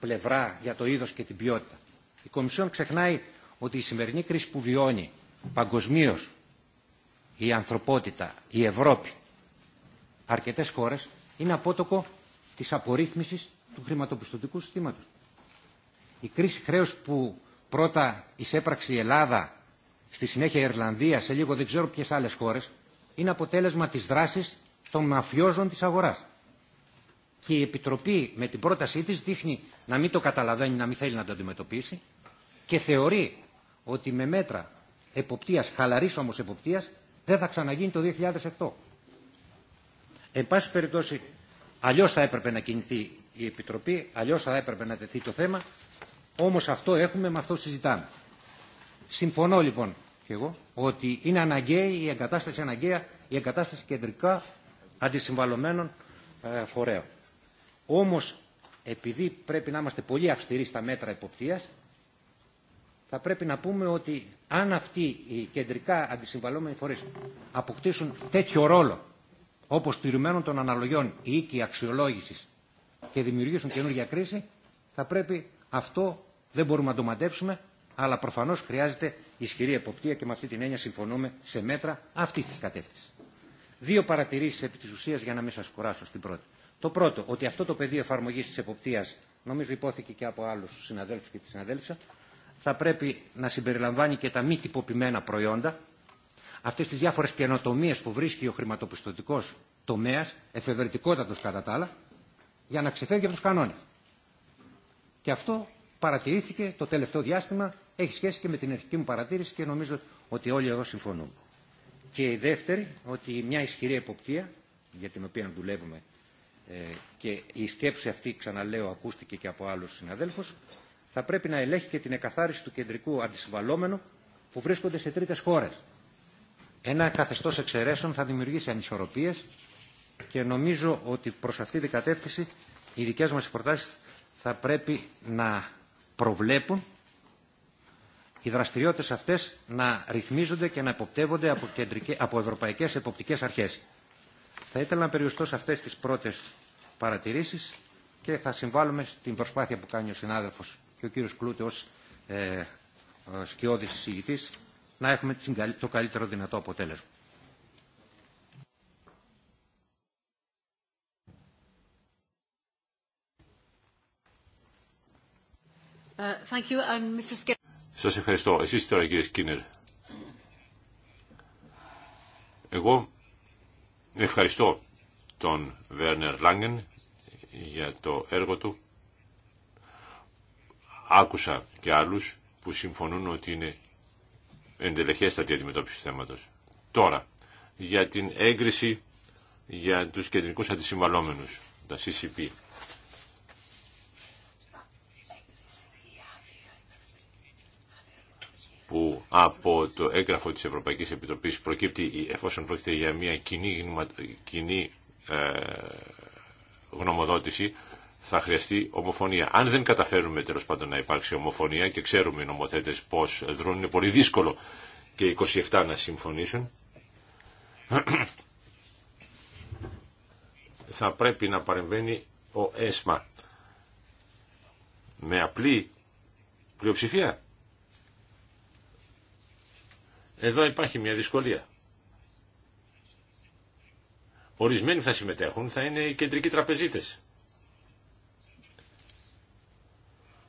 S4: πλευρά για το είδος και την ποιότητα. Η Κομισιόν ξεχνάει ότι η σημερινή κρίση που βιώνει παγκοσμίω η ανθρωπότητα, η Ευρώπη, αρκετές χώρες, είναι απότοκο της απορρίθμισης του χρηματοπιστωτικού συστήματος. Η κρίση χρέους που πρώτα εισέπραξε η Ελλάδα, στη συνέχεια η Ιρλανδία, σε λίγο δεν ξέρω ποιες άλλες χώρες, είναι αποτέλεσμα της δράσης των μαφιόζων της αγοράς. Και η Επιτροπή με την πρότασή της δείχνει να μην το καταλαβαίνει, να μην θέλει να το αντιμετωπίσει και θεωρεί ότι με μέτρα εποπτείας, χαλαρής όμως εποπτείας, δεν θα ξαναγίνει το 2008. Εν πάση περιπτώσει, αλλιώς θα έπρεπε να κινηθεί η Επιτροπή, αλλιώς θα έπρεπε να τεθεί το θέμα, όμως αυτό έχουμε, με αυτό συζητάμε. Συμφωνώ λοιπόν ότι είναι αναγκαία η εγκατάσταση, αναγκαία η εγκατάσταση κεντρικά αντισυμβαλωμένων ε, φορέων. Όμως, επειδή πρέπει να είμαστε πολύ αυστηροί στα μέτρα υποπτίας, θα πρέπει να πούμε ότι αν αυτοί οι κεντρικά αντισυμβαλλομένοι φορείς αποκτήσουν τέτοιο ρόλο, όπως τηρημένων των αναλογιών ή οίκοι αξιολόγησης και δημιουργήσουν καινούργια κρίση, θα πρέπει αυτό δεν μπορούμε να το μαντέψουμε αλλά προφανώς χρειάζεται ισχυρή εποπτεία και με αυτή την έννοια συμφωνούμε σε μέτρα αυτή τη κατεύθυνση. Δύο παρατηρήσει επί τη ουσία για να μην σα κουράσω στην πρώτη. Το πρώτο, ότι αυτό το πεδίο εφαρμογή τη εποπτείας, νομίζω υπόθηκε και από άλλου συναδέλφου και τη συναδέλφισσα, θα πρέπει να συμπεριλαμβάνει και τα μη τυποποιημένα προϊόντα, αυτέ τι διάφορε καινοτομίε που βρίσκει ο χρηματοπιστωτικός τομέας, εφευρετικότατο κατά τα άλλα, για να ξεφεύγει από του κανόνε. Και αυτό παρατηρήθηκε το τελευταίο διάστημα, έχει σχέση και με την αρχική μου παρατήρηση και νομίζω ότι όλοι εδώ συμφωνούμε. Και η δεύτερη, ότι μια ισχυρή εποπτεία, για την οποία δουλεύουμε ε, και η σκέψη αυτή, ξαναλέω, ακούστηκε και από άλλους συναδέλφους, θα πρέπει να ελέγχει και την εκαθάριση του κεντρικού αντισυμβαλόμενου που βρίσκονται σε τρίτες χώρες. Ένα καθεστώς εξαιρέσεων θα δημιουργήσει ανισορροπίες και νομίζω ότι προς αυτή την κατεύθυνση οι δικέ μας προτάσει θα πρέπει να προβλέπουν οι δραστηριότητες αυτές να ρυθμίζονται και να εποπτεύονται από, κεντρικές, από ευρωπαϊκές εποπτικές αρχές. Θα ήθελα να περιουστώ σε αυτές τις πρώτες παρατηρήσεις και θα συμβάλλουμε στην προσπάθεια που κάνει ο συνάδελφος και ο κύριος Κλούτε ως ε, σκιώδης συζητητής να έχουμε το καλύτερο δυνατό αποτέλεσμα.
S2: Uh, thank
S5: Σας ευχαριστώ. Εσείς τώρα κύριε Σκίνερ. Εγώ ευχαριστώ τον Βέρνερ Λάγκεν για το έργο του. Άκουσα και άλλους που συμφωνούν ότι είναι εντελεχέστατη αντιμετώπιση του θέματος. Τώρα, για την έγκριση για τους κεντρικούς αντισυμβαλόμενους, τα CCP. που από το έγγραφο της Ευρωπαϊκής Επιτροπής προκύπτει εφόσον πρόκειται για μια κοινή, κοινή ε, γνωμοδότηση θα χρειαστεί ομοφωνία. Αν δεν καταφέρουμε τέλο πάντων να υπάρξει ομοφωνία και ξέρουμε οι νομοθέτες πώς δρούν, είναι πολύ δύσκολο και οι 27 να συμφωνήσουν. θα πρέπει να παρεμβαίνει ο ΕΣΜΑ με απλή πλειοψηφία εδώ υπάρχει μια δυσκολία. Ορισμένοι θα συμμετέχουν θα είναι οι κεντρικοί τραπεζίτες.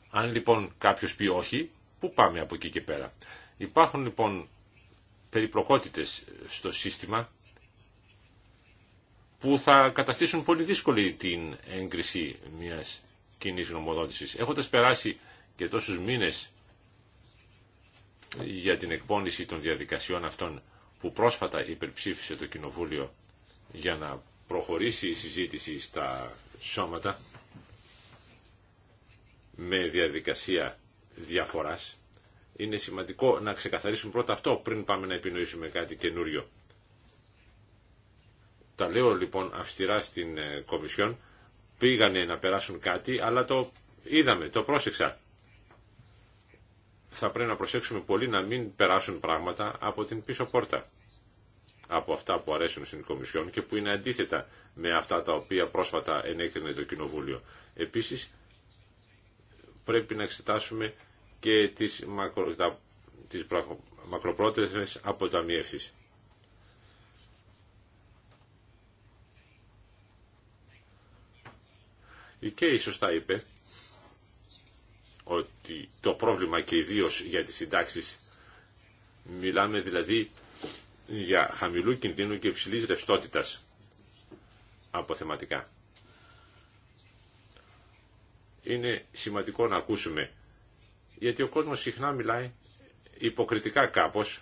S5: Αν λοιπόν κάποιος πει όχι, πού πάμε από εκεί και πέρα. Υπάρχουν λοιπόν περιπλοκότητες στο σύστημα που θα καταστήσουν πολύ δύσκολη την έγκριση μιας κοινή γνωμοδότησης. Έχοντας περάσει και τόσους μήνες για την εκπόνηση των διαδικασιών αυτών που πρόσφατα υπερψήφισε το Κοινοβούλιο για να προχωρήσει η συζήτηση στα σώματα με διαδικασία διαφοράς. Είναι σημαντικό να ξεκαθαρίσουμε πρώτα αυτό πριν πάμε να επινοήσουμε κάτι καινούριο. Τα λέω λοιπόν αυστηρά στην ε, Κομισιόν. Πήγανε να περάσουν κάτι, αλλά το είδαμε, το πρόσεξα θα πρέπει να προσέξουμε πολύ να μην περάσουν πράγματα από την πίσω πόρτα από αυτά που αρέσουν στην Κομισιόν και που είναι αντίθετα με αυτά τα οποία πρόσφατα ενέκρινε το Κοινοβούλιο. Επίσης, πρέπει να εξετάσουμε και τις, μακρο, τα, τις αποταμιεύσεις. Η Κέι σωστά είπε ότι το πρόβλημα και ιδίω για τις συντάξεις μιλάμε δηλαδή για χαμηλού κινδύνου και υψηλής ρευστότητα αποθεματικά. Είναι σημαντικό να ακούσουμε γιατί ο κόσμος συχνά μιλάει υποκριτικά κάπως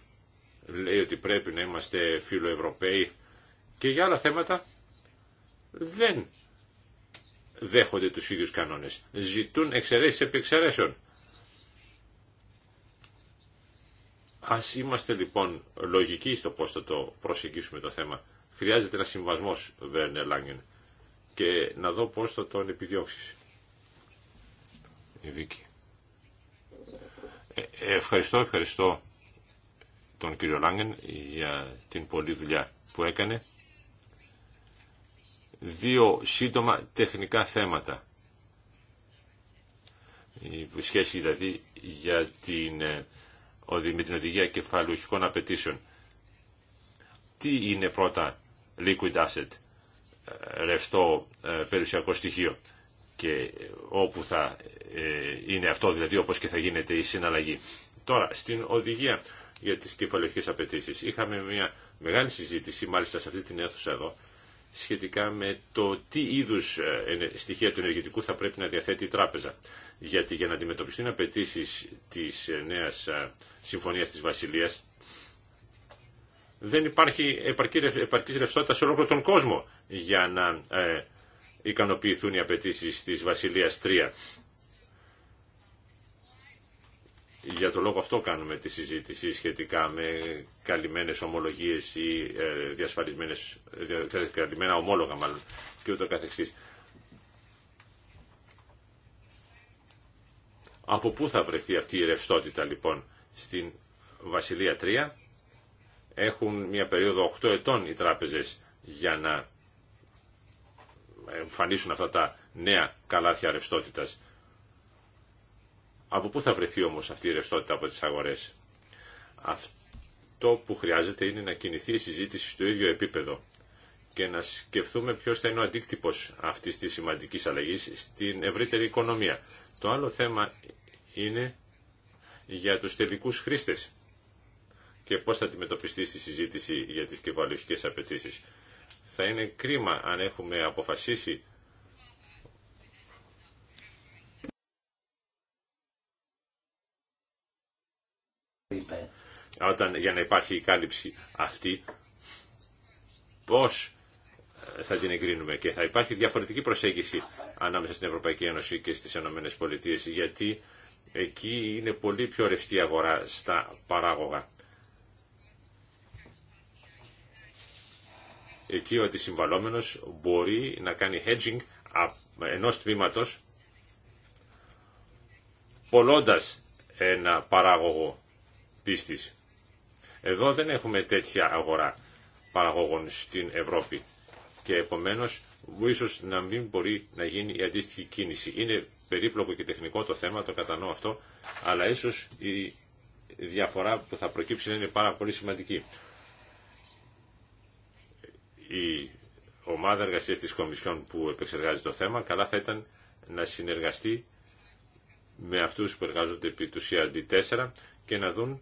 S5: λέει ότι πρέπει να είμαστε φιλοευρωπαίοι και για άλλα θέματα δεν δέχονται τους ίδιους κανόνες. Ζητούν εξαιρέσεις επί εξαιρέσεων. Ας είμαστε λοιπόν λογικοί στο πώς θα το προσεγγίσουμε το θέμα. Χρειάζεται ένα συμβασμός, Βέρνερ Λάγγεν και να δω πώς θα τον επιδιώξεις. Ε, ευχαριστώ, ευχαριστώ τον κύριο Λάγγεν για την πολλή δουλειά που έκανε δύο σύντομα τεχνικά θέματα. Η σχέση δηλαδή για την, ε, με την οδηγία κεφαλουχικών απαιτήσεων. Τι είναι πρώτα liquid asset, ε, ρευστό ε, περιουσιακό στοιχείο και όπου θα είναι αυτό δηλαδή όπως και θα γίνεται η συναλλαγή. Τώρα, στην οδηγία για τις κεφαλουχικές απαιτήσει. είχαμε μια μεγάλη συζήτηση, μάλιστα σε αυτή την αίθουσα εδώ, σχετικά με το τι είδους ε, στοιχεία του ενεργητικού θα πρέπει να διαθέτει η τράπεζα. Γιατί για να αντιμετωπιστούν απαιτήσει της ε, νέας ε, συμφωνίας της Βασιλείας δεν υπάρχει επαρκή ρευστότητα σε όλο τον κόσμο για να ικανοποιηθούν οι απαιτήσει της Βασιλείας 3. Για το λόγο αυτό κάνουμε τη συζήτηση σχετικά με καλυμμένες ομολογίες ή ε, διασφαλισμένες, καλυμμένα ομόλογα μάλλον και ούτω καθεξής. Από πού θα βρεθεί αυτή η ρευστότητα λοιπόν στην Βασιλεία 3 έχουν μια περίοδο 8 ετών οι τράπεζες για να εμφανίσουν αυτά τα νέα καλάθια ρευστότητας. Από πού θα βρεθεί όμως αυτή η ρευστότητα από τις αγορές. Αυτό που χρειάζεται είναι να κινηθεί η συζήτηση στο ίδιο επίπεδο και να σκεφτούμε ποιος θα είναι ο αντίκτυπος αυτής της σημαντικής αλλαγής στην ευρύτερη οικονομία. Το άλλο θέμα είναι για τους τελικούς χρήστες και πώς θα αντιμετωπιστεί στη συζήτηση για τις κεφαλαιοχικές απαιτήσει. Θα είναι κρίμα αν έχουμε αποφασίσει όταν, για να υπάρχει η κάλυψη αυτή, πώς ε, θα την εγκρίνουμε και θα υπάρχει διαφορετική προσέγγιση ανάμεσα στην Ευρωπαϊκή Ένωση και στις ΗΠΑ Πολιτείες γιατί εκεί είναι πολύ πιο ρευστή αγορά στα παράγωγα. Εκεί ο αντισυμβαλόμενος μπορεί να κάνει hedging ενός τμήματος πολλώντας ένα παράγωγο πίστης. Εδώ δεν έχουμε τέτοια αγορά παραγωγών στην Ευρώπη και επομένως ίσω να μην μπορεί να γίνει η αντίστοιχη κίνηση. Είναι περίπλοκο και τεχνικό το θέμα, το κατανοώ αυτό, αλλά ίσως η διαφορά που θα προκύψει να είναι πάρα πολύ σημαντική. Η ομάδα εργασία της Κομισιόν που επεξεργάζει το θέμα καλά θα ήταν να συνεργαστεί με αυτούς που εργάζονται επί του CRD4 και να δουν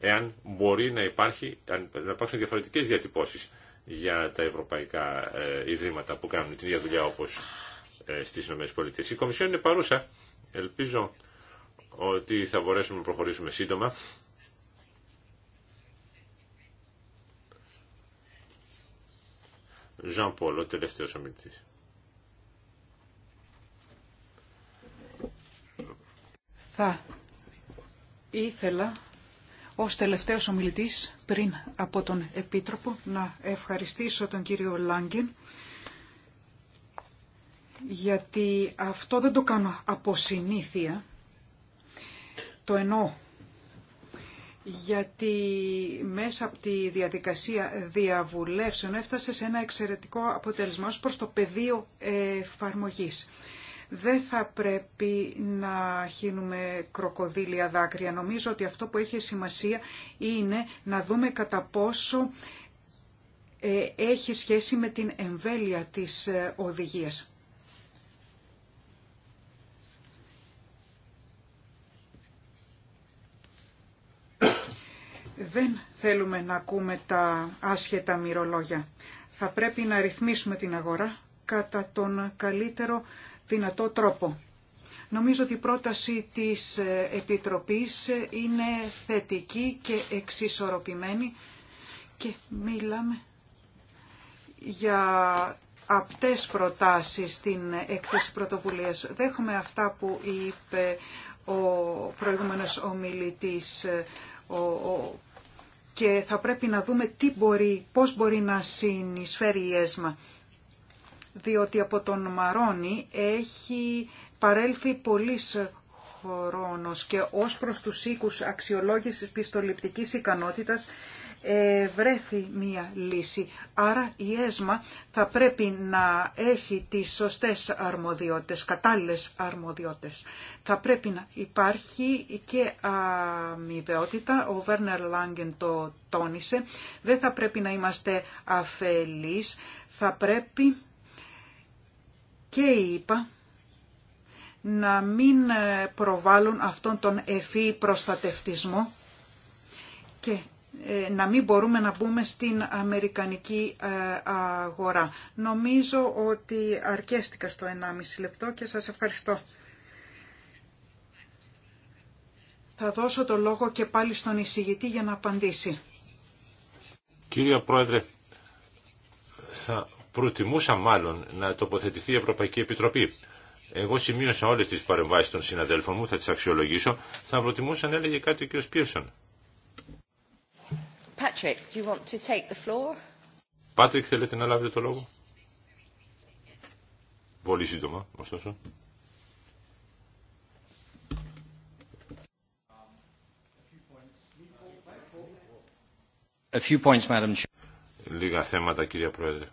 S5: εάν μπορεί να, υπάρχει, να υπάρχουν διαφορετικές διατυπώσεις για τα ευρωπαϊκά ε, ιδρύματα που κάνουν την ίδια δουλειά όπως ε, στις ΗΠΑ. Η Κομισιόν είναι παρούσα. Ελπίζω ότι θα μπορέσουμε να προχωρήσουμε σύντομα. Ζαν Πολ, ο τελευταίος ομιλητής.
S3: Θα ήθελα ως τελευταίος ομιλητής πριν από τον Επίτροπο να ευχαριστήσω τον κύριο Λάγκεν γιατί αυτό δεν το κάνω από συνήθεια, το εννοώ γιατί μέσα από τη διαδικασία διαβουλεύσεων έφτασε σε ένα εξαιρετικό αποτέλεσμα ως προς το πεδίο εφαρμογής. Δεν θα πρέπει να χύνουμε κροκοδίλια δάκρυα. Νομίζω ότι αυτό που έχει σημασία είναι να δούμε κατά πόσο ε, έχει σχέση με την εμβέλεια της ε, οδηγίας. Δεν θέλουμε να ακούμε τα άσχετα μυρολόγια. Θα πρέπει να ρυθμίσουμε την αγορά κατά τον καλύτερο δυνατό τρόπο. Νομίζω ότι η πρόταση της ε, Επιτροπής ε, είναι θετική και εξισορροπημένη και μίλαμε για απτές προτάσεις στην έκθεση πρωτοβουλίας. Δέχομαι αυτά που είπε ο προηγούμενος ομιλητής ε, ο, και θα πρέπει να δούμε τι μπορεί, πώς μπορεί να συνεισφέρει η ΕΣΜΑ διότι από τον Μαρόνι έχει παρέλθει πολύς χρόνος και ως προς τους οίκους αξιολόγησης πιστοληπτικής ικανότητας ε, βρέθη μία λύση. Άρα η ΕΣΜΑ θα πρέπει να έχει τις σωστές αρμοδιότητες, κατάλληλες αρμοδιότητες. Θα πρέπει να υπάρχει και αμοιβαιότητα, ο Βέρνερ Λάγκεν το τόνισε, δεν θα πρέπει να είμαστε αφελείς, θα πρέπει και είπα να μην ε, προβάλλουν αυτόν τον ευφύ προστατευτισμό και ε, να μην μπορούμε να μπούμε στην αμερικανική ε, αγορά. Νομίζω ότι αρκέστηκα στο 1,5 λεπτό και σας ευχαριστώ. Θα δώσω το λόγο και πάλι στον εισηγητή για να απαντήσει.
S5: Κύριε Πρόεδρε, προτιμούσα μάλλον να τοποθετηθεί η Ευρωπαϊκή Επιτροπή. Εγώ σημείωσα όλες τις παρεμβάσεις των συναδέλφων μου, θα τις αξιολογήσω. Θα προτιμούσα να έλεγε κάτι ο κ. Πίρσον. Patrick, θέλετε να λάβετε το λόγο. Πολύ σύντομα, ωστόσο. A few points, Madam Λίγα θέματα, κυρία Πρόεδρε.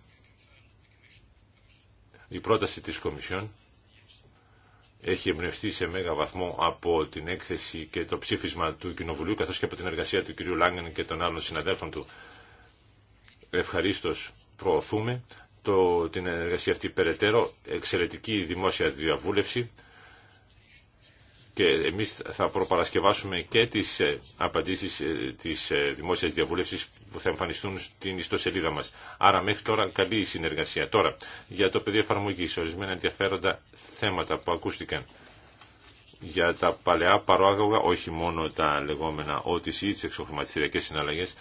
S5: Η πρόταση της Κομισιόν έχει εμπνευστεί σε μέγα βαθμό από την έκθεση και το ψήφισμα του Κοινοβουλίου καθώς και από την εργασία του κ. Λάγκεν και των άλλων συναδέλφων του. Ευχαρίστως προωθούμε το, την εργασία αυτή περαιτέρω, εξαιρετική δημόσια διαβούλευση και εμείς θα προπαρασκευάσουμε και τις ε, απαντήσεις ε, της ε, δημόσιας διαβούλευσης που θα εμφανιστούν στην ιστοσελίδα μας. Άρα μέχρι τώρα καλή συνεργασία. Τώρα, για το πεδίο εφαρμογή, ορισμένα ενδιαφέροντα θέματα που ακούστηκαν για τα παλαιά παρόαγωγα, όχι μόνο τα λεγόμενα OTC, τις εξοχρηματιστηριακές συναλλαγές.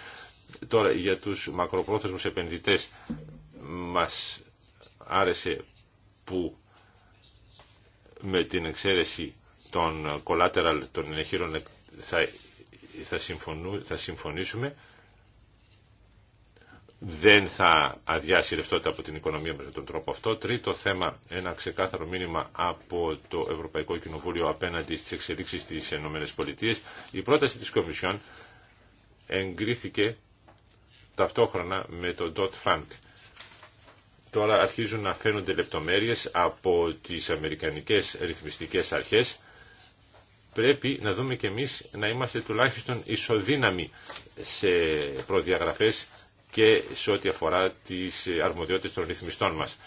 S5: Τώρα, για τους μακροπρόθεσμους επενδυτές, μας άρεσε που με την εξαίρεση των collateral των ενεχείρων θα, θα συμφωνήσουμε δεν θα αδειάσει η ρευστότητα από την οικονομία με τον τρόπο αυτό. Τρίτο θέμα, ένα ξεκάθαρο μήνυμα από το Ευρωπαϊκό Κοινοβούλιο απέναντι στις εξελίξεις της ΗΠΑ. Η πρόταση της Κομισιόν εγκρίθηκε ταυτόχρονα με το Dot Frank. Τώρα αρχίζουν να φαίνονται λεπτομέρειες από τις Αμερικανικές ρυθμιστικές αρχές. Πρέπει να δούμε και εμείς να είμαστε τουλάχιστον ισοδύναμοι σε προδιαγραφές και σε ό,τι αφορά τις αρμοδιότητες των ρυθμιστών μας.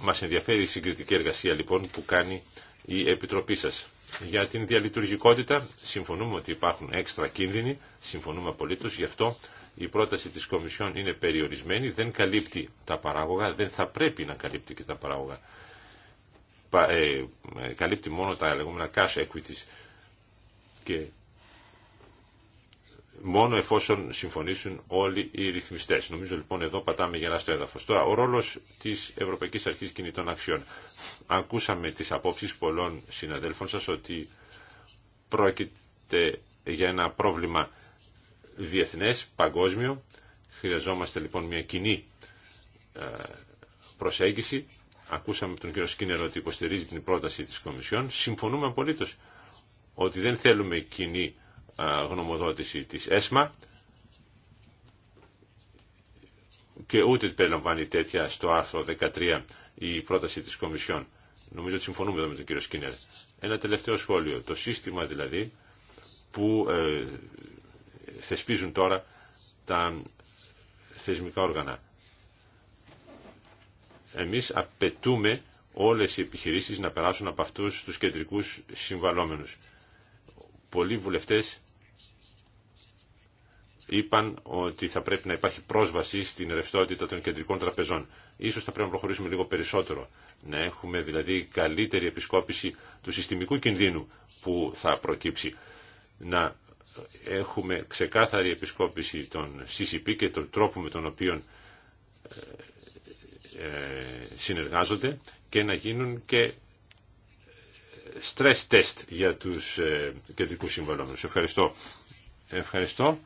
S5: Μας ενδιαφέρει η συγκριτική εργασία λοιπόν που κάνει η Επιτροπή σας. Για την διαλειτουργικότητα συμφωνούμε ότι υπάρχουν έξτρα κίνδυνοι, συμφωνούμε απολύτως, γι' αυτό η πρόταση της Κομισιόν είναι περιορισμένη, δεν καλύπτει τα παράγωγα, δεν θα πρέπει να καλύπτει και τα παράγωγα. Ε, ε, καλύπτει μόνο τα λεγόμενα cash equities και μόνο εφόσον συμφωνήσουν όλοι οι ρυθμιστές. Νομίζω λοιπόν εδώ πατάμε γερά στο έδαφος. Τώρα, ο ρόλος της Ευρωπαϊκής Αρχής Κινητών Αξιών. Ακούσαμε τις απόψεις πολλών συναδέλφων σας ότι πρόκειται για ένα πρόβλημα διεθνές, παγκόσμιο. Χρειαζόμαστε λοιπόν μια κοινή ε, προσέγγιση. Ακούσαμε τον κύριο Σκίνερ ότι υποστηρίζει την πρόταση της Κομισιόν. Συμφωνούμε απολύτως ότι δεν θέλουμε κοινή γνωμοδότηση της ΕΣΜΑ και ούτε περιλαμβάνει τέτοια στο άρθρο 13 η πρόταση της Κομισιόν. Νομίζω ότι συμφωνούμε εδώ με τον κύριο Σκίνερ. Ένα τελευταίο σχόλιο. Το σύστημα δηλαδή που ε, θεσπίζουν τώρα τα θεσμικά όργανα. Εμείς απαιτούμε όλες οι επιχειρήσεις να περάσουν από αυτούς τους κεντρικούς συμβαλόμενους. Πολλοί βουλευτές είπαν ότι θα πρέπει να υπάρχει πρόσβαση στην ρευστότητα των κεντρικών τραπεζών. Ίσως θα πρέπει να προχωρήσουμε λίγο περισσότερο. Να έχουμε δηλαδή καλύτερη επισκόπηση του συστημικού κινδύνου που θα προκύψει. Να έχουμε ξεκάθαρη επισκόπηση των CCP και των τρόπων με τον οποίο ε, ε, συνεργάζονται και να γίνουν και stress test για τους ε, κεντρικούς συμβαλόμενους. Ευχαριστώ. Ευχαριστώ.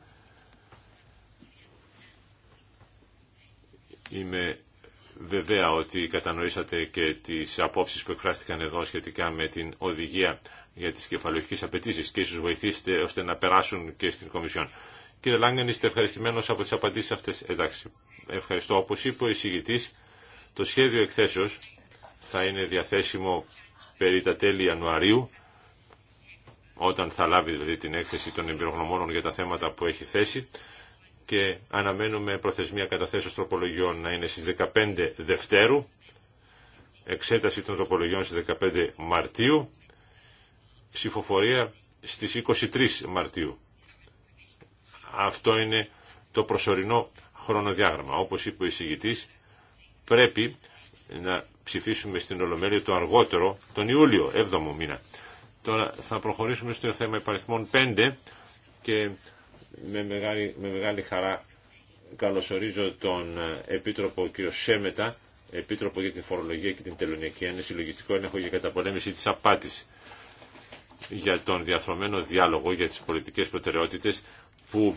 S5: Είμαι βεβαία ότι κατανοήσατε και τις απόψεις που εκφράστηκαν εδώ σχετικά με την οδηγία για τις κεφαλαιοχικές απαιτήσει και ίσως βοηθήσετε ώστε να περάσουν και στην Κομισιόν. Κύριε Λάγκαν, είστε ευχαριστημένος από τις απαντήσεις αυτές. Εντάξει, ευχαριστώ. Όπως είπε ο εισηγητής, το σχέδιο εκθέσεως θα είναι διαθέσιμο περί τα τέλη Ιανουαρίου, όταν θα λάβει δηλαδή την έκθεση των εμπειρογνωμόνων για τα θέματα που έχει θέσει και αναμένουμε προθεσμία καταθέσεως τροπολογιών να είναι στις 15 Δευτέρου, εξέταση των τροπολογιών στις 15 Μαρτίου, ψηφοφορία στις 23 Μαρτίου. Αυτό είναι το προσωρινό χρονοδιάγραμμα. Όπως είπε ο εισηγητής, πρέπει να ψηφίσουμε στην Ολομέλεια το αργότερο, τον Ιούλιο, 7ο μήνα. Τώρα θα προχωρήσουμε στο θέμα υπαριθμών 5 και με μεγάλη, με μεγάλη χαρά καλωσορίζω τον ε, Επίτροπο κ. Σέμετα, Επίτροπο για την Φορολογία και την Τελωνιακή Ένωση, Λογιστικό Έλεγχο για Καταπολέμηση της Απάτης για τον διαθρωμένο διάλογο για τις πολιτικές προτεραιότητες που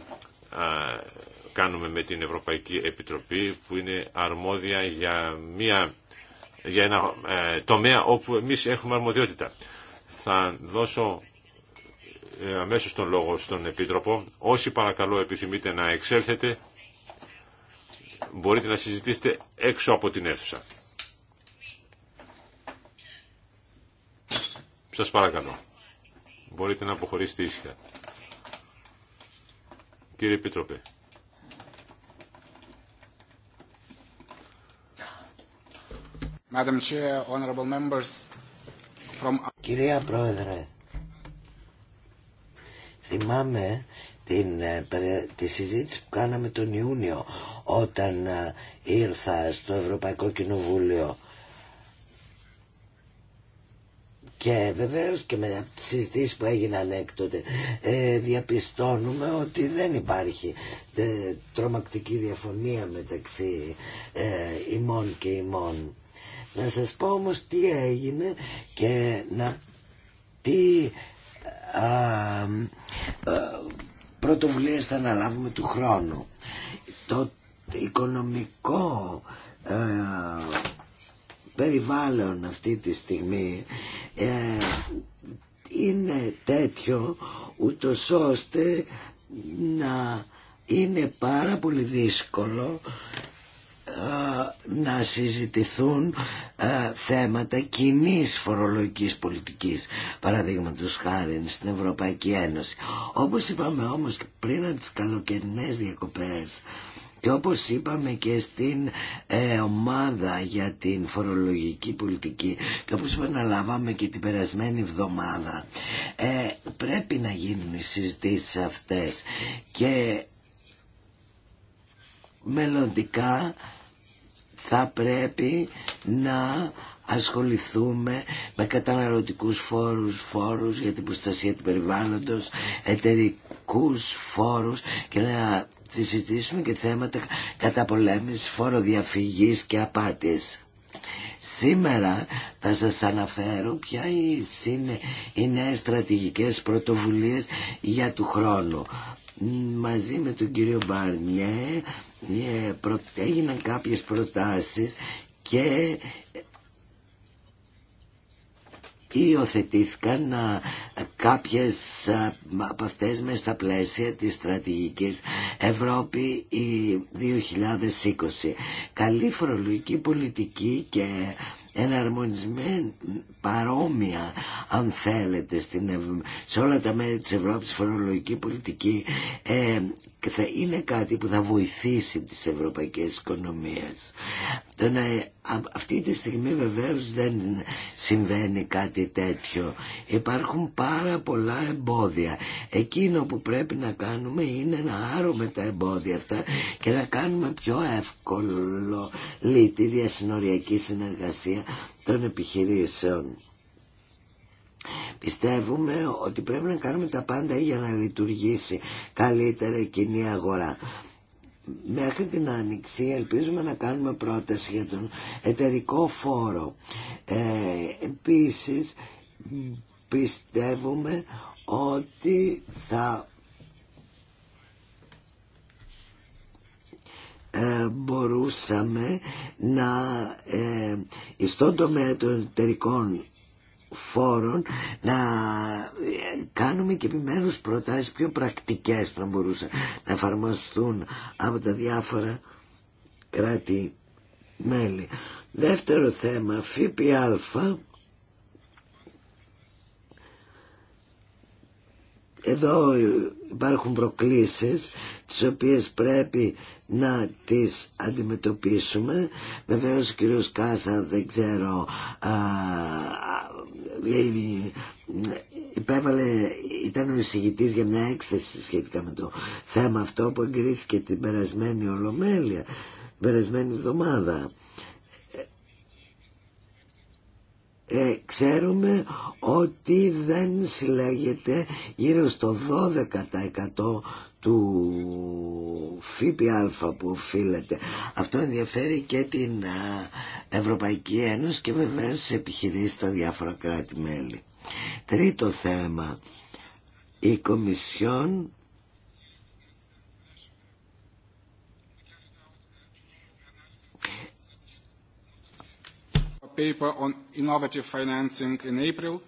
S5: ε, κάνουμε με την Ευρωπαϊκή Επιτροπή που είναι αρμόδια για, μια, για ένα ε, τομέα όπου εμείς έχουμε αρμοδιότητα. Θα δώσω ε, αμέσως τον λόγο στον Επίτροπο. Όσοι παρακαλώ επιθυμείτε να εξέλθετε, μπορείτε να συζητήσετε έξω από την αίθουσα. Σας παρακαλώ. Μπορείτε να αποχωρήσετε ήσυχα. Κύριε Επίτροπε.
S4: Κυρία Πρόεδρε,
S1: Θυμάμαι την, ε, τη συζήτηση που κάναμε τον Ιούνιο όταν ε, ήρθα στο Ευρωπαϊκό Κοινοβούλιο και βεβαίως και με τις συζητήσεις που έγιναν έκτοτε ε, διαπιστώνουμε ότι δεν υπάρχει ε, τρομακτική διαφωνία μεταξύ ε, ημών και ημών. Να σας πω όμως τι έγινε και να τι ε, πρωτοβουλίες θα αναλάβουμε του χρόνου. Το οικονομικό ε, περιβάλλον αυτή τη στιγμή ε, είναι τέτοιο ούτω ώστε να είναι πάρα πολύ δύσκολο να συζητηθούν ε, θέματα κοινή φορολογικής πολιτικής παραδείγματος χάρη στην Ευρωπαϊκή Ένωση όπως είπαμε όμως πριν από τις καλοκαιρινές διακοπές και όπως είπαμε και στην ε, ομάδα για την φορολογική πολιτική και όπως λάβαμε και την περασμένη εβδομάδα ε, πρέπει να γίνουν οι συζητήσεις αυτές και μελλοντικά θα πρέπει να ασχοληθούμε με καταναλωτικούς φόρους, φόρους για την προστασία του περιβάλλοντος, εταιρικούς φόρους και να συζητήσουμε και θέματα καταπολέμησης, φοροδιαφυγής και απάτης. Σήμερα θα σας αναφέρω ποια είναι οι νέες στρατηγικές πρωτοβουλίες για του χρόνου. Μαζί με τον κύριο Μπαρνιέ ε, έγιναν κάποιες προτάσεις και υιοθετήθηκαν κάποιες από αυτές μες στα πλαίσια της στρατηγικής Ευρώπη 2020. Καλή φορολογική πολιτική και εναρμονισμένη παρόμοια αν θέλετε στην Ευ... σε όλα τα μέρη της Ευρώπης φορολογική πολιτική ε, θα είναι κάτι που θα βοηθήσει τις ευρωπαϊκές οικονομίες το αυτή τη στιγμή βεβαίως δεν συμβαίνει κάτι τέτοιο υπάρχουν πάρα πολλά εμπόδια εκείνο που πρέπει να κάνουμε είναι να άρουμε τα εμπόδια αυτά και να κάνουμε πιο εύκολο τη διασυνοριακή συνεργασία των επιχειρήσεων. Πιστεύουμε ότι πρέπει να κάνουμε τα πάντα για να λειτουργήσει καλύτερα η κοινή αγορά. Μέχρι την Άνοιξη ελπίζουμε να κάνουμε πρόταση για τον εταιρικό φόρο. Ε, επίσης πιστεύουμε ότι θα ε, μπορούσαμε να ε, στον τομέα των εταιρικών φόρων να ε, κάνουμε και επιμέρους προτάσεις πιο πρακτικές που να μπορούσαν να εφαρμοστούν από τα διάφορα κράτη μέλη. Δεύτερο θέμα, ΦΠΑ. Εδώ υπάρχουν προκλήσεις τις οποίες πρέπει να τις αντιμετωπίσουμε. Βεβαίως ο κύριος Κάσα δεν ξέρω α, υπέβαλε, ήταν ο εισηγητή για μια έκθεση σχετικά με το θέμα αυτό που εγκρίθηκε την περασμένη ολομέλεια, την περασμένη εβδομάδα. Ε, ξέρουμε ότι δεν συλλέγεται γύρω στο 12% του ΦΠΑ που οφείλεται. Αυτό ενδιαφέρει και την Ευρωπαϊκή Ένωση και βεβαίως επιχειρήσει τα στα διάφορα κράτη-μέλη. Τρίτο θέμα. Η Κομισιόν
S4: paper on innovative financing in April.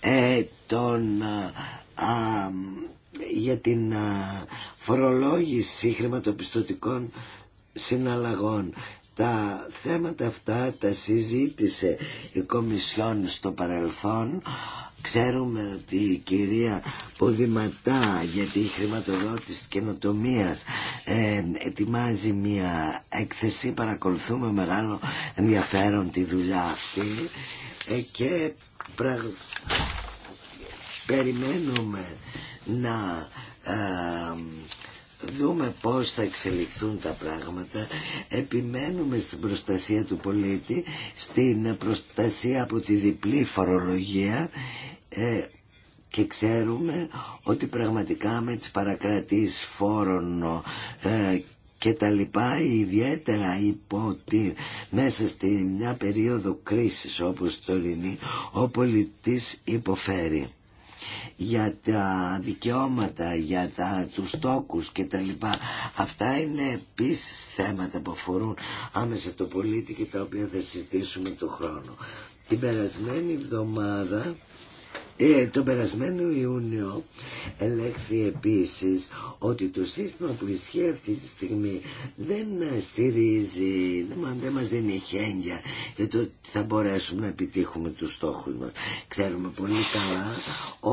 S1: Ε, τον, για την φορολόγηση χρηματοπιστωτικών συναλλαγών. Τα θέματα αυτά τα συζήτησε η Κομισιόν στο παρελθόν. Ξέρουμε ότι η κυρία Ποδηματά για τη χρηματοδότηση της καινοτομίας ε, ετοιμάζει μια έκθεση. Παρακολουθούμε μεγάλο ενδιαφέρον τη δουλειά αυτή ε, και περιμένουμε να δούμε πώς θα εξελιχθούν τα πράγματα επιμένουμε στην προστασία του πολίτη στην προστασία από τη διπλή φορολογία ε, και ξέρουμε ότι πραγματικά με τις παρακρατήσεις φόρων ε, και τα λοιπά ιδιαίτερα υπό ότι μέσα στην μια περίοδο κρίσης όπως το ο πολιτής υποφέρει για τα δικαιώματα, για τα, τους τόκους και τα λοιπά. Αυτά είναι επίσης θέματα που αφορούν άμεσα το πολίτη και τα οποία θα συζητήσουμε το χρόνο Την περασμένη εβδομάδα ε, τον περασμένο Ιούνιο ελέγχθη επίσης ότι το σύστημα που ισχύει αυτή τη στιγμή δεν στηρίζει, δεν, δεν μας δίνει χένια για το ότι θα μπορέσουμε να επιτύχουμε τους στόχους μας. Ξέρουμε πολύ καλά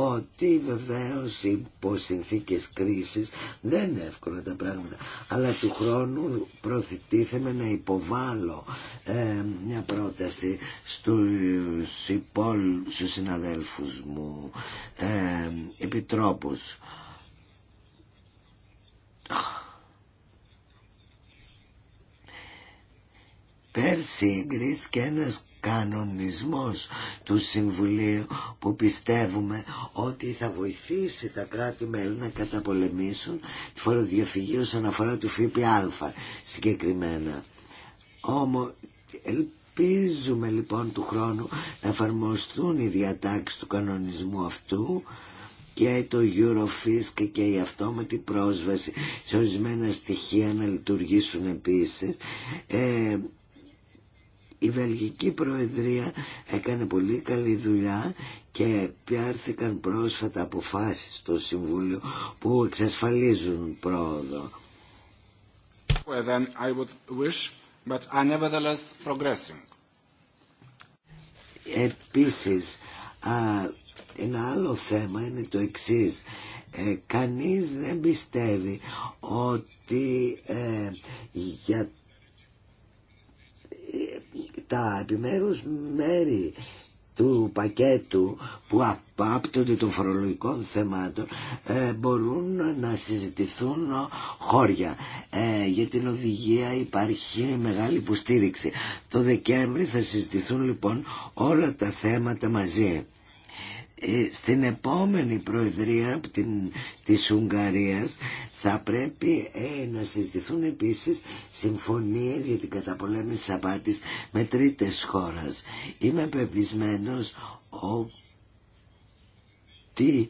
S1: ότι βεβαίως υπό συνθήκες κρίσης δεν είναι εύκολα τα πράγματα, αλλά του χρόνου προθυτίθεμε να υποβάλω ε, μια πρόταση στους, υπόλ, στους συναδέλφους μου μου ε, επιτρόπους. Πέρσι εγκρίθηκε ένας κανονισμός του Συμβουλίου που πιστεύουμε ότι θα βοηθήσει τα κράτη-μέλη να καταπολεμήσουν τη φοροδιαφυγή όσον αφορά του ΦΠΑ συγκεκριμένα. Όμως Ελπίζουμε λοιπόν του χρόνου να εφαρμοστούν οι διατάξεις του κανονισμού αυτού και το Eurofisc και η αυτόματη πρόσβαση σε ορισμένα στοιχεία να λειτουργήσουν επίσης. Ε, η Βελγική Προεδρία έκανε πολύ καλή δουλειά και πιάρθηκαν πρόσφατα αποφάσεις στο Συμβούλιο που εξασφαλίζουν πρόοδο.
S4: Well, I would wish but are nevertheless progressing.
S1: Επίσης, α, ένα άλλο θέμα είναι το εξής. Ε, κανείς δεν πιστεύει ότι ε, για ε, τα επιμέρους μέρη του πακέτου που απάπτονται των φορολογικών θεμάτων ε, μπορούν να συζητηθούν χώρια. Ε, για την οδηγία υπάρχει μεγάλη υποστήριξη. Το Δεκέμβρη θα συζητηθούν λοιπόν όλα τα θέματα μαζί. Ε, στην επόμενη προεδρία την, της Ουγγαρίας θα πρέπει ε, να συζητηθούν επίσης συμφωνίες για την καταπολέμηση της με τρίτες χώρες. Είμαι πεπισμένος ότι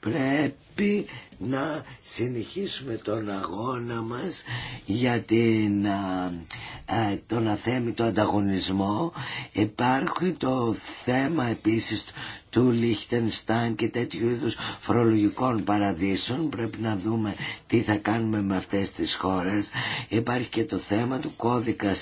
S1: πρέπει να συνεχίσουμε τον αγώνα μας για την, ε, τον αθέμητο ανταγωνισμό. Υπάρχει το θέμα επίσης του λίχτενστάν και τέτοιου είδους φορολογικών παραδείσων. Πρέπει να δούμε τι θα κάνουμε με αυτές τις χώρες. Υπάρχει και το θέμα του κώδικα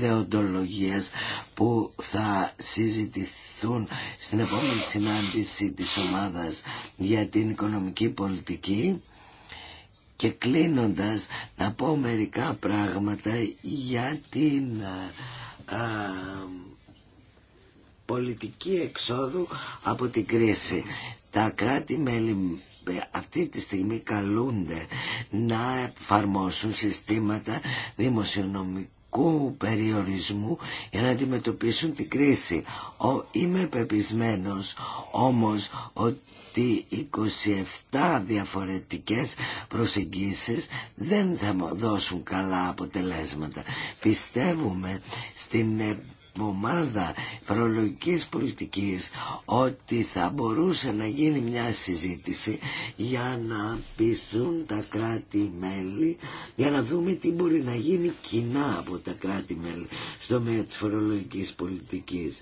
S1: δεοντολογίας που θα συζητηθούν στην επόμενη συνάντηση της ομάδας για την οικονομική πολιτική και κλείνοντας να πω μερικά πράγματα για την πολιτική εξόδου από την κρίση. Τα κράτη-μέλη αυτή τη στιγμή καλούνται να εφαρμόσουν συστήματα δημοσιονομικού περιορισμού για να αντιμετωπίσουν την κρίση. Ο, είμαι πεπισμένος όμως ότι ότι 27 διαφορετικές προσεγγίσεις δεν θα δώσουν καλά αποτελέσματα. Πιστεύουμε στην ομάδα φορολογικής πολιτικής ότι θα μπορούσε να γίνει μια συζήτηση για να πιστούν τα κράτη-μέλη για να δούμε τι μπορεί να γίνει κοινά από τα κράτη-μέλη στο μέτρο της φορολογικής πολιτικής.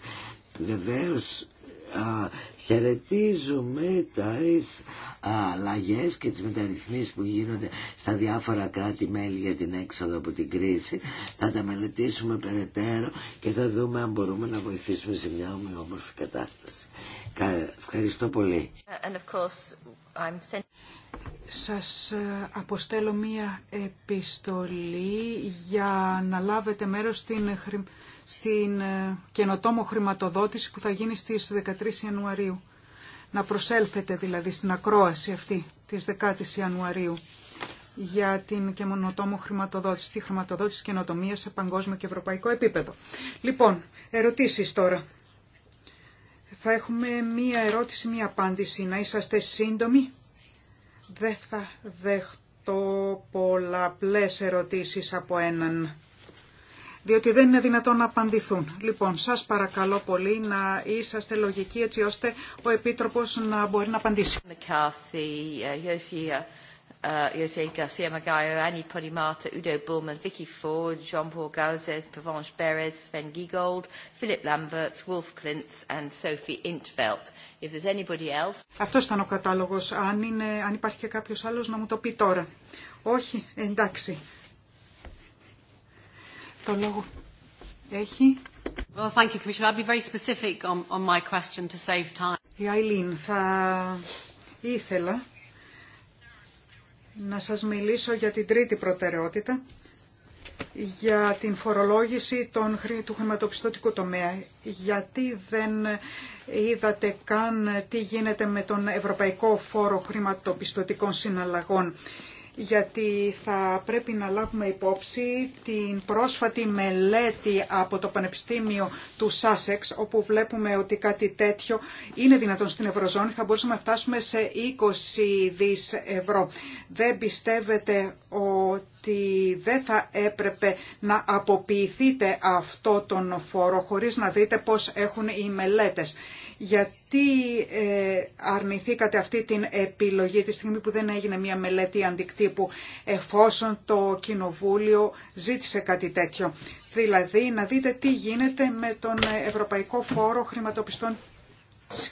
S1: Βεβαίως α, χαιρετίζουμε τα αλλαγές και τις μεταρρυθμίσεις που γίνονται στα διάφορα κράτη-μέλη για την έξοδο από την κρίση. Θα τα μελετήσουμε περαιτέρω και θα δούμε αν μπορούμε να βοηθήσουμε σε μια ομοιόμορφη κατάσταση. Ευχαριστώ πολύ.
S3: And of Σας ε, αποστέλω μία επιστολή για να λάβετε μέρος στην στην ε, καινοτόμο χρηματοδότηση που θα γίνει στις 13 Ιανουαρίου. Να προσέλθετε δηλαδή στην ακρόαση αυτή της 10 Ιανουαρίου για την καινοτόμο χρηματοδότηση, τη χρηματοδότηση καινοτομία σε παγκόσμιο και ευρωπαϊκό επίπεδο. Λοιπόν, ερωτήσεις τώρα. Θα έχουμε μία ερώτηση, μία απάντηση. Να είσαστε σύντομοι. Δεν θα δεχτώ πολλαπλές ερωτήσεις από έναν διότι δεν είναι δυνατόν να απαντηθούν. Λοιπόν, σας παρακαλώ πολύ να είσαστε λογικοί έτσι ώστε ο Επίτροπος
S2: να μπορεί να απαντήσει. Uh, uh, uh, Jose Garcia Magallo, Annie Podimata, Udo Bullman, Vicky Ford, Jean-Paul Gauzes, Provence Beres, Sven Giegold, Philip Lamberts, Wolf Klintz and Sophie Intveld. If there's anybody else...
S3: Αυτός ήταν ο κατάλογος. Αν, είναι, αν υπάρχει και κάποιος άλλος να μου το πει τώρα. Όχι, εντάξει. Το λόγο έχει.
S2: Well, thank you, Commissioner. I'll be very specific on, my question to save time. Η
S3: Αιλίν, θα ήθελα να σας μιλήσω για την τρίτη προτεραιότητα, για την φορολόγηση των, του χρηματοπιστωτικού τομέα. Γιατί δεν είδατε καν τι γίνεται με τον Ευρωπαϊκό Φόρο Χρηματοπιστωτικών Συναλλαγών γιατί θα πρέπει να λάβουμε υπόψη την πρόσφατη μελέτη από το Πανεπιστήμιο του Σάσεξ, όπου βλέπουμε ότι κάτι τέτοιο είναι δυνατόν στην Ευρωζώνη, θα μπορούσαμε να φτάσουμε σε 20 δις ευρώ. Δεν πιστεύετε ότι δεν θα έπρεπε να αποποιηθείτε αυτό τον φόρο χωρίς να δείτε πώς έχουν οι μελέτες γιατί ε, αρνηθήκατε αυτή την επιλογή τη στιγμή που δεν έγινε μια μελέτη αντικτύπου εφόσον το Κοινοβούλιο ζήτησε κάτι τέτοιο. Δηλαδή να δείτε τι γίνεται με τον Ευρωπαϊκό Φόρο Χρηματοπιστών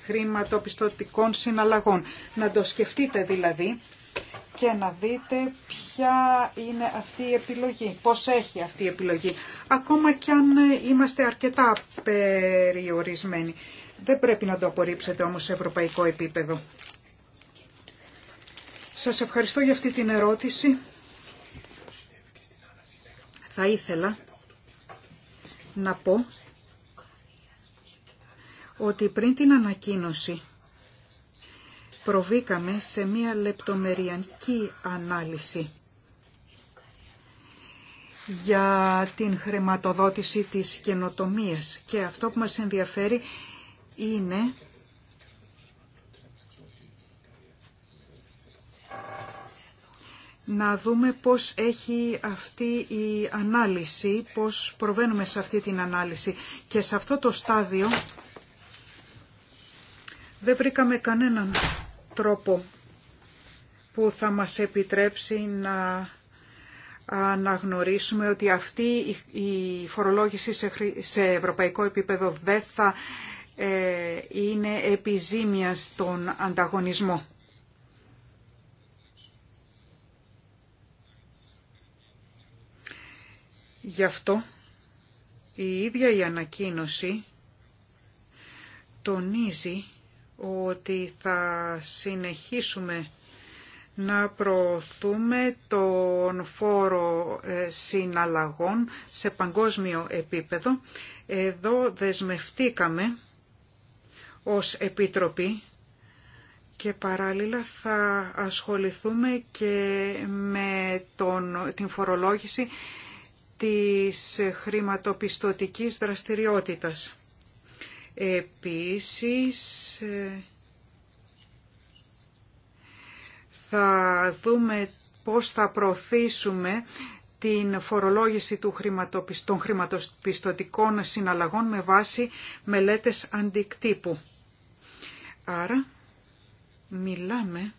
S3: χρηματοπιστωτικών συναλλαγών. Να το σκεφτείτε δηλαδή και να δείτε ποια είναι αυτή η επιλογή, πώς έχει αυτή η επιλογή, ακόμα κι αν είμαστε αρκετά περιορισμένοι. Δεν πρέπει να το απορρίψετε όμως σε ευρωπαϊκό επίπεδο. Σας ευχαριστώ για αυτή την ερώτηση. Θα ήθελα να πω ότι πριν την ανακοίνωση προβήκαμε σε μία λεπτομεριακή ανάλυση για την χρηματοδότηση της καινοτομίας και αυτό που μας ενδιαφέρει είναι να δούμε πώς έχει αυτή η ανάλυση, πώς προβαίνουμε σε αυτή την ανάλυση. Και σε αυτό το στάδιο δεν βρήκαμε κανέναν τρόπο που θα μας επιτρέψει να αναγνωρίσουμε ότι αυτή η φορολόγηση σε ευρωπαϊκό επίπεδο δεν θα ε, είναι επιζήμια στον ανταγωνισμό. Γι' αυτό η ίδια η ανακοίνωση τονίζει ότι θα συνεχίσουμε να προωθούμε τον φόρο ε, συναλλαγών σε παγκόσμιο επίπεδο. Εδώ δεσμευτήκαμε ως Επίτροπη και παράλληλα θα ασχοληθούμε και με τον, την φορολόγηση της χρηματοπιστωτικής δραστηριότητας. Επίσης, θα δούμε πώς θα προωθήσουμε την φορολόγηση του των χρηματοπιστωτικών συναλλαγών με βάση μελέτες αντικτύπου. Άρα μιλάμε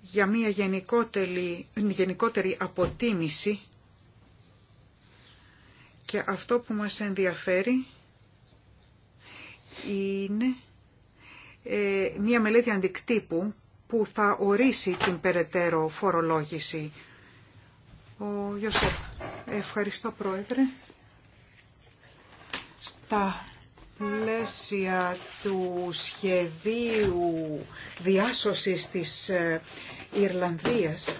S3: για μια γενικότερη, γενικότερη αποτίμηση και αυτό που μας ενδιαφέρει είναι ε, μια μελέτη αντικτύπου που θα ορίσει την περαιτέρω φορολόγηση. Ο Ιωσέφ, ευχαριστώ Πρόεδρε. Στα πλαίσια του σχεδίου διάσωσης της ε, Ιρλανδίας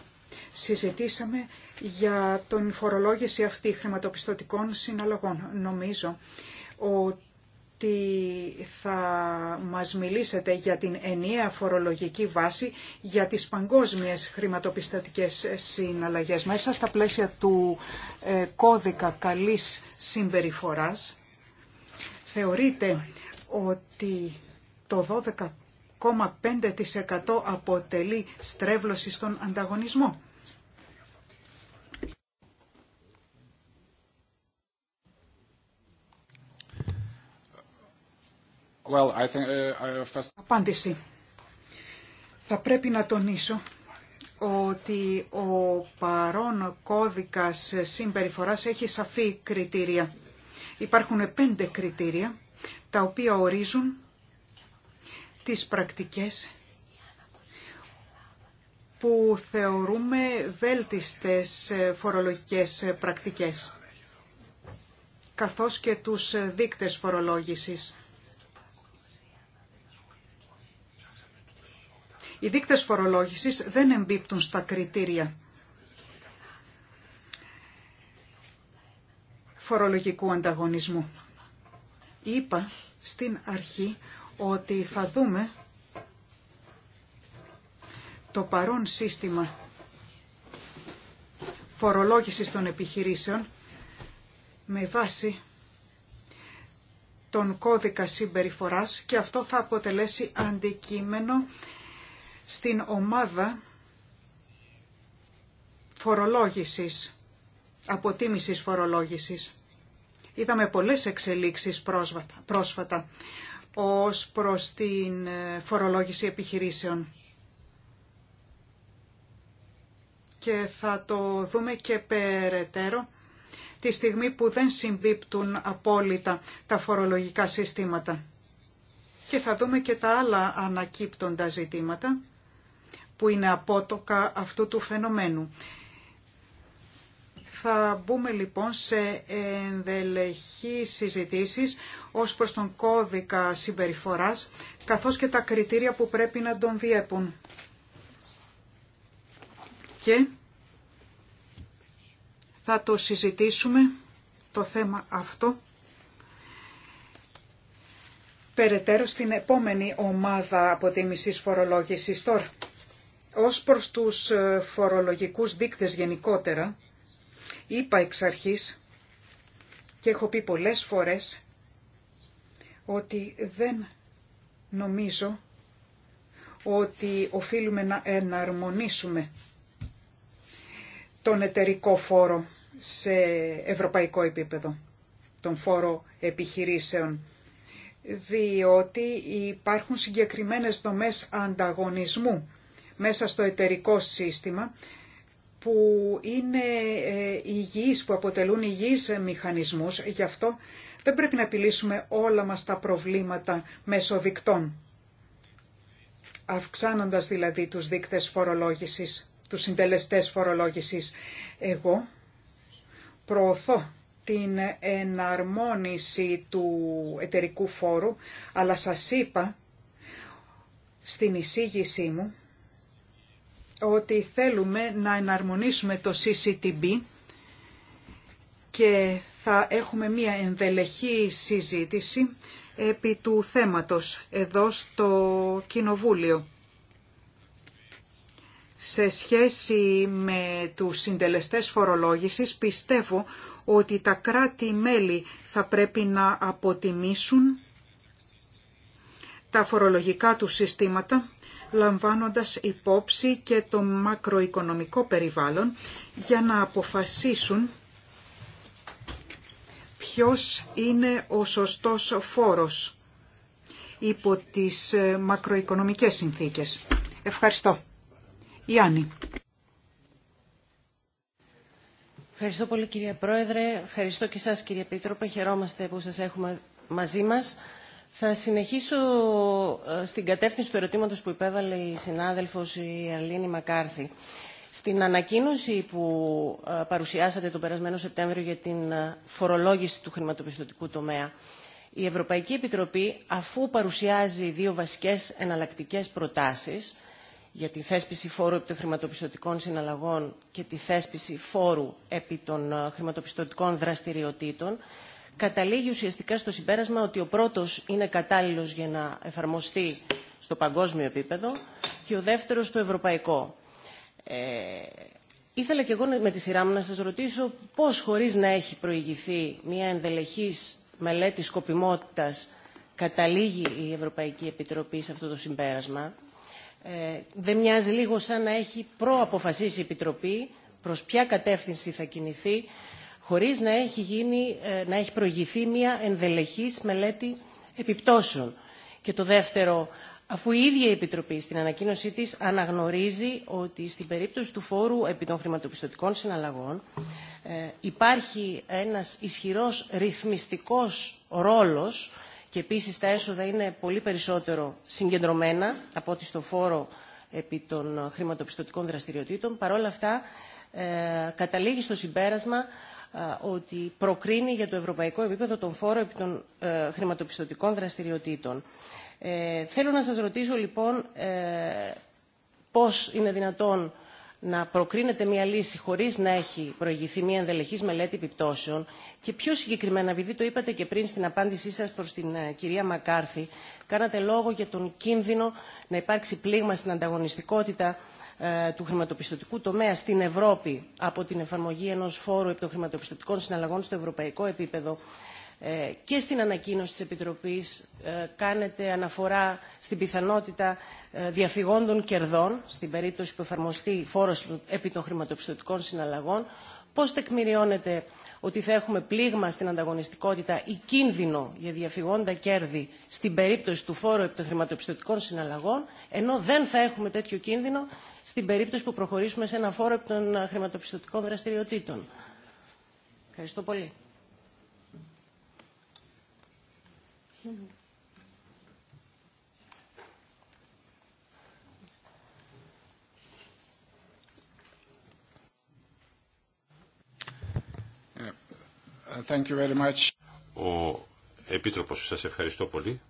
S3: συζητήσαμε για τον φορολόγηση αυτή χρηματοπιστωτικών συναλλαγών. Νομίζω ότι θα μας μιλήσετε για την ενιαία φορολογική βάση για τις παγκόσμιες χρηματοπιστωτικές συναλλαγές μέσα στα πλαίσια του ε, κώδικα καλής συμπεριφοράς Θεωρείτε ότι το 12,5% αποτελεί στρέβλωση στον ανταγωνισμό.
S4: Well, I think, uh,
S3: first... Απάντηση. Θα πρέπει να τονίσω ότι ο παρόν κώδικας συμπεριφοράς έχει σαφή κριτήρια Υπάρχουν πέντε κριτήρια τα οποία ορίζουν τις πρακτικές που θεωρούμε βέλτιστες φορολογικές πρακτικές, καθώς και τους δείκτες φορολόγησης. Οι δείκτες φορολόγησης δεν εμπίπτουν στα κριτήρια φορολογικού ανταγωνισμού. Είπα στην αρχή ότι θα δούμε το παρόν σύστημα φορολόγησης των επιχειρήσεων με βάση τον κώδικα συμπεριφοράς και αυτό θα αποτελέσει αντικείμενο στην ομάδα φορολόγησης, αποτίμησης φορολόγησης. Είδαμε πολλές εξελίξεις πρόσφατα ως προς την ε, φορολόγηση επιχειρήσεων. Και θα το δούμε και περαιτέρω τη στιγμή που δεν συμπίπτουν απόλυτα τα φορολογικά συστήματα. Και θα δούμε και τα άλλα ανακύπτοντα ζητήματα που είναι απότοκα αυτού του φαινομένου. Θα μπούμε λοιπόν σε ενδελεχή συζητήσεις ως προς τον κώδικα συμπεριφοράς, καθώς και τα κριτήρια που πρέπει να τον διέπουν. Και θα το συζητήσουμε το θέμα αυτό περαιτέρω στην επόμενη ομάδα αποτίμησης φορολόγησης τώρα. Ως προς τους ε, φορολογικούς δείκτες γενικότερα, Είπα εξ αρχής και έχω πει πολλές φορές ότι δεν νομίζω ότι οφείλουμε να εναρμονίσουμε τον εταιρικό φόρο σε ευρωπαϊκό επίπεδο, τον φόρο επιχειρήσεων, διότι υπάρχουν συγκεκριμένες δομές ανταγωνισμού μέσα στο εταιρικό σύστημα που είναι ε, υγιείς, που αποτελούν υγιείς μηχανισμούς. Γι' αυτό δεν πρέπει να επιλύσουμε όλα μας τα προβλήματα μέσω δικτών, αυξάνοντας δηλαδή τους δίκτες φορολόγησης, τους συντελεστές φορολόγησης. Εγώ προωθώ την εναρμόνιση του εταιρικού φόρου, αλλά σας είπα στην εισήγησή μου ότι θέλουμε να εναρμονίσουμε το CCTB και θα έχουμε μία ενδελεχή συζήτηση επί του θέματος εδώ στο Κοινοβούλιο. Σε σχέση με τους συντελεστές φορολόγησης πιστεύω ότι τα κράτη-μέλη θα πρέπει να αποτιμήσουν τα φορολογικά του συστήματα, λαμβάνοντας υπόψη και το μακροοικονομικό περιβάλλον για να αποφασίσουν ποιος είναι ο σωστός φόρος υπό τις ε, μακροοικονομικές συνθήκες. Ευχαριστώ. Ιάννη. Ευχαριστώ πολύ κυρία Πρόεδρε. Ευχαριστώ και σας κύριε
S6: Επίτροπε. Χαιρόμαστε που σας έχουμε μαζί μας. Θα συνεχίσω ε, στην κατεύθυνση του ερωτήματος που υπέβαλε η συνάδελφος η Αλίνη Μακάρθη. Στην ανακοίνωση που ε, παρουσιάσατε τον περασμένο Σεπτέμβριο για την ε, φορολόγηση του χρηματοπιστωτικού τομέα, η Ευρωπαϊκή Επιτροπή, αφού παρουσιάζει δύο βασικές εναλλακτικές προτάσεις για τη θέσπιση φόρου επί των χρηματοπιστωτικών συναλλαγών και τη θέσπιση φόρου επί των χρηματοπιστωτικών δραστηριοτήτων, καταλήγει ουσιαστικά στο συμπέρασμα ότι ο πρώτος είναι κατάλληλος για να εφαρμοστεί στο παγκόσμιο επίπεδο και ο δεύτερος στο ευρωπαϊκό. Ε, ήθελα και εγώ με τη σειρά μου να σας ρωτήσω πώς χωρίς να έχει προηγηθεί μια ενδελεχής μελέτη σκοπιμότητας καταλήγει η Ευρωπαϊκή Επιτροπή σε αυτό το συμπέρασμα. Ε, δεν μοιάζει λίγο σαν να έχει προαποφασίσει η Επιτροπή προς ποια κατεύθυνση θα κινηθεί χωρίς να έχει, γίνει, ε, να έχει προηγηθεί μια ενδελεχής μελέτη επιπτώσεων. Και το δεύτερο, αφού η ίδια η Επιτροπή στην ανακοίνωσή της αναγνωρίζει ότι στην περίπτωση του φόρου επί των χρηματοπιστωτικών συναλλαγών ε, υπάρχει ένας ισχυρός ρυθμιστικός ρόλος και επίσης τα έσοδα είναι πολύ περισσότερο συγκεντρωμένα από ότι στο φόρο επί των χρηματοπιστωτικών δραστηριοτήτων. Παρόλα αυτά, ε, καταλήγει στο συμπέρασμα ε, ότι προκρίνει για το ευρωπαϊκό επίπεδο τον φόρο επί των ε, χρηματοπιστωτικών δραστηριοτήτων. Ε, θέλω να σας ρωτήσω λοιπόν ε, πώς είναι δυνατόν να προκρίνεται μια λύση χωρίς να έχει προηγηθεί μια ενδελεχής μελέτη επιπτώσεων και πιο συγκεκριμένα, επειδή το είπατε και πριν στην απάντησή σας προς την κυρία Μακάρθη, κάνατε λόγο για τον κίνδυνο να υπάρξει πλήγμα στην ανταγωνιστικότητα ε, του χρηματοπιστωτικού τομέα στην Ευρώπη από την εφαρμογή ενός φόρου επί των χρηματοπιστωτικών συναλλαγών στο ευρωπαϊκό επίπεδο ε, και στην ανακοίνωση της Επιτροπής ε, κάνετε αναφορά στην πιθανότητα διαφυγών κερδών στην περίπτωση που εφαρμοστεί φόρος επί των χρηματοπιστωτικών συναλλαγών. Πώς τεκμηριώνεται ότι θα έχουμε πλήγμα στην ανταγωνιστικότητα ή κίνδυνο για διαφυγόντα κέρδη στην περίπτωση του φόρου επί των χρηματοπιστωτικών συναλλαγών, ενώ δεν θα έχουμε τέτοιο κίνδυνο στην περίπτωση που προχωρήσουμε σε ένα φόρο επί των χρηματοπιστωτικών δραστηριοτήτων. Ευχαριστώ πολύ.
S5: Ο Επίτροπος, σας ευχαριστώ πολύ.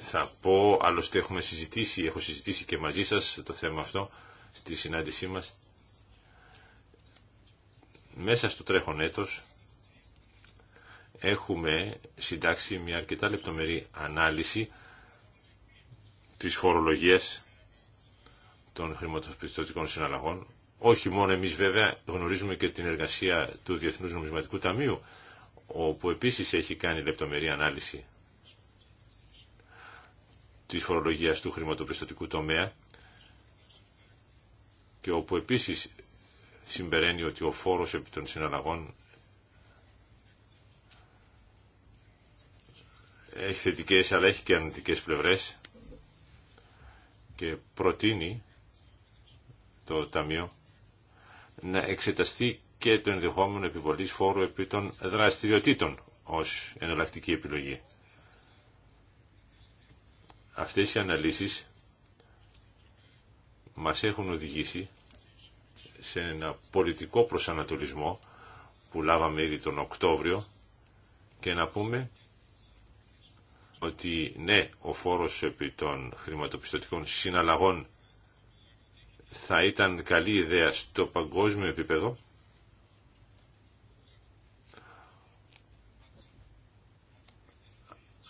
S5: Θα πω, άλλωστε έχουμε συζητήσει, έχω συζητήσει και μαζί σας το θέμα αυτό στη συνάντησή μας. Μέσα στο τρέχον έτος έχουμε συντάξει μια αρκετά λεπτομερή ανάλυση της φορολογίας των χρηματοπιστωτικών συναλλαγών. Όχι μόνο εμείς βέβαια γνωρίζουμε και την εργασία του Διεθνούς Νομισματικού Ταμείου, όπου επίσης έχει κάνει λεπτομερή ανάλυση της φορολογίας του χρηματοπιστωτικού τομέα και όπου επίσης συμπεραίνει ότι ο φόρος επί των συναλλαγών έχει θετικές αλλά έχει και αρνητικές πλευρές και προτείνει το Ταμείο να εξεταστεί και το ενδεχόμενο επιβολής φόρου επί των δραστηριοτήτων ως εναλλακτική επιλογή. Αυτές οι αναλύσεις μας έχουν οδηγήσει σε ένα πολιτικό προσανατολισμό που λάβαμε ήδη τον Οκτώβριο και να πούμε ότι ναι, ο φόρος επί των χρηματοπιστωτικών συναλλαγών θα ήταν καλή ιδέα στο παγκόσμιο επίπεδο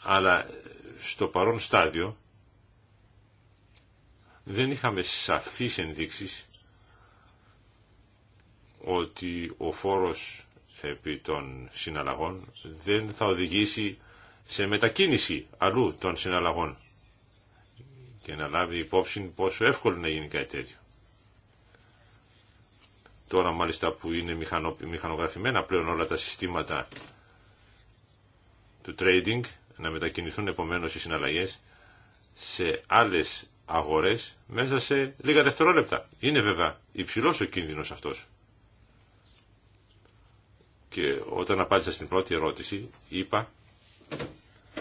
S5: αλλά στο παρόν στάδιο δεν είχαμε σαφείς ενδείξεις ότι ο φόρος επί των συναλλαγών δεν θα οδηγήσει σε μετακίνηση αλλού των συναλλαγών και να λάβει υπόψη πόσο εύκολο να γίνει κάτι τέτοιο. Τώρα μάλιστα που είναι μηχανο, μηχανογραφημένα πλέον όλα τα συστήματα του trading, να μετακινηθούν επομένως οι συναλλαγές σε άλλες αγορές μέσα σε λίγα δευτερόλεπτα. Είναι βέβαια υψηλός ο κίνδυνος αυτός. Και όταν απάντησα στην πρώτη ερώτηση είπα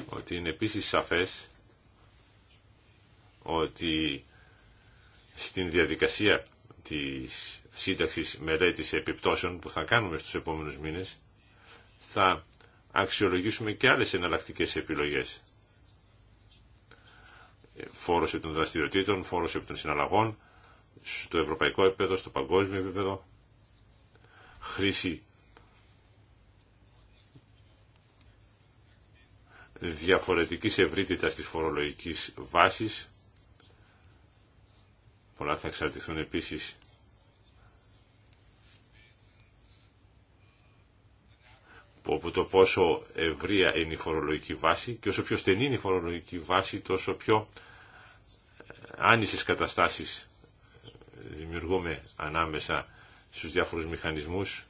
S5: ότι είναι επίσης σαφές ότι στην διαδικασία της Σύνταξη μελέτης επιπτώσεων που θα κάνουμε στους επόμενους μήνες, θα αξιολογήσουμε και άλλες εναλλακτικέ επιλογές. Φόρος επί των δραστηριοτήτων, φόρος επί των συναλλαγών, στο ευρωπαϊκό επίπεδο, στο παγκόσμιο επίπεδο, χρήση διαφορετικής ευρύτητας της φορολογικής βάσης. Πολλά θα εξαρτηθούν επίσης όπου το πόσο ευρεία είναι η φορολογική βάση και όσο πιο στενή είναι η φορολογική βάση τόσο πιο ε, άνισες καταστάσεις ε, δημιουργούμε ανάμεσα στους διάφορους μηχανισμούς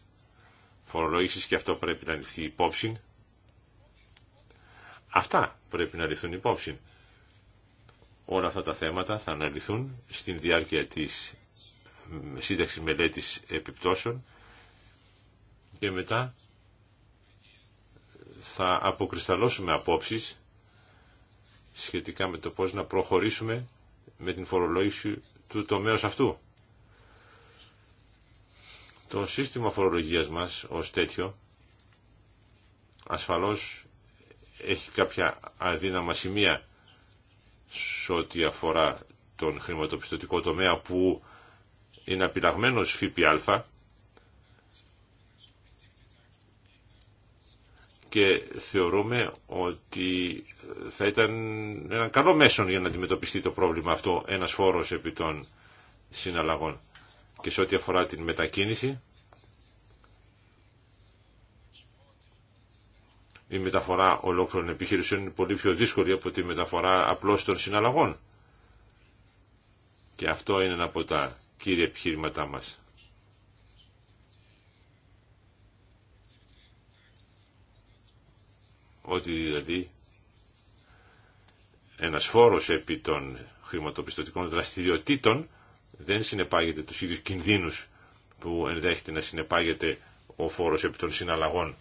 S5: φορολόγησης και αυτό πρέπει να ληφθεί υπόψη. Αυτά πρέπει να ληφθούν υπόψη. Όλα αυτά τα θέματα θα αναλυθούν στην διάρκεια της ε, σύνταξη μελέτης επιπτώσεων και μετά θα αποκρισταλώσουμε απόψεις σχετικά με το πώς να προχωρήσουμε με την φορολόγηση του τομέα αυτού. Το σύστημα φορολογίας μας ως τέτοιο ασφαλώς έχει κάποια αδύναμα σημεία σε ό,τι αφορά τον χρηματοπιστωτικό τομέα που είναι απειλαγμένος ΦΠΑ και θεωρούμε ότι θα ήταν ένα καλό μέσο για να αντιμετωπιστεί το πρόβλημα αυτό ένας φόρος επί των συναλλαγών. Και σε ό,τι αφορά την μετακίνηση, η μεταφορά ολόκληρων επιχειρήσεων είναι πολύ πιο δύσκολη από τη μεταφορά απλώς των συναλλαγών. Και αυτό είναι ένα από τα κύρια επιχείρηματά μας. ότι δηλαδή ένας φόρος επί των χρηματοπιστωτικών δραστηριοτήτων δεν συνεπάγεται τους ίδιους κινδύνους που ενδέχεται να συνεπάγεται ο φόρος επί των συναλλαγών.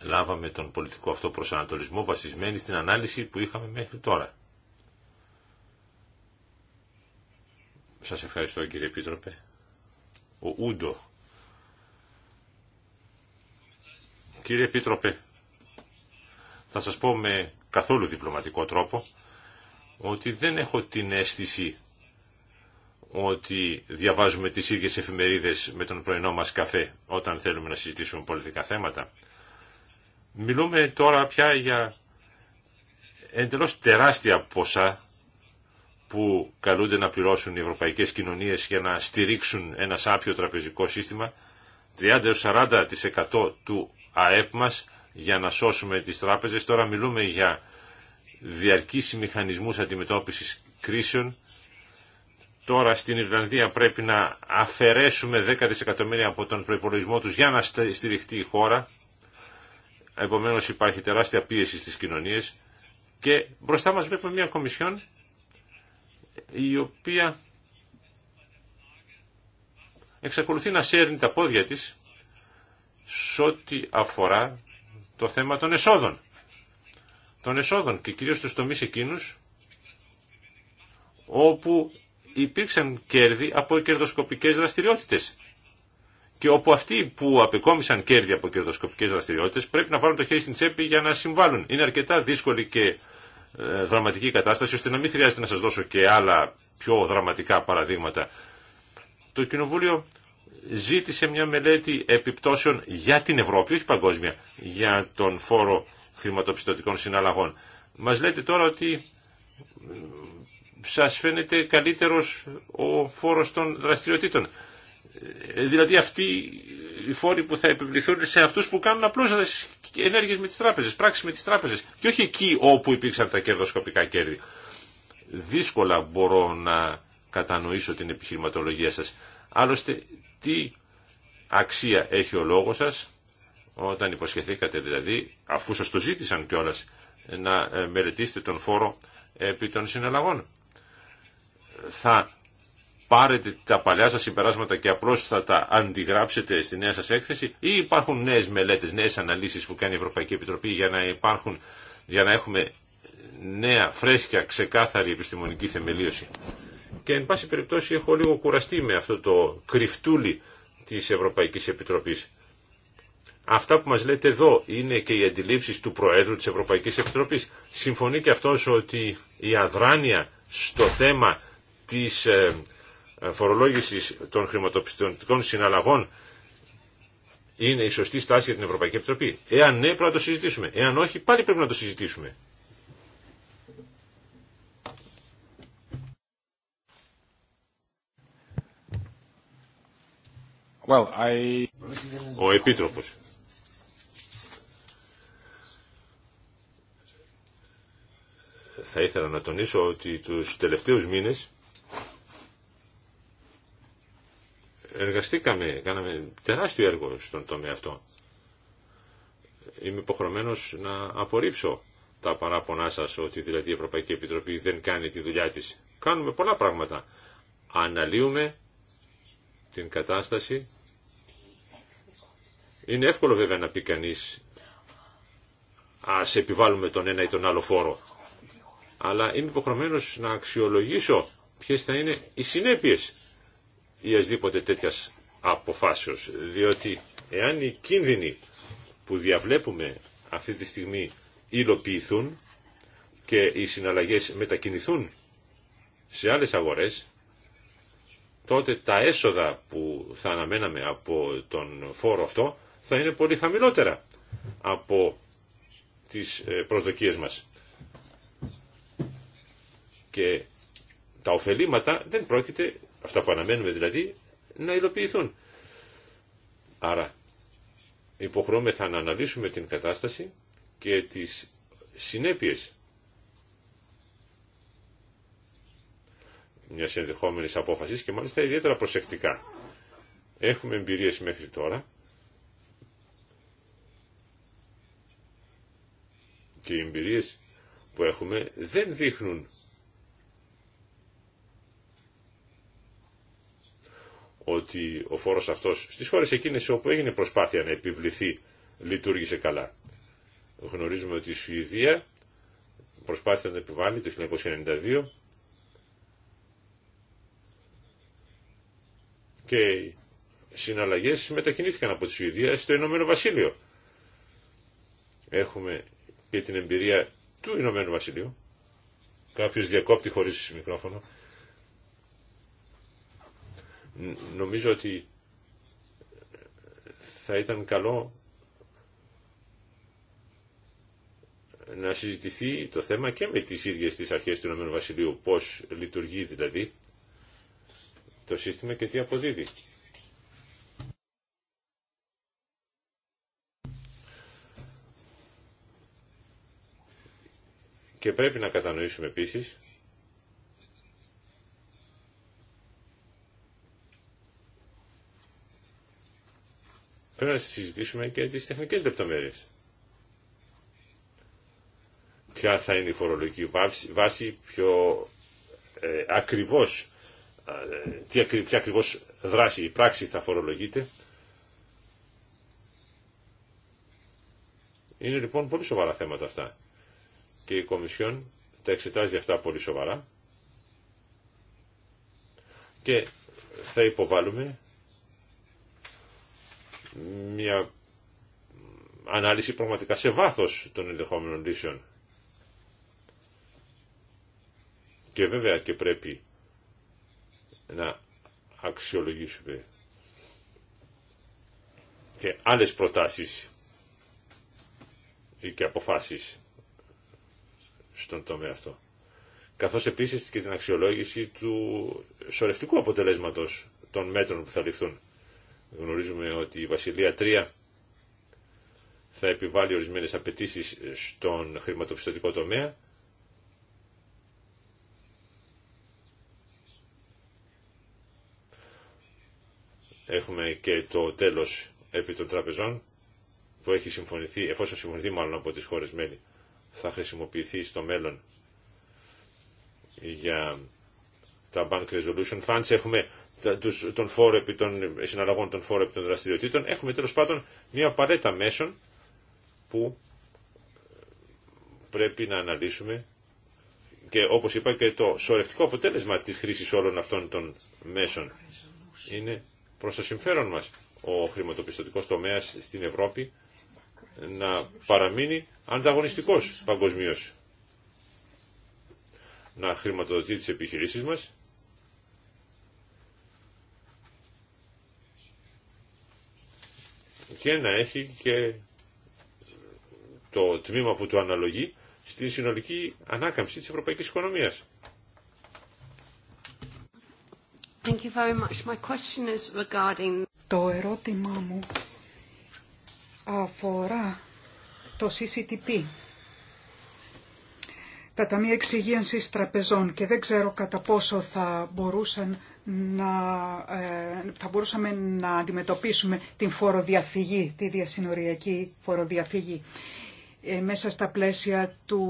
S5: Λάβαμε τον πολιτικό αυτό προσανατολισμό βασισμένη στην ανάλυση που είχαμε μέχρι τώρα. Σας ευχαριστώ κύριε Επίτροπε. Ο Ούντο. Κύριε Επίτροπε, θα σας πω με καθόλου διπλωματικό τρόπο ότι δεν έχω την αίσθηση ότι διαβάζουμε τις ίδιες εφημερίδες με τον πρωινό μας καφέ όταν θέλουμε να συζητήσουμε πολιτικά θέματα. Μιλούμε τώρα πια για εντελώς τεράστια ποσά που καλούνται να πληρώσουν οι ευρωπαϊκές κοινωνίες για να στηρίξουν ένα σάπιο τραπεζικό σύστημα. 30-40% του ΑΕΠ μας για να σώσουμε τις τράπεζες. Τώρα μιλούμε για διαρκείς μηχανισμούς αντιμετώπισης κρίσεων. Τώρα στην Ιρλανδία πρέπει να αφαιρέσουμε 10 δισεκατομμύρια από τον προϋπολογισμό τους για να στηριχτεί η χώρα. Επομένως υπάρχει τεράστια πίεση στις κοινωνίες. Και μπροστά μας βλέπουμε μια κομισιόν η οποία εξακολουθεί να σέρνει τα πόδια της σε ό,τι αφορά το θέμα των εσόδων. Των εσόδων και κυρίως στους τομείς εκείνους όπου υπήρξαν κέρδη από κερδοσκοπικές δραστηριότητες. Και όπου αυτοί που απεκόμισαν κέρδη από κερδοσκοπικές δραστηριότητες πρέπει να βάλουν το χέρι στην τσέπη για να συμβάλλουν. Είναι αρκετά δύσκολη και ε, δραματική κατάσταση ώστε να μην χρειάζεται να σας δώσω και άλλα πιο δραματικά παραδείγματα. Το Κοινοβούλιο ζήτησε μια μελέτη επιπτώσεων για την Ευρώπη, όχι παγκόσμια, για τον φόρο χρηματοπιστωτικών συναλλαγών. Μας λέτε τώρα ότι ε, σας φαίνεται καλύτερος ο φόρος των δραστηριοτήτων. Ε, δηλαδή αυτοί οι φόροι που θα επιβληθούν σε αυτούς που κάνουν απλώς ενέργειες με τις τράπεζες, πράξεις με τις τράπεζες και όχι εκεί όπου υπήρξαν τα κερδοσκοπικά κέρδη. Δύσκολα μπορώ να κατανοήσω την επιχειρηματολογία σας. Άλλωστε τι αξία έχει ο λόγος σας όταν υποσχεθήκατε δηλαδή, αφού σας το ζήτησαν κιόλας, να ε, μελετήσετε τον φόρο επί των συναλλαγών. Θα πάρετε τα παλιά σας συμπεράσματα και απλώς θα τα αντιγράψετε στη νέα σας έκθεση ή υπάρχουν νέες μελέτες, νέες αναλύσεις που κάνει η Ευρωπαϊκή Επιτροπή για να, υπάρχουν, για να έχουμε νέα, φρέσκια, ξεκάθαρη επιστημονική θεμελίωση και εν πάση περιπτώσει έχω λίγο κουραστεί με αυτό το κρυφτούλι της Ευρωπαϊκής Επιτροπής. Αυτά που μας λέτε εδώ είναι και οι αντιλήψεις του Προέδρου της Ευρωπαϊκής Επιτροπής. Συμφωνεί και αυτός ότι η αδράνεια στο θέμα της ε, φορολόγησης των χρηματοπιστωτικών συναλλαγών είναι η σωστή στάση για την Ευρωπαϊκή Επιτροπή. Εάν ναι, πρέπει να το συζητήσουμε. Εάν όχι, πάλι πρέπει να το συζητήσουμε.
S4: Ο Επίτροπος. Θα
S5: ήθελα να τονίσω ότι τους τελευταίους μήνες εργαστήκαμε, κάναμε τεράστιο έργο στον τομέα αυτό. Είμαι υποχρεωμένος να απορρίψω τα παράπονά σας ότι δηλαδή η Ευρωπαϊκή Επιτροπή δεν κάνει τη δουλειά της. Κάνουμε πολλά πράγματα. Αναλύουμε την κατάσταση. Είναι εύκολο βέβαια να πει κανείς ας επιβάλλουμε τον ένα ή τον άλλο φόρο. Αλλά είμαι υποχρεωμένος να αξιολογήσω ποιες θα είναι οι συνέπειες ή ασδήποτε τέτοιας αποφάσεως. Διότι εάν οι κίνδυνοι που διαβλέπουμε αυτή τη στιγμή υλοποιηθούν και οι συναλλαγές μετακινηθούν σε άλλες αγορές, τότε τα έσοδα που θα αναμέναμε από τον φόρο αυτό θα είναι πολύ χαμηλότερα από τις ε, προσδοκίες μας. Και τα ωφελήματα δεν πρόκειται, αυτά που αναμένουμε δηλαδή, να υλοποιηθούν. Άρα υποχρεώμεθα να αναλύσουμε την κατάσταση και τις συνέπειες μια ενδεχόμενη απόφαση και μάλιστα ιδιαίτερα προσεκτικά. Έχουμε εμπειρίε μέχρι τώρα και οι εμπειρίε που έχουμε δεν δείχνουν ότι ο φόρος αυτός στις χώρες εκείνες όπου έγινε προσπάθεια να επιβληθεί λειτουργήσε καλά. Γνωρίζουμε ότι η Σουηδία προσπάθησε να επιβάλλει το 1992 και οι συναλλαγές μετακινήθηκαν από τη Σουηδία στο Ηνωμένο Βασίλειο. Έχουμε και την εμπειρία του Ηνωμένου Βασιλείου. Κάποιος διακόπτει χωρίς μικρόφωνο. Νομίζω ότι θα ήταν καλό να συζητηθεί το θέμα και με τις ίδιες τις αρχές του Ηνωμένου Βασιλείου, πώς λειτουργεί δηλαδή το σύστημα και τι αποδίδει. Και πρέπει να κατανοήσουμε επίσης πρέπει να συζητήσουμε και τις τεχνικές λεπτομέρειες. Ποια θα είναι η φορολογική βάση, πιο ε, ακριβώς τι, ποια ακριβώς δράση ή πράξη θα φορολογείται. Είναι λοιπόν πολύ σοβαρά θέματα αυτά και η Κομισιόν τα εξετάζει αυτά πολύ σοβαρά και θα υποβάλουμε μια ανάλυση πραγματικά σε βάθος των ενδεχόμενων λύσεων. Και βέβαια και πρέπει να αξιολογήσουμε και άλλες προτάσεις ή και αποφάσεις στον τομέα αυτό. Καθώς επίσης και την αξιολόγηση του σωρευτικού αποτελέσματος των μέτρων που θα ληφθούν. Γνωρίζουμε ότι η Βασιλεία 3 θα επιβάλλει ορισμένες απαιτήσεις στον χρηματοπιστωτικό τομέα Έχουμε και το τέλος επί των τραπεζών που έχει συμφωνηθεί, εφόσον συμφωνηθεί μάλλον από τις χώρες μέλη, θα χρησιμοποιηθεί στο μέλλον για τα Bank Resolution Funds. Έχουμε τον φόρο επί των συναλλαγών των φόρων επί των δραστηριοτήτων. Έχουμε τέλος πάντων μια παρέτα μέσων που πρέπει να αναλύσουμε και όπως είπα και το σωρευτικό αποτέλεσμα της χρήσης όλων αυτών των μέσων είναι Προ το συμφέρον μα, ο χρηματοπιστωτικό τομέα στην Ευρώπη να παραμείνει ανταγωνιστικό παγκοσμίω. Να χρηματοδοτεί τι επιχειρήσει μα, και να έχει και το τμήμα που του αναλογεί στη συνολική ανάκαμψη της ευρωπαϊκής οικονομίας.
S2: Το
S3: ερώτημά μου
S2: αφορά
S3: το CCTP, τα Ταμεία Εξυγίανσης Τραπεζών και δεν ξέρω κατά πόσο θα, μπορούσαν να, ε, θα μπορούσαμε να αντιμετωπίσουμε την φοροδιαφυγή, τη διασυνοριακή φοροδιαφυγή. Ε, μέσα στα πλαίσια του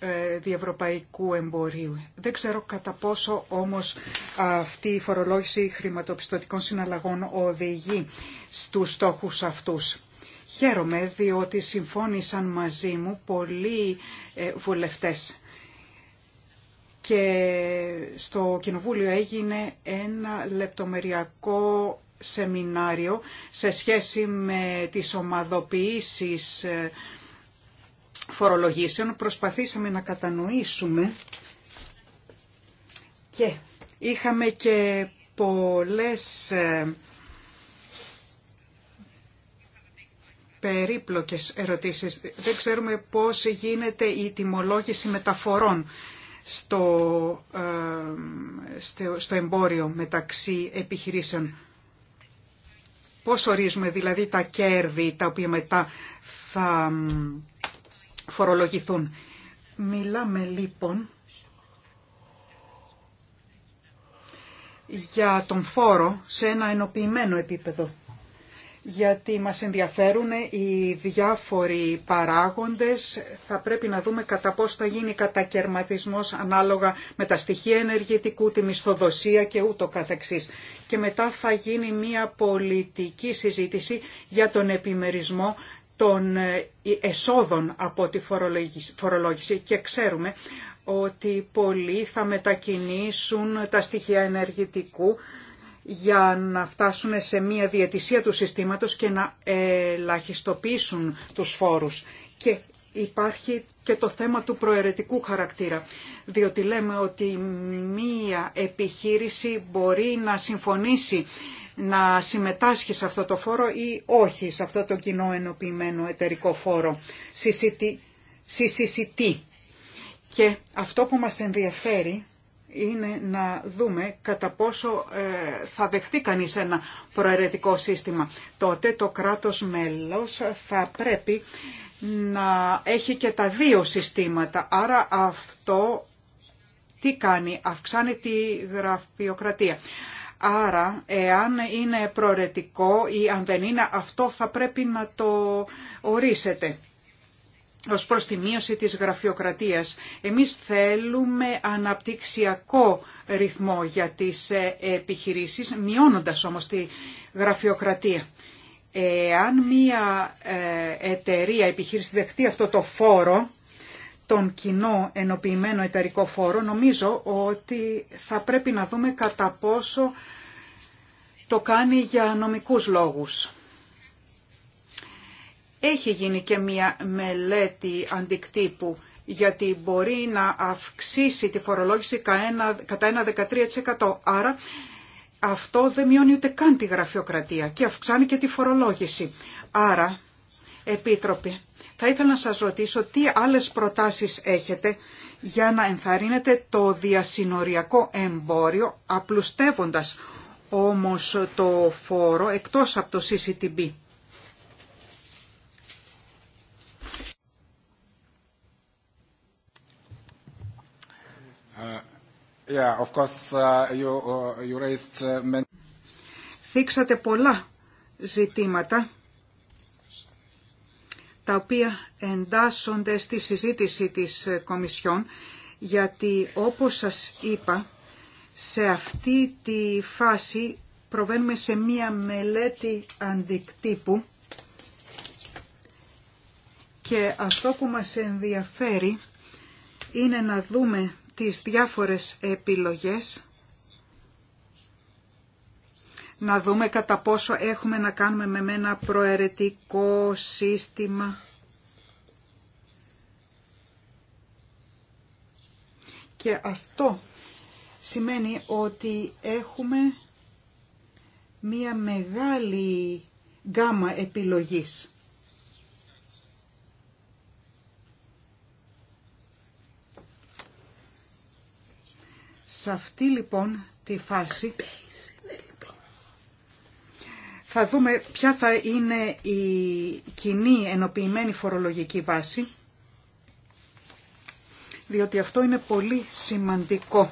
S3: ε, διευρωπαϊκού εμπορίου. Δεν ξέρω κατά πόσο όμως αυτή η φορολόγηση χρηματοπιστωτικών συναλλαγών οδηγεί στους στόχους αυτούς. Χαίρομαι διότι συμφώνησαν μαζί μου πολλοί ε, βουλευτές και στο Κοινοβούλιο έγινε ένα λεπτομεριακό σεμινάριο σε σχέση με τις ομαδοποιήσεις φορολογήσεων προσπαθήσαμε να κατανοήσουμε και είχαμε και πολλές ε, περίπλοκες ερωτήσεις. Δεν ξέρουμε πώς γίνεται η τιμολόγηση μεταφορών ε, στο, στο εμπόριο μεταξύ επιχειρήσεων. Πώς ορίζουμε δηλαδή τα κέρδη τα οποία μετά θα φορολογηθούν. Μιλάμε λοιπόν για τον φόρο σε ένα ενοποιημένο επίπεδο. Γιατί μας ενδιαφέρουν οι διάφοροι παράγοντες. Θα πρέπει να δούμε κατά πώς θα γίνει κατακαιρματισμός ανάλογα με τα στοιχεία ενεργητικού, τη μισθοδοσία και ούτω καθεξής. Και μετά θα γίνει μια πολιτική συζήτηση για τον επιμερισμό των ε, εσόδων από τη φορολόγηση και ξέρουμε ότι πολλοί θα μετακινήσουν τα στοιχεία ενεργητικού για να φτάσουν σε μία διαιτησία του συστήματος και να ελαχιστοποιήσουν τους φόρους. Και υπάρχει και το θέμα του προαιρετικού χαρακτήρα, διότι λέμε ότι μία επιχείρηση μπορεί να συμφωνήσει να συμμετάσχει σε αυτό το φόρο ή όχι σε αυτό το κοινό ενοποιημένο εταιρικό φόρο, CCCT. Και αυτό που μας ενδιαφέρει είναι να δούμε κατά πόσο ε, θα δεχτεί κανείς ένα προαιρετικό σύστημα. Τότε το κράτος μέλος θα πρέπει να έχει και τα δύο συστήματα. Άρα αυτό τι κάνει, αυξάνει τη γραφειοκρατία. Άρα, εάν είναι προαιρετικό ή αν δεν είναι, αυτό θα πρέπει να το ορίσετε ως προς τη μείωση της γραφειοκρατίας. Εμείς θέλουμε αναπτυξιακό ρυθμό για τις ε, επιχειρήσεις, μειώνοντας όμως τη γραφειοκρατία. Εάν μία ε, εταιρεία επιχείρηση δεχτεί αυτό το φόρο, τον κοινό ενοποιημένο εταιρικό φόρο, νομίζω ότι θα πρέπει να δούμε κατά πόσο το κάνει για νομικούς λόγους. Έχει γίνει και μία μελέτη αντικτύπου γιατί μπορεί να αυξήσει τη φορολόγηση κατά ένα 13%. Άρα αυτό δεν μειώνει ούτε καν τη γραφειοκρατία και αυξάνει και τη φορολόγηση. Άρα, Επίτροπε, θα ήθελα να σας ρωτήσω τι άλλες προτάσεις έχετε για να ενθαρρύνετε το διασυνοριακό εμπόριο απλουστεύοντας όμως το φόρο εκτός από το CCTB. Yeah, πολλά ζητήματα τα οποία εντάσσονται στη συζήτηση της Κομισιόν, γιατί όπως σας είπα, σε αυτή τη φάση προβαίνουμε σε μία μελέτη αντικτύπου και αυτό που μας ενδιαφέρει είναι να δούμε τις διάφορες επιλογές να δούμε κατά πόσο έχουμε να κάνουμε με ένα προαιρετικό σύστημα. Και αυτό σημαίνει ότι έχουμε μία μεγάλη γκάμα επιλογής. Σε αυτή λοιπόν τη φάση θα δούμε ποια θα είναι η κοινή ενοποιημένη φορολογική βάση, διότι αυτό είναι πολύ σημαντικό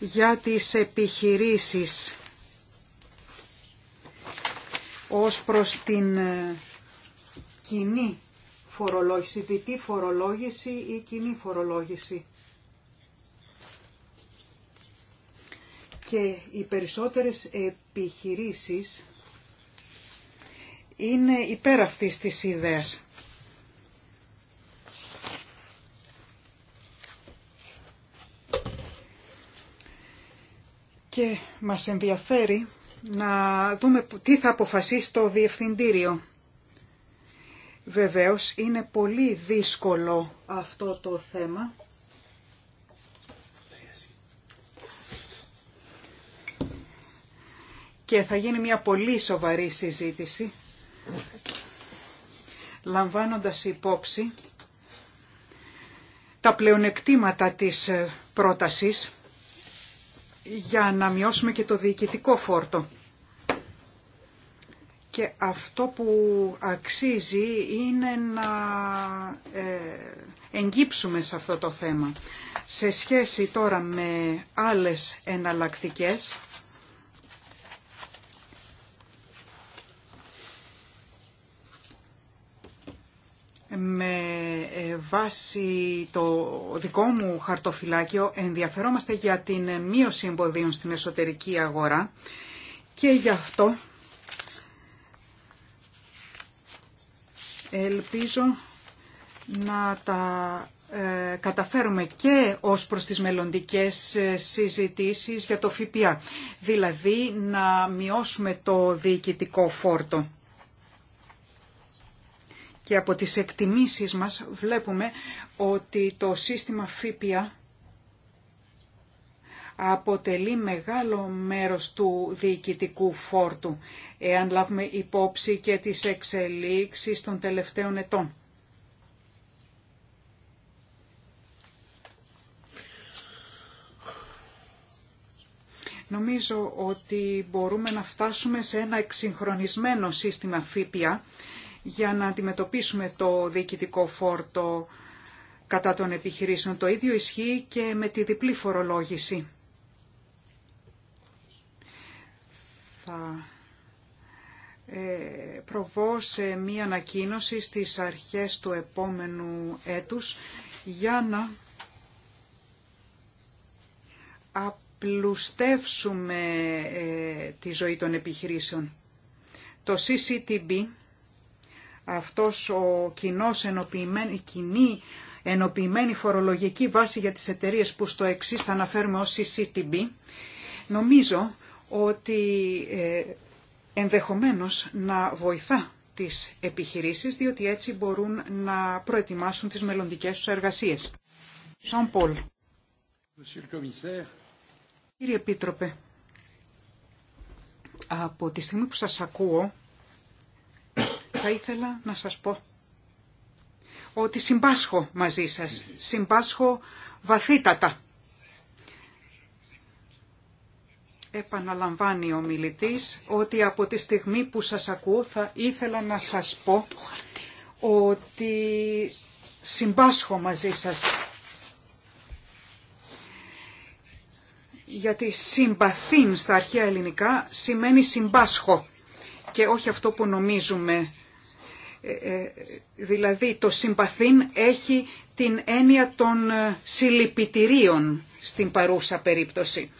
S3: για τις επιχειρήσεις ως προς την ε, κοινή φορολόγηση, διτή φορολόγηση ή κοινή φορολόγηση. Και οι περισσότερες επιχειρήσεις είναι υπέρ αυτής της ιδέας. Και μας ενδιαφέρει να δούμε τι θα αποφασίσει το Διευθυντήριο. Βεβαίως είναι πολύ δύσκολο αυτό το θέμα. Και θα γίνει μια πολύ σοβαρή συζήτηση λαμβάνοντας υπόψη τα πλεονεκτήματα της ε, πρότασης για να μειώσουμε και το διοικητικό φόρτο. Και αυτό που αξίζει είναι να ε, εγγύψουμε σε αυτό το θέμα. Σε σχέση τώρα με άλλες εναλλακτικές, με ε, βάση το δικό μου χαρτοφυλάκιο ενδιαφερόμαστε για την μείωση εμποδίων στην εσωτερική αγορά και γι' αυτό ελπίζω να τα ε, καταφέρουμε και ως προς τις μελλοντικές ε, συζητήσεις για το ΦΠΑ, δηλαδή να μειώσουμε το διοικητικό φόρτο και από τις εκτιμήσεις μας βλέπουμε ότι το σύστημα ΦΥΠΙΑ αποτελεί μεγάλο μέρος του διοικητικού φόρτου, εάν λάβουμε υπόψη και τις εξελίξεις των τελευταίων ετών. Νομίζω ότι μπορούμε να φτάσουμε σε ένα εξυγχρονισμένο σύστημα ΦΥΠΙΑ για να αντιμετωπίσουμε το διοικητικό φόρτο κατά των επιχειρήσεων. Το ίδιο ισχύει και με τη διπλή φορολόγηση. Θα ε, προβώ σε μία ανακοίνωση στις αρχές του επόμενου έτους για να απλουστεύσουμε ε, τη ζωή των επιχειρήσεων. Το CCTB αυτός ο κοινός ενοποιημένη, κοινή ενοποιημένη φορολογική βάση για τις εταιρείες που στο εξής θα αναφέρουμε ως CCTB, νομίζω ότι ε, ενδεχομένως να βοηθά τις επιχειρήσεις, διότι έτσι μπορούν να προετοιμάσουν τις μελλοντικές τους εργασίες. Σαν Πολ. Κύριε Επίτροπε, από τη στιγμή που σας ακούω, θα ήθελα να σας πω ότι συμπάσχω μαζί σας, συμπάσχω βαθύτατα. Επαναλαμβάνει ο μιλητής ότι από τη στιγμή που σας ακούω θα ήθελα να σας πω ότι συμπάσχω μαζί σας. Γιατί συμπαθήν στα αρχαία ελληνικά σημαίνει συμπάσχω και όχι αυτό που νομίζουμε ε, ε, δηλαδή το συμπαθήν έχει την έννοια των ε, συλληπιτηρίων στην παρούσα περίπτωση.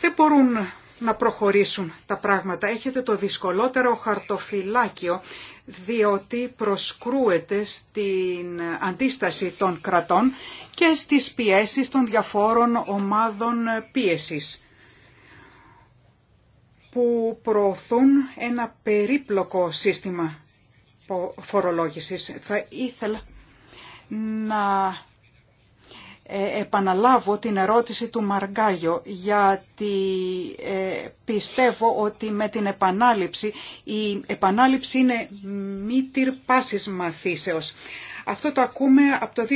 S3: Δεν μπορούν να προχωρήσουν τα πράγματα. Έχετε το δυσκολότερο χαρτοφυλάκιο διότι προσκρούεται στην αντίσταση των κρατών και στις πιέσεις των διαφόρων ομάδων πίεσης που προωθούν ένα περίπλοκο σύστημα φορολόγησης. Θα ήθελα να ε, επαναλάβω την ερώτηση του Μαργκάγιο γιατί ε, πιστεύω ότι με την επανάληψη η επανάληψη είναι μήτυρ πάσης μαθήσεως. Αυτό το ακούμε από το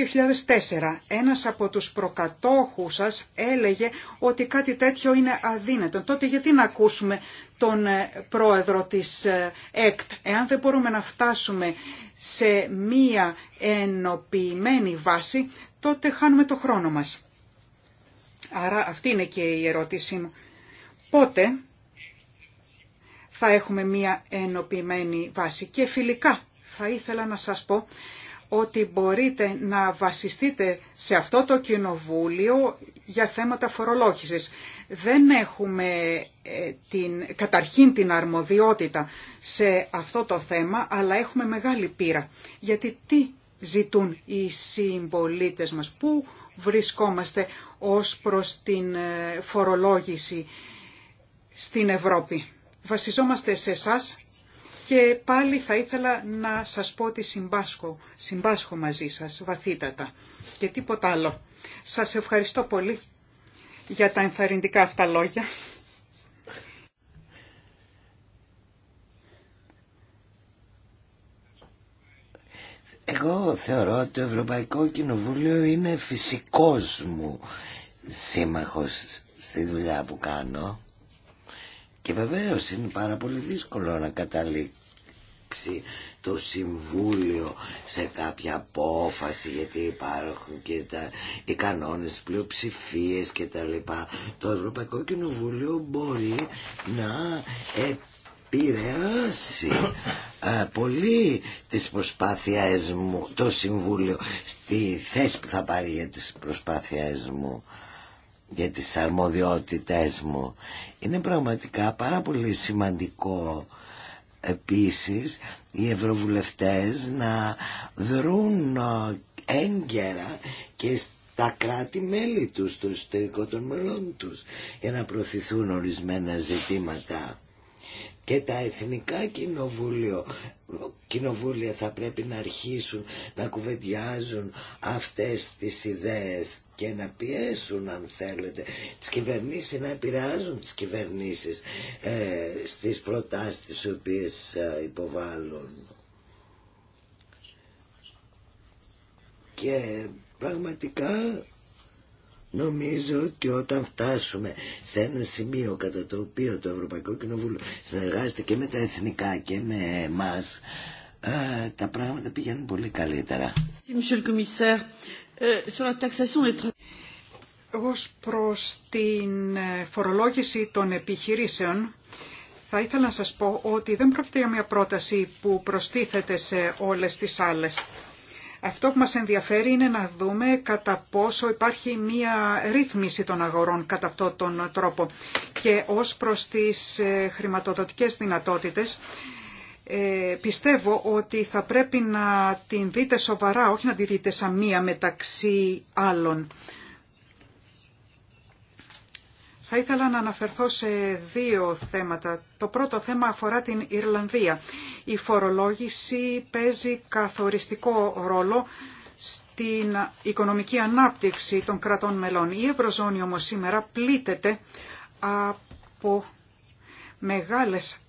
S3: 2004. Ένας από τους προκατόχους σας έλεγε ότι κάτι τέτοιο είναι αδύνατο. Τότε γιατί να ακούσουμε τον ε, πρόεδρο της ε, ΕΚΤ, εάν δεν μπορούμε να φτάσουμε σε μία ενοποιημένη βάση, τότε χάνουμε το χρόνο μας. Άρα αυτή είναι και η ερώτησή μου. Πότε θα έχουμε μία ενοποιημένη βάση και φιλικά θα ήθελα να σας πω ότι μπορείτε να βασιστείτε σε αυτό το κοινοβούλιο για θέματα φορολόγησης. Δεν έχουμε ε, την, καταρχήν την αρμοδιότητα σε αυτό το θέμα, αλλά έχουμε μεγάλη πείρα. Γιατί τι ζητούν οι συμπολίτε μας, πού βρισκόμαστε ως προς την ε, φορολόγηση στην Ευρώπη. Βασιζόμαστε σε εσά και πάλι θα ήθελα να σας πω ότι συμπάσχω, μαζί σας βαθύτατα και τίποτα άλλο. Σας ευχαριστώ πολύ για τα ενθαρρυντικά αυτά λόγια.
S1: Εγώ θεωρώ ότι το Ευρωπαϊκό Κοινοβούλιο είναι φυσικός μου σύμμαχος στη δουλειά που κάνω και βεβαίως είναι πάρα πολύ δύσκολο να καταλήξω το Συμβούλιο σε κάποια απόφαση γιατί υπάρχουν και τα, οι κανόνες πλειοψηφίες και τα λοιπά. Το Ευρωπαϊκό Κοινοβούλιο μπορεί να επηρεάσει ε, πολύ τις προσπάθειές μου, το Συμβούλιο, στη θέση που θα πάρει για τις προσπάθειές μου για τις αρμοδιότητες μου είναι πραγματικά πάρα πολύ σημαντικό επίσης οι ευρωβουλευτές να δρούν ε, έγκαιρα και στα κράτη-μέλη τους, στο εσωτερικό των μελών τους, για να προωθηθούν ορισμένα ζητήματα. Και τα εθνικά κοινοβούλια θα πρέπει να αρχίσουν να κουβεντιάζουν αυτές τις ιδέες και να πιέσουν αν θέλετε τις κυβερνήσεις να επηρεάζουν τις κυβερνήσεις ε, στις προτάσεις τις οποίες ε, υποβάλλουν και πραγματικά Νομίζω ότι όταν φτάσουμε σε ένα σημείο κατά το οποίο το Ευρωπαϊκό Κοινοβούλιο συνεργάζεται και με τα εθνικά και με εμά, ε, τα πράγματα πηγαίνουν πολύ καλύτερα.
S3: Ε, ως προς την ε, φορολόγηση των επιχειρήσεων, θα ήθελα να σας πω ότι δεν πρόκειται για μια πρόταση που προστίθεται σε όλες τις άλλες. Αυτό που μας ενδιαφέρει είναι να δούμε κατά πόσο υπάρχει μία ρύθμιση των αγορών κατά αυτόν τον τρόπο. Και ως προς τις ε, χρηματοδοτικές δυνατότητες, ε, πιστεύω ότι θα πρέπει να την δείτε σοβαρά, όχι να τη δείτε σαν μία μεταξύ άλλων. Θα ήθελα να αναφερθώ σε δύο θέματα. Το πρώτο θέμα αφορά την Ιρλανδία. Η φορολόγηση παίζει καθοριστικό ρόλο στην οικονομική ανάπτυξη των κρατών μελών. Η Ευρωζώνη όμως σήμερα πλήττεται από μεγάλες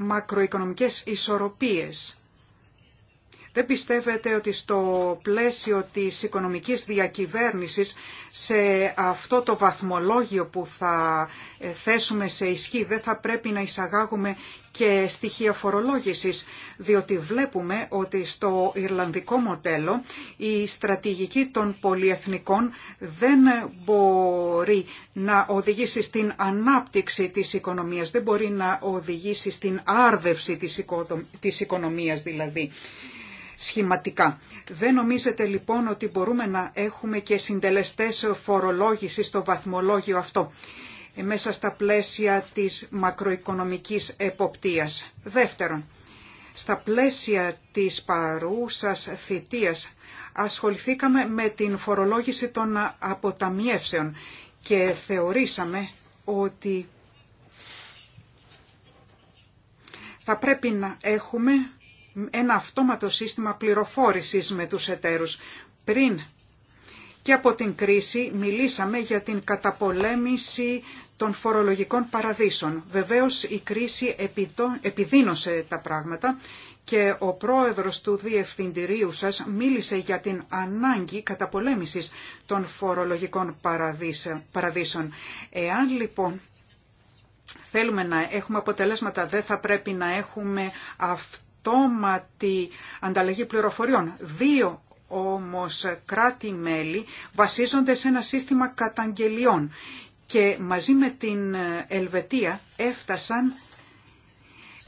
S3: μακροοικονομικές ισορροπίες. Δεν πιστεύετε ότι στο πλαίσιο της οικονομικής διακυβέρνησης σε αυτό το βαθμολόγιο που θα ε, θέσουμε σε ισχύ δεν θα πρέπει να εισαγάγουμε και στοιχεία φορολόγησης, διότι βλέπουμε ότι στο Ιρλανδικό μοντέλο η στρατηγική των πολυεθνικών δεν μπορεί να οδηγήσει στην ανάπτυξη της οικονομίας, δεν μπορεί να οδηγήσει στην άρδευση της οικονομίας δηλαδή σχηματικά. Δεν νομίζετε λοιπόν ότι μπορούμε να έχουμε και συντελεστές φορολόγηση στο βαθμολόγιο αυτό μέσα στα πλαίσια της μακροοικονομικής εποπτείας. Δεύτερον, στα πλαίσια της παρούσας θητείας ασχοληθήκαμε με την φορολόγηση των αποταμιεύσεων και θεωρήσαμε ότι θα πρέπει να έχουμε ένα αυτόματο σύστημα πληροφόρησης με τους εταίρους. Πριν και από την κρίση μιλήσαμε για την καταπολέμηση των φορολογικών παραδείσων. Βεβαίως η κρίση επιδίνωσε τα πράγματα και ο πρόεδρος του Διευθυντηρίου σας μίλησε για την ανάγκη καταπολέμησης των φορολογικών παραδείσων. Εάν λοιπόν θέλουμε να έχουμε αποτελέσματα, δεν θα πρέπει να έχουμε αυτόματη ανταλλαγή πληροφοριών. Δύο όμως κράτη-μέλη βασίζονται σε ένα σύστημα καταγγελιών και μαζί με την ε, Ελβετία έφτασαν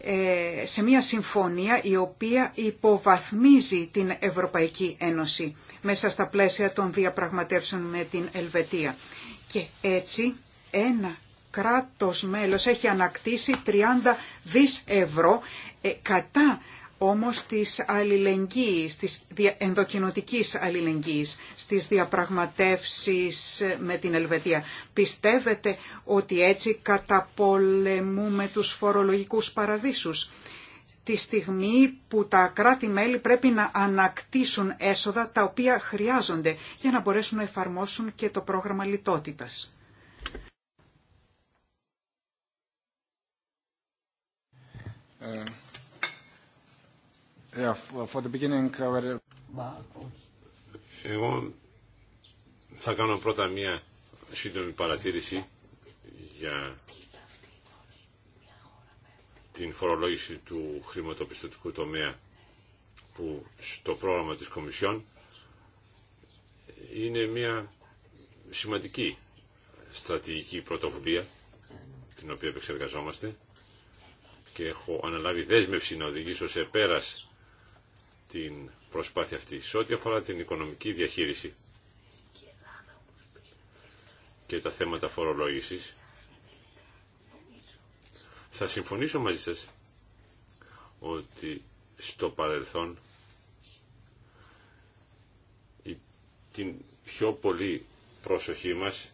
S3: ε, σε μια συμφωνία η οποία υποβαθμίζει την Ευρωπαϊκή Ένωση μέσα στα πλαίσια των διαπραγματεύσεων με την Ελβετία. Και έτσι ένα κράτος μέλος έχει ανακτήσει 30 δις ευρώ ε, κατά όμως της αλληλεγγύης, της ενδοκινοτικής αλληλεγγύης, στις διαπραγματεύσεις με την Ελβετία. Πιστεύετε ότι έτσι καταπολεμούμε τους φορολογικούς παραδείσους τη στιγμή που τα κράτη-μέλη πρέπει να ανακτήσουν έσοδα τα οποία χρειάζονται για να μπορέσουν να εφαρμόσουν και το πρόγραμμα λιτότητας.
S4: Ε,
S5: εγώ θα κάνω πρώτα μία σύντομη παρατήρηση για την φορολόγηση του χρηματοπιστωτικού τομέα που στο πρόγραμμα της Κομισιόν είναι μια σημαντική στρατηγική πρωτοβουλία την οποία επεξεργαζόμαστε και έχω αναλάβει δέσμευση να οδηγήσω σε πέρας την προσπάθεια αυτή. Σε ό,τι αφορά την οικονομική διαχείριση και τα θέματα φορολόγησης, θα συμφωνήσω μαζί σας ότι στο παρελθόν την πιο πολύ προσοχή μας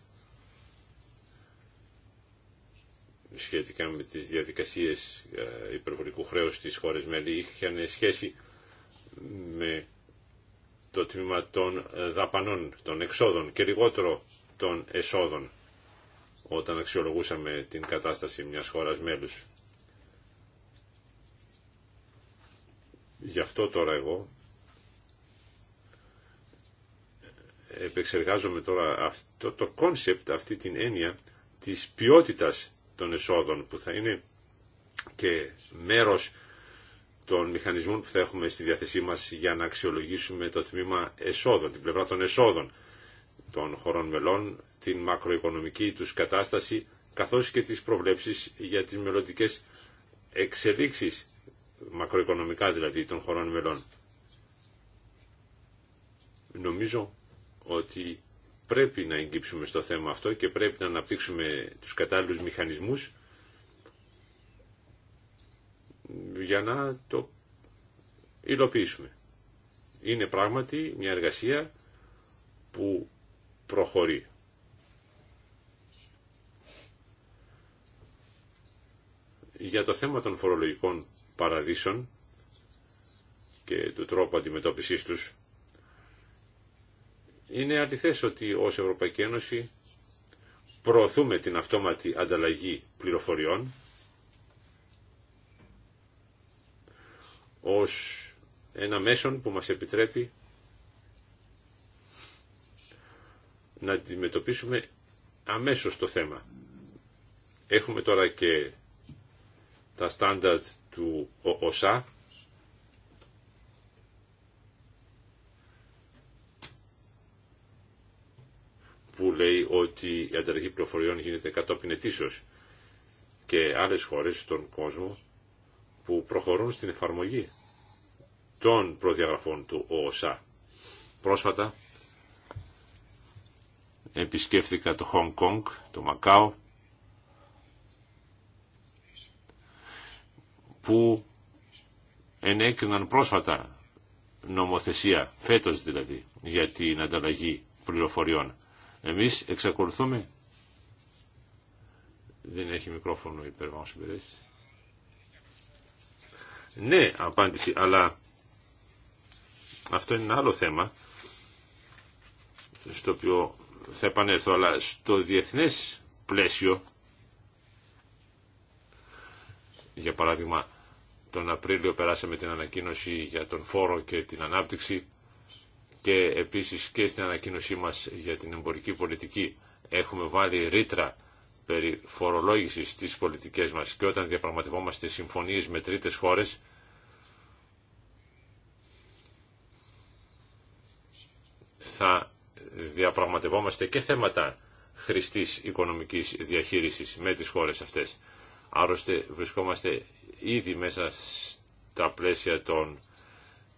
S5: σχετικά με τις διαδικασίες ε, υπερβολικού χρέους στις χώρες μέλη είχαν σχέση με το τμήμα των δαπανών, των εξόδων και λιγότερο των εσόδων όταν αξιολογούσαμε την κατάσταση μιας χώρας μέλους. Γι' αυτό τώρα εγώ επεξεργάζομαι τώρα αυτό το κόνσεπτ, αυτή την έννοια της ποιότητας των εσόδων που θα είναι και μέρος των μηχανισμών που θα έχουμε στη διάθεσή μας για να αξιολογήσουμε το τμήμα εσόδων, την πλευρά των εσόδων των χωρών μελών, την μακροοικονομική τους κατάσταση, καθώς και τις προβλέψεις για τις μελλοντικέ εξελίξεις, μακροοικονομικά δηλαδή, των χωρών μελών. Νομίζω ότι πρέπει να εγκύψουμε στο θέμα αυτό και πρέπει να αναπτύξουμε τους κατάλληλους μηχανισμούς για να το υλοποιήσουμε. Είναι πράγματι μια εργασία που προχωρεί. Για το θέμα των φορολογικών παραδείσων και του τρόπου αντιμετώπισης τους, είναι αληθές ότι ως Ευρωπαϊκή Ένωση προωθούμε την αυτόματη ανταλλαγή πληροφοριών ως ένα μέσον που μας επιτρέπει να αντιμετωπίσουμε αμέσως το θέμα. Έχουμε τώρα και τα στάνταρτ του ΟΣΑ, που λέει ότι η ανταλλαγή πληροφοριών γίνεται κατόπιν και άλλες χώρες στον κόσμο που προχωρούν στην εφαρμογή των προδιαγραφών του ΟΟΣΑ. Πρόσφατα επισκέφθηκα το Χονγκ Κονγκ, το Μακάο, που ενέκριναν πρόσφατα νομοθεσία, φέτος δηλαδή, για την ανταλλαγή πληροφοριών. Εμείς εξακολουθούμε... Δεν έχει μικρόφωνο η υπηρέσεις. Ναι, απάντηση, αλλά αυτό είναι ένα άλλο θέμα στο οποίο θα επανέλθω, αλλά στο διεθνές πλαίσιο, για παράδειγμα τον Απρίλιο περάσαμε την ανακοίνωση για τον φόρο και την ανάπτυξη και επίσης και στην ανακοίνωσή μας για την εμπορική πολιτική έχουμε βάλει ρήτρα περί φορολόγησης στις πολιτικές μας και όταν διαπραγματευόμαστε συμφωνίες με τρίτες χώρες θα διαπραγματευόμαστε και θέματα χρηστής οικονομικής διαχείρισης με τις χώρες αυτές. Άρρωστε βρισκόμαστε ήδη μέσα στα πλαίσια των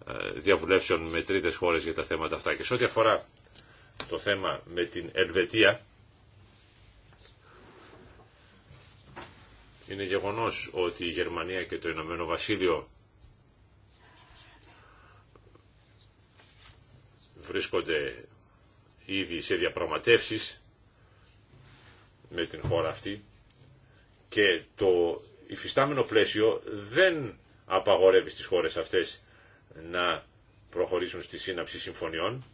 S5: ε, διαβουλεύσεων με τρίτες χώρες για τα θέματα αυτά. Και σε ό,τι αφορά το θέμα με την Ελβετία, είναι γεγονός ότι η Γερμανία και το Ηνωμένο Βασίλειο βρίσκονται ήδη σε διαπραγματεύσεις με την χώρα αυτή και το υφιστάμενο πλαίσιο δεν απαγορεύει στις χώρες αυτές να προχωρήσουν στη σύναψη συμφωνιών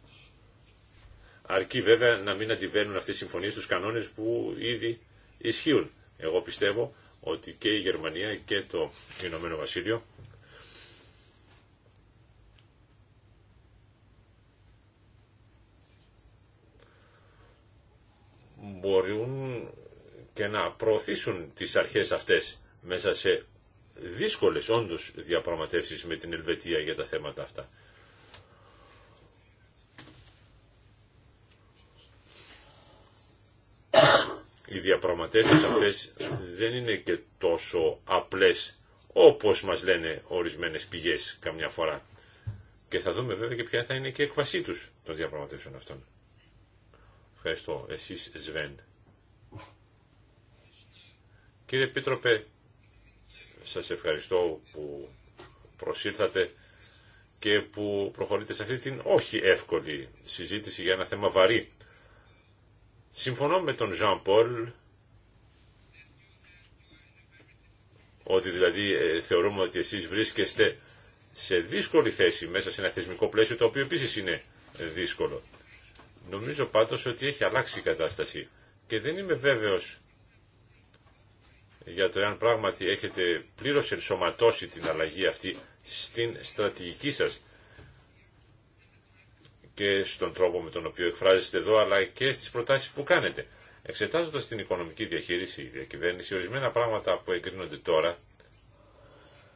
S5: αρκεί βέβαια να μην αντιβαίνουν αυτές οι συμφωνίες στους κανόνες που ήδη ισχύουν. Εγώ πιστεύω ότι και η Γερμανία και το Ηνωμένο Βασίλειο μπορούν και να προωθήσουν τις αρχές αυτές μέσα σε δύσκολες όντως διαπραγματεύσεις με την Ελβετία για τα θέματα αυτά. Οι διαπραγματεύσεις αυτές δεν είναι και τόσο απλές όπως μας λένε ορισμένες πηγές καμιά φορά. Και θα δούμε βέβαια και ποια θα είναι και η εκβασή τους των διαπραγματεύσεων αυτών. Ευχαριστώ. Εσείς, Σβέν. Κύριε Επίτροπε, σας ευχαριστώ που προσήλθατε και που προχωρείτε σε αυτή την όχι εύκολη συζήτηση για ένα θέμα βαρύ. Συμφωνώ με τον Ζαν Πολ ότι δηλαδή ε, θεωρούμε ότι εσείς βρίσκεστε σε δύσκολη θέση μέσα σε ένα θεσμικό πλαίσιο το οποίο επίσης είναι δύσκολο. Νομίζω πάντως ότι έχει αλλάξει η κατάσταση και δεν είμαι βέβαιος για το εάν πράγματι έχετε πλήρως ενσωματώσει την αλλαγή αυτή στην στρατηγική σας και στον τρόπο με τον οποίο εκφράζεστε εδώ αλλά και στις προτάσεις που κάνετε. Εξετάζοντας την οικονομική διαχείριση, η διακυβέρνηση, ορισμένα πράγματα που εγκρίνονται τώρα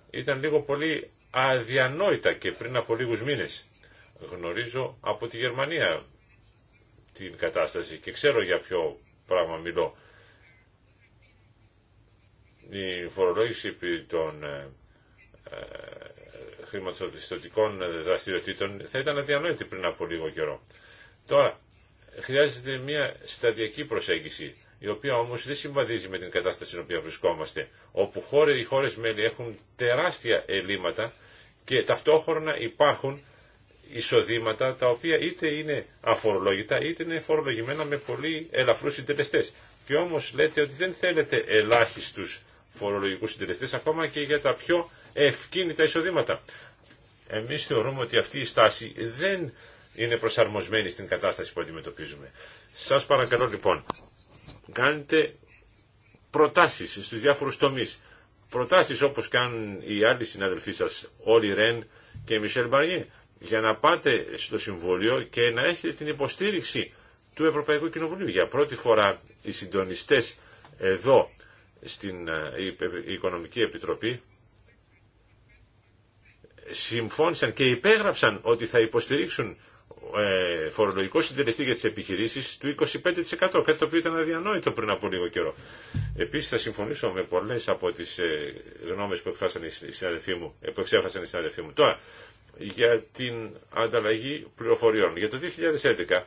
S5: ήταν λίγο πολύ αδιανόητα και πριν από λίγους μήνες. Γνωρίζω από τη Γερμανία την κατάσταση και ξέρω για ποιο πράγμα μιλώ. Η φορολόγηση των ε, ε, χρηματοπιστωτικών δραστηριοτήτων θα ήταν αδιανόητη πριν από λίγο καιρό. Τώρα, χρειάζεται μια σταδιακή προσέγγιση, η οποία όμως δεν συμβαδίζει με την κατάσταση στην οποία βρισκόμαστε, όπου χώρες, οι χώρες μέλη έχουν τεράστια ελλείμματα και ταυτόχρονα υπάρχουν εισοδήματα τα οποία είτε είναι αφορολόγητα είτε είναι φορολογημένα με πολύ ελαφρούς συντελεστέ. Και όμως λέτε ότι δεν θέλετε ελάχιστους φορολογικούς συντελεστές ακόμα και για τα πιο ευκίνητα εισοδήματα. Εμείς θεωρούμε ότι αυτή η στάση δεν είναι προσαρμοσμένη στην κατάσταση που αντιμετωπίζουμε. Σας παρακαλώ λοιπόν, κάνετε προτάσεις στου διάφορου τομεί, Προτάσεις όπως κάνουν οι άλλοι συναδελφοί σας, Όλοι Ρεν και Μισελ Μπαριέ για να πάτε στο Συμβούλιο και να έχετε την υποστήριξη του Ευρωπαϊκού Κοινοβουλίου. Για πρώτη φορά οι συντονιστές εδώ στην ε, ε, Οικονομική Επιτροπή συμφώνησαν και υπέγραψαν ότι θα υποστηρίξουν ε, φορολογικό συντελεστή για τις επιχειρήσεις του 25%, κάτι το οποίο ήταν αδιανόητο πριν από λίγο καιρό. Επίσης θα συμφωνήσω με πολλές από τις γνώμες που, εξέφρασαν οι συναδελφοί μου. Τώρα, για την ανταλλαγή πληροφοριών. Για το 2011,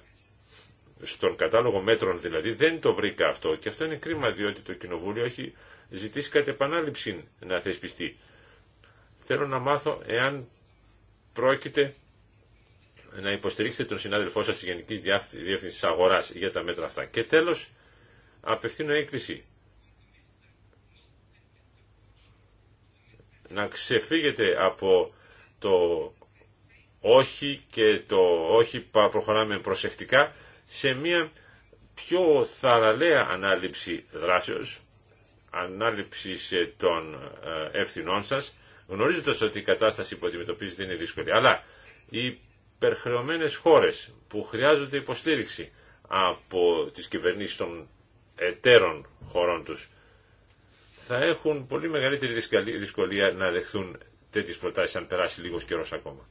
S5: στον κατάλογο μέτρων δηλαδή, δεν το βρήκα αυτό και αυτό είναι κρίμα διότι το Κοινοβούλιο έχει ζητήσει κατ' επανάληψη να θεσπιστεί. Θέλω να μάθω εάν πρόκειται να υποστηρίξετε τον συνάδελφό σας της Γενικής Διεύθυνσης Αγοράς για τα μέτρα αυτά. Και τέλος, απευθύνω έκκληση. Να ξεφύγετε από το όχι και το όχι προχωράμε προσεκτικά σε μια πιο θαραλέα ανάληψη δράσεως, ανάληψη των ε, ευθυνών σας, γνωρίζοντας ότι η κατάσταση που αντιμετωπίζετε είναι δύσκολη. Αλλά οι υπερχρεωμένες χώρες που χρειάζονται υποστήριξη από τις κυβερνήσεις των εταίρων χωρών τους θα έχουν πολύ μεγαλύτερη δυσκολία να δεχθούν τέτοιες προτάσεις αν περάσει λίγος καιρός ακόμα.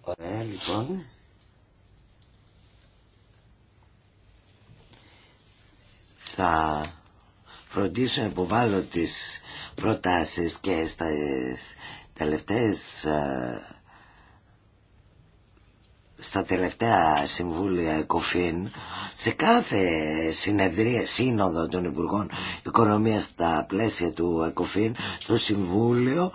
S5: Ωραία λοιπόν.
S1: Θα φροντίσω να υποβάλω τις προτάσεις και στα τελευταίες ε, στα τελευταία συμβούλια ΕΚΟΦΗΝ σε κάθε συνεδρία, σύνοδο των Υπουργών Οικονομίας στα πλαίσια του ΕΚΟΦΗΝ το Συμβούλιο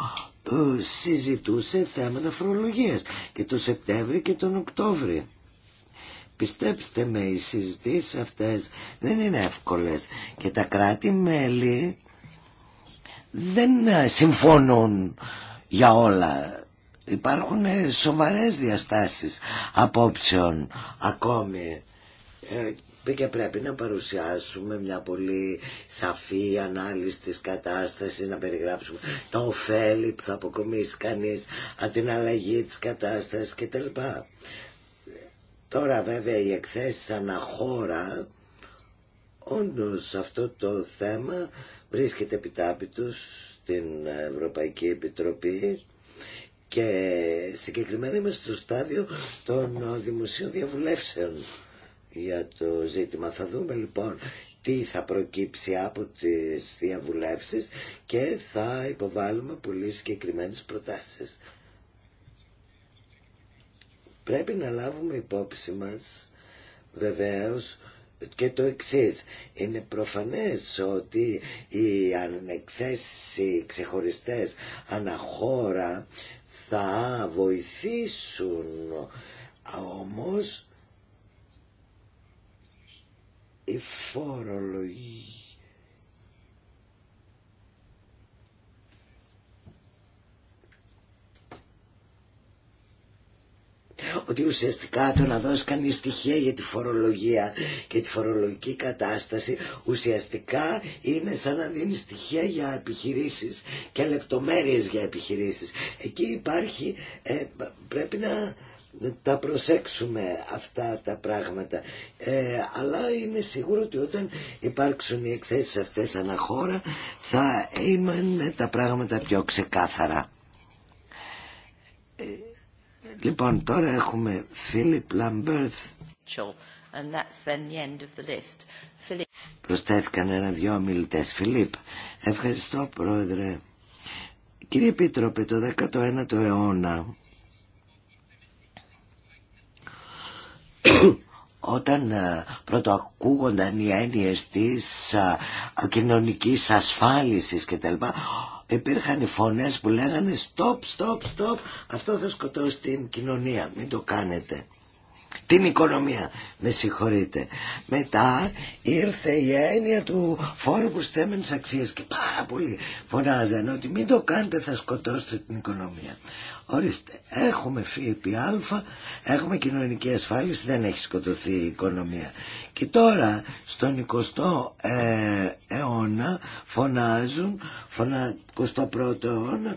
S1: ε, συζητούσε θέματα φορολογίας και το Σεπτέμβριο και τον Οκτώβριο. Πιστέψτε με, οι συζητήσεις αυτές δεν είναι εύκολες και τα κράτη-μέλη δεν ε, συμφωνούν για όλα υπάρχουν ε, σοβαρές διαστάσεις απόψεων ακόμη ε, και πρέπει να παρουσιάσουμε μια πολύ σαφή ανάλυση της κατάστασης, να περιγράψουμε Το ωφέλη που θα αποκομίσει κανείς από την αλλαγή της κατάστασης κτλ. Τώρα βέβαια οι εκθέσεις αναχώρα, όντως αυτό το θέμα βρίσκεται επιτάπητος στην Ευρωπαϊκή Επιτροπή και συγκεκριμένα είμαι στο στάδιο των δημοσίων διαβουλεύσεων για το ζήτημα. Θα δούμε λοιπόν τι θα προκύψει από τις διαβουλεύσεις και θα υποβάλουμε πολύ συγκεκριμένες προτάσεις. Πρέπει να λάβουμε υπόψη μας βεβαίως και το εξή. Είναι προφανές ότι οι ανεκθέσει ξεχωριστές αναχώρα θα βοηθήσουν όμως η φορολογία ότι ουσιαστικά το να δώσει κανεί στοιχεία για τη φορολογία και τη φορολογική κατάσταση ουσιαστικά είναι σαν να δίνει στοιχεία για επιχειρήσεις και λεπτομέρειες για επιχειρήσεις. Εκεί υπάρχει, ε, πρέπει να τα προσέξουμε αυτά τα πράγματα ε, αλλά είμαι σίγουρο ότι όταν υπάρξουν οι εκθέσεις αυτές αναχώρα θα είμαν τα πράγματα πιο ξεκάθαρα. Ε, Λοιπόν, τώρα έχουμε Φίλιπ Λαμπερθ. Προσθέθηκαν ένα-δυο ομιλητέ. Φιλίπ, ευχαριστώ πρόεδρε. Κύριε Επίτροπε, το 19ο αιώνα όταν ε, πρωτοακούγονταν οι έννοιε τη ε, κοινωνική ασφάλισης κτλ., υπήρχαν φωνές που λέγανε stop, stop, stop, αυτό θα σκοτώσει την κοινωνία, μην το κάνετε. Την οικονομία, με συγχωρείτε. Μετά ήρθε η έννοια του φόρου που στέμενες αξίες και πάρα πολύ φωνάζανε ότι μην το κάνετε θα σκοτώσετε την οικονομία. Ορίστε, έχουμε ΦΠΑ, έχουμε κοινωνική ασφάλιση, δεν έχει σκοτωθεί η οικονομία. Και τώρα στον 20ο ε, αιώνα φωνάζουν, φωνα, 21ο αιώνα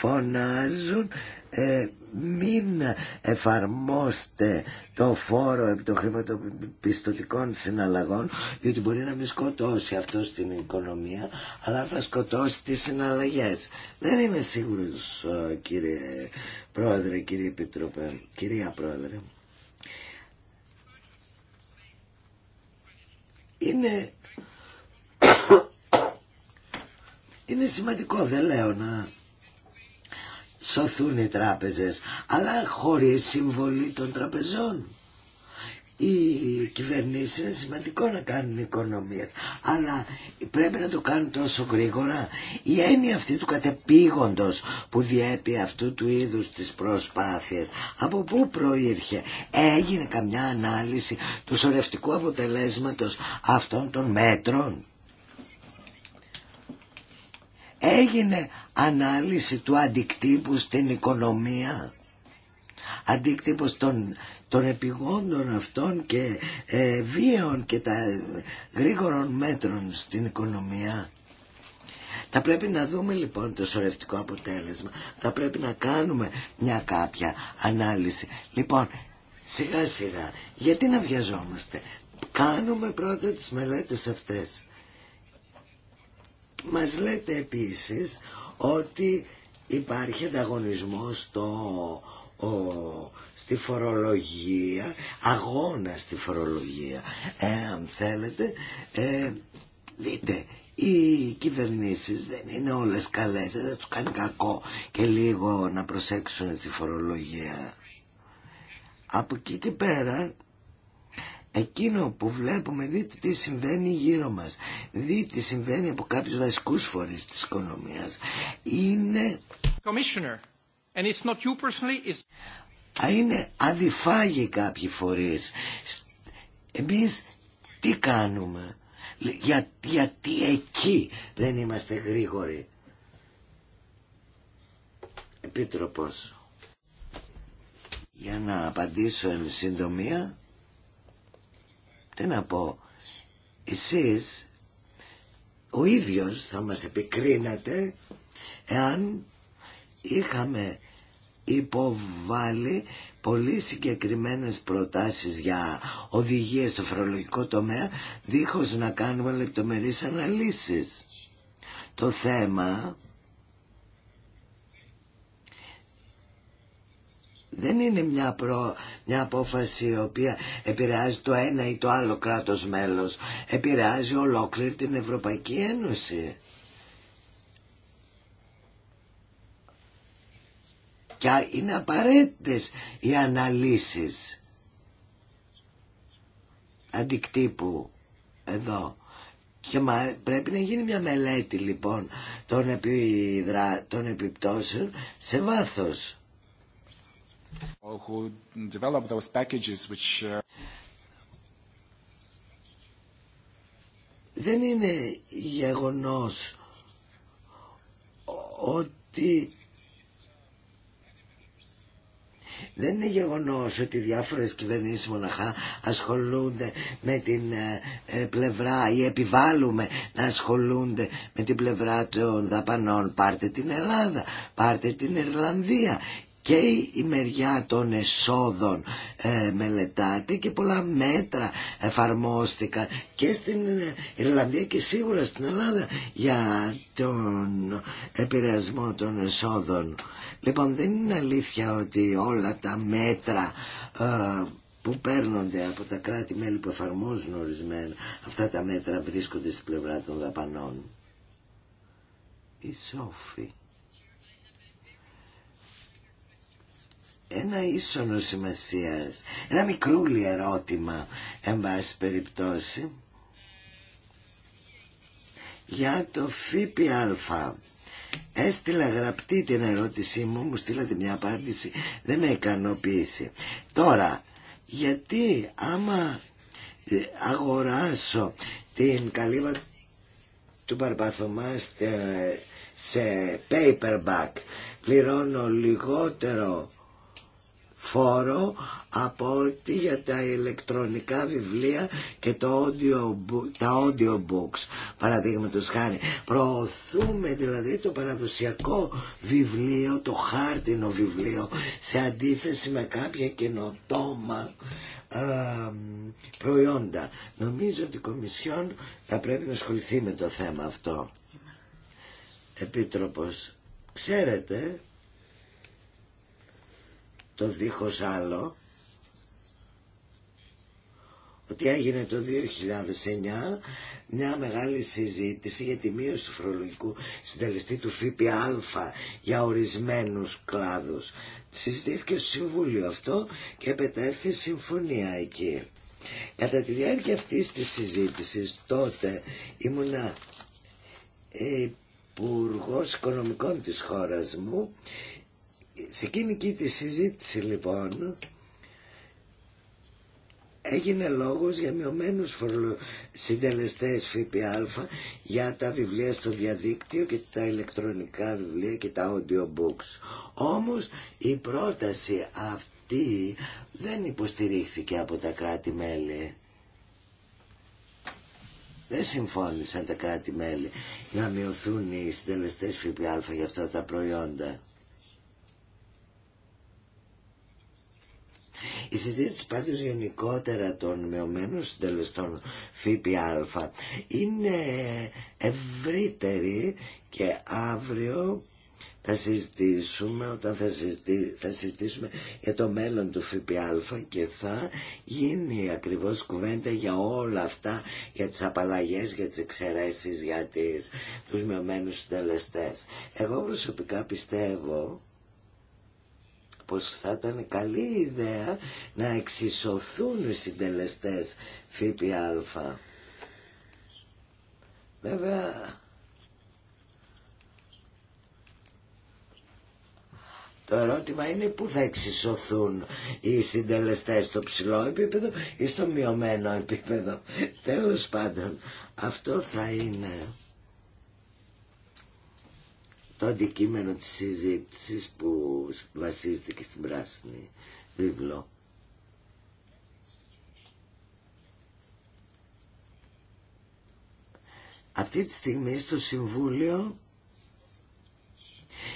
S1: φωνάζουν ε, μην εφαρμόστε το φόρο επί των χρηματοπιστωτικών συναλλαγών διότι μπορεί να μην σκοτώσει αυτό στην οικονομία αλλά θα σκοτώσει τις συναλλαγές. Δεν είμαι σίγουρος κύριε Πρόεδρε, κύριε Επιτροπέ, κυρία Πρόεδρε. Είναι... Είναι σημαντικό, δεν λέω να σωθούν οι τράπεζες αλλά χωρίς συμβολή των τραπεζών οι κυβερνήσει είναι σημαντικό να κάνουν οικονομίες αλλά πρέπει να το κάνουν τόσο γρήγορα η έννοια αυτή του κατεπήγοντος που διέπει αυτού του είδους τις προσπάθειες από πού προήρχε έγινε καμιά ανάλυση του σωρευτικού αποτελέσματος αυτών των μέτρων έγινε ανάλυση του αντικτύπου στην οικονομία αντίκτυπος των, των επιγόντων αυτών και ε, βίων και τα γρήγορων μέτρων στην οικονομία. Θα πρέπει να δούμε λοιπόν το σωρευτικό αποτέλεσμα. Θα πρέπει να κάνουμε μια κάποια ανάλυση. Λοιπόν, σιγά σιγά, γιατί να βιαζόμαστε. Κάνουμε πρώτα τις μελέτες αυτές. Μας λέτε επίσης ότι υπάρχει ανταγωνισμό στο, στη φορολογία, αγώνα στη φορολογία. Ε, αν θέλετε, ε, δείτε, οι κυβερνήσεις δεν είναι όλες καλές, δεν τους κάνει κακό και λίγο να προσέξουν τη φορολογία. Από εκεί και πέρα εκείνο που βλέπουμε δείτε τι συμβαίνει γύρω μας δείτε τι συμβαίνει από κάποιους βασικούς φορείς της οικονομίας
S4: είναι And it's not you personally, είναι
S1: αδιφάγοι κάποιοι φορείς εμείς τι κάνουμε Για, γιατί εκεί δεν είμαστε γρήγοροι Επίτροπος για να απαντήσω εν συντομία τι να πω, εσείς ο ίδιος θα μας επικρίνατε εάν είχαμε υποβάλει πολύ συγκεκριμένες προτάσεις για οδηγίες στο φορολογικό τομέα δίχως να κάνουμε λεπτομερείς αναλύσεις. Το θέμα δεν είναι μια, προ, μια απόφαση η οποία επηρεάζει το ένα ή το άλλο κράτος μέλος. Επηρεάζει ολόκληρη την Ευρωπαϊκή Ένωση. Και είναι απαραίτητες οι αναλύσεις αντικτύπου εδώ. Και πρέπει να γίνει μια μελέτη λοιπόν των, επιδρα... των επιπτώσεων σε βάθος.
S4: Uh, δεν είναι γεγονός
S1: ότι δεν είναι γεγονός ότι διάφορες κυβερνήσεις μοναχά ασχολούνται με την ε, ε, πλευρά ή επιβάλλουμε να ασχολούνται με την πλευρά των δαπανών. Πάρτε την Ελλάδα, πάρτε την Ιρλανδία και η μεριά των εσόδων ε, μελετάται και πολλά μέτρα εφαρμόστηκαν και στην ε, Ιρλανδία και σίγουρα στην Ελλάδα για τον επηρεασμό των εσόδων. Λοιπόν δεν είναι αλήθεια ότι όλα τα μέτρα ε, που παίρνονται από τα κράτη-μέλη που εφαρμόζουν ορισμένα αυτά τα μέτρα βρίσκονται στην πλευρά των δαπανών. Η Σόφη. ένα ίσονο σημασία, ένα μικρούλι ερώτημα, εν πάση περιπτώσει, για το ΦΠΑ. Έστειλα γραπτή την ερώτησή μου, μου στείλατε μια απάντηση, δεν με ικανοποίησε. Τώρα, γιατί άμα ε, αγοράσω την καλύβα του Παρπαθωμά ε, σε paperback, πληρώνω λιγότερο φόρο από ότι για τα ηλεκτρονικά βιβλία και το audio, τα audiobooks παραδείγματο χάρη. Προωθούμε δηλαδή το παραδοσιακό βιβλίο, το χάρτινο βιβλίο σε αντίθεση με κάποια καινοτόμα προϊόντα. Νομίζω ότι η Κομισιόν θα πρέπει να ασχοληθεί με το θέμα αυτό. Επίτροπος, ξέρετε το δίχως άλλο ότι έγινε το 2009 μια μεγάλη συζήτηση για τη μείωση του φορολογικού συντελεστή του ΦΠΑ για ορισμένους κλάδους. Συζητήθηκε στο Συμβούλιο αυτό και επετέφθη συμφωνία εκεί. Κατά τη διάρκεια αυτής της συζήτησης τότε ήμουνα υπουργό οικονομικών της χώρας μου σε εκείνη και τη συζήτηση λοιπόν έγινε λόγος για μειωμένους φορολο... συντελεστές ΦΠΑ για τα βιβλία στο διαδίκτυο και τα ηλεκτρονικά βιβλία και τα audiobooks. Όμως η πρόταση αυτή δεν υποστηρίχθηκε από τα κράτη-μέλη. Δεν συμφώνησαν τα κράτη-μέλη να μειωθούν οι συντελεστές ΦΠΑ για αυτά τα προϊόντα. Η συζήτηση πάντως γενικότερα των μεωμένων συντελεστών ΦΠΑ είναι ευρύτερη και αύριο θα συζητήσουμε όταν θα, συζητήσουμε, θα συζητήσουμε για το μέλλον του ΦΠΑ και θα γίνει ακριβώς κουβέντα για όλα αυτά, για τις απαλλαγές, για τις εξαιρέσεις, για τις, τους μειωμένους συντελεστές. Εγώ προσωπικά πιστεύω πως θα ήταν καλή ιδέα να εξισωθούν οι συντελεστές ΦΠΑ. Βέβαια, Το ερώτημα είναι πού θα εξισωθούν οι συντελεστές στο ψηλό επίπεδο ή στο μειωμένο επίπεδο. Τέλος πάντων, αυτό θα είναι το αντικείμενο της συζήτησης που βασίζεται και στην πράσινη βίβλο. Αυτή τη στιγμή στο Συμβούλιο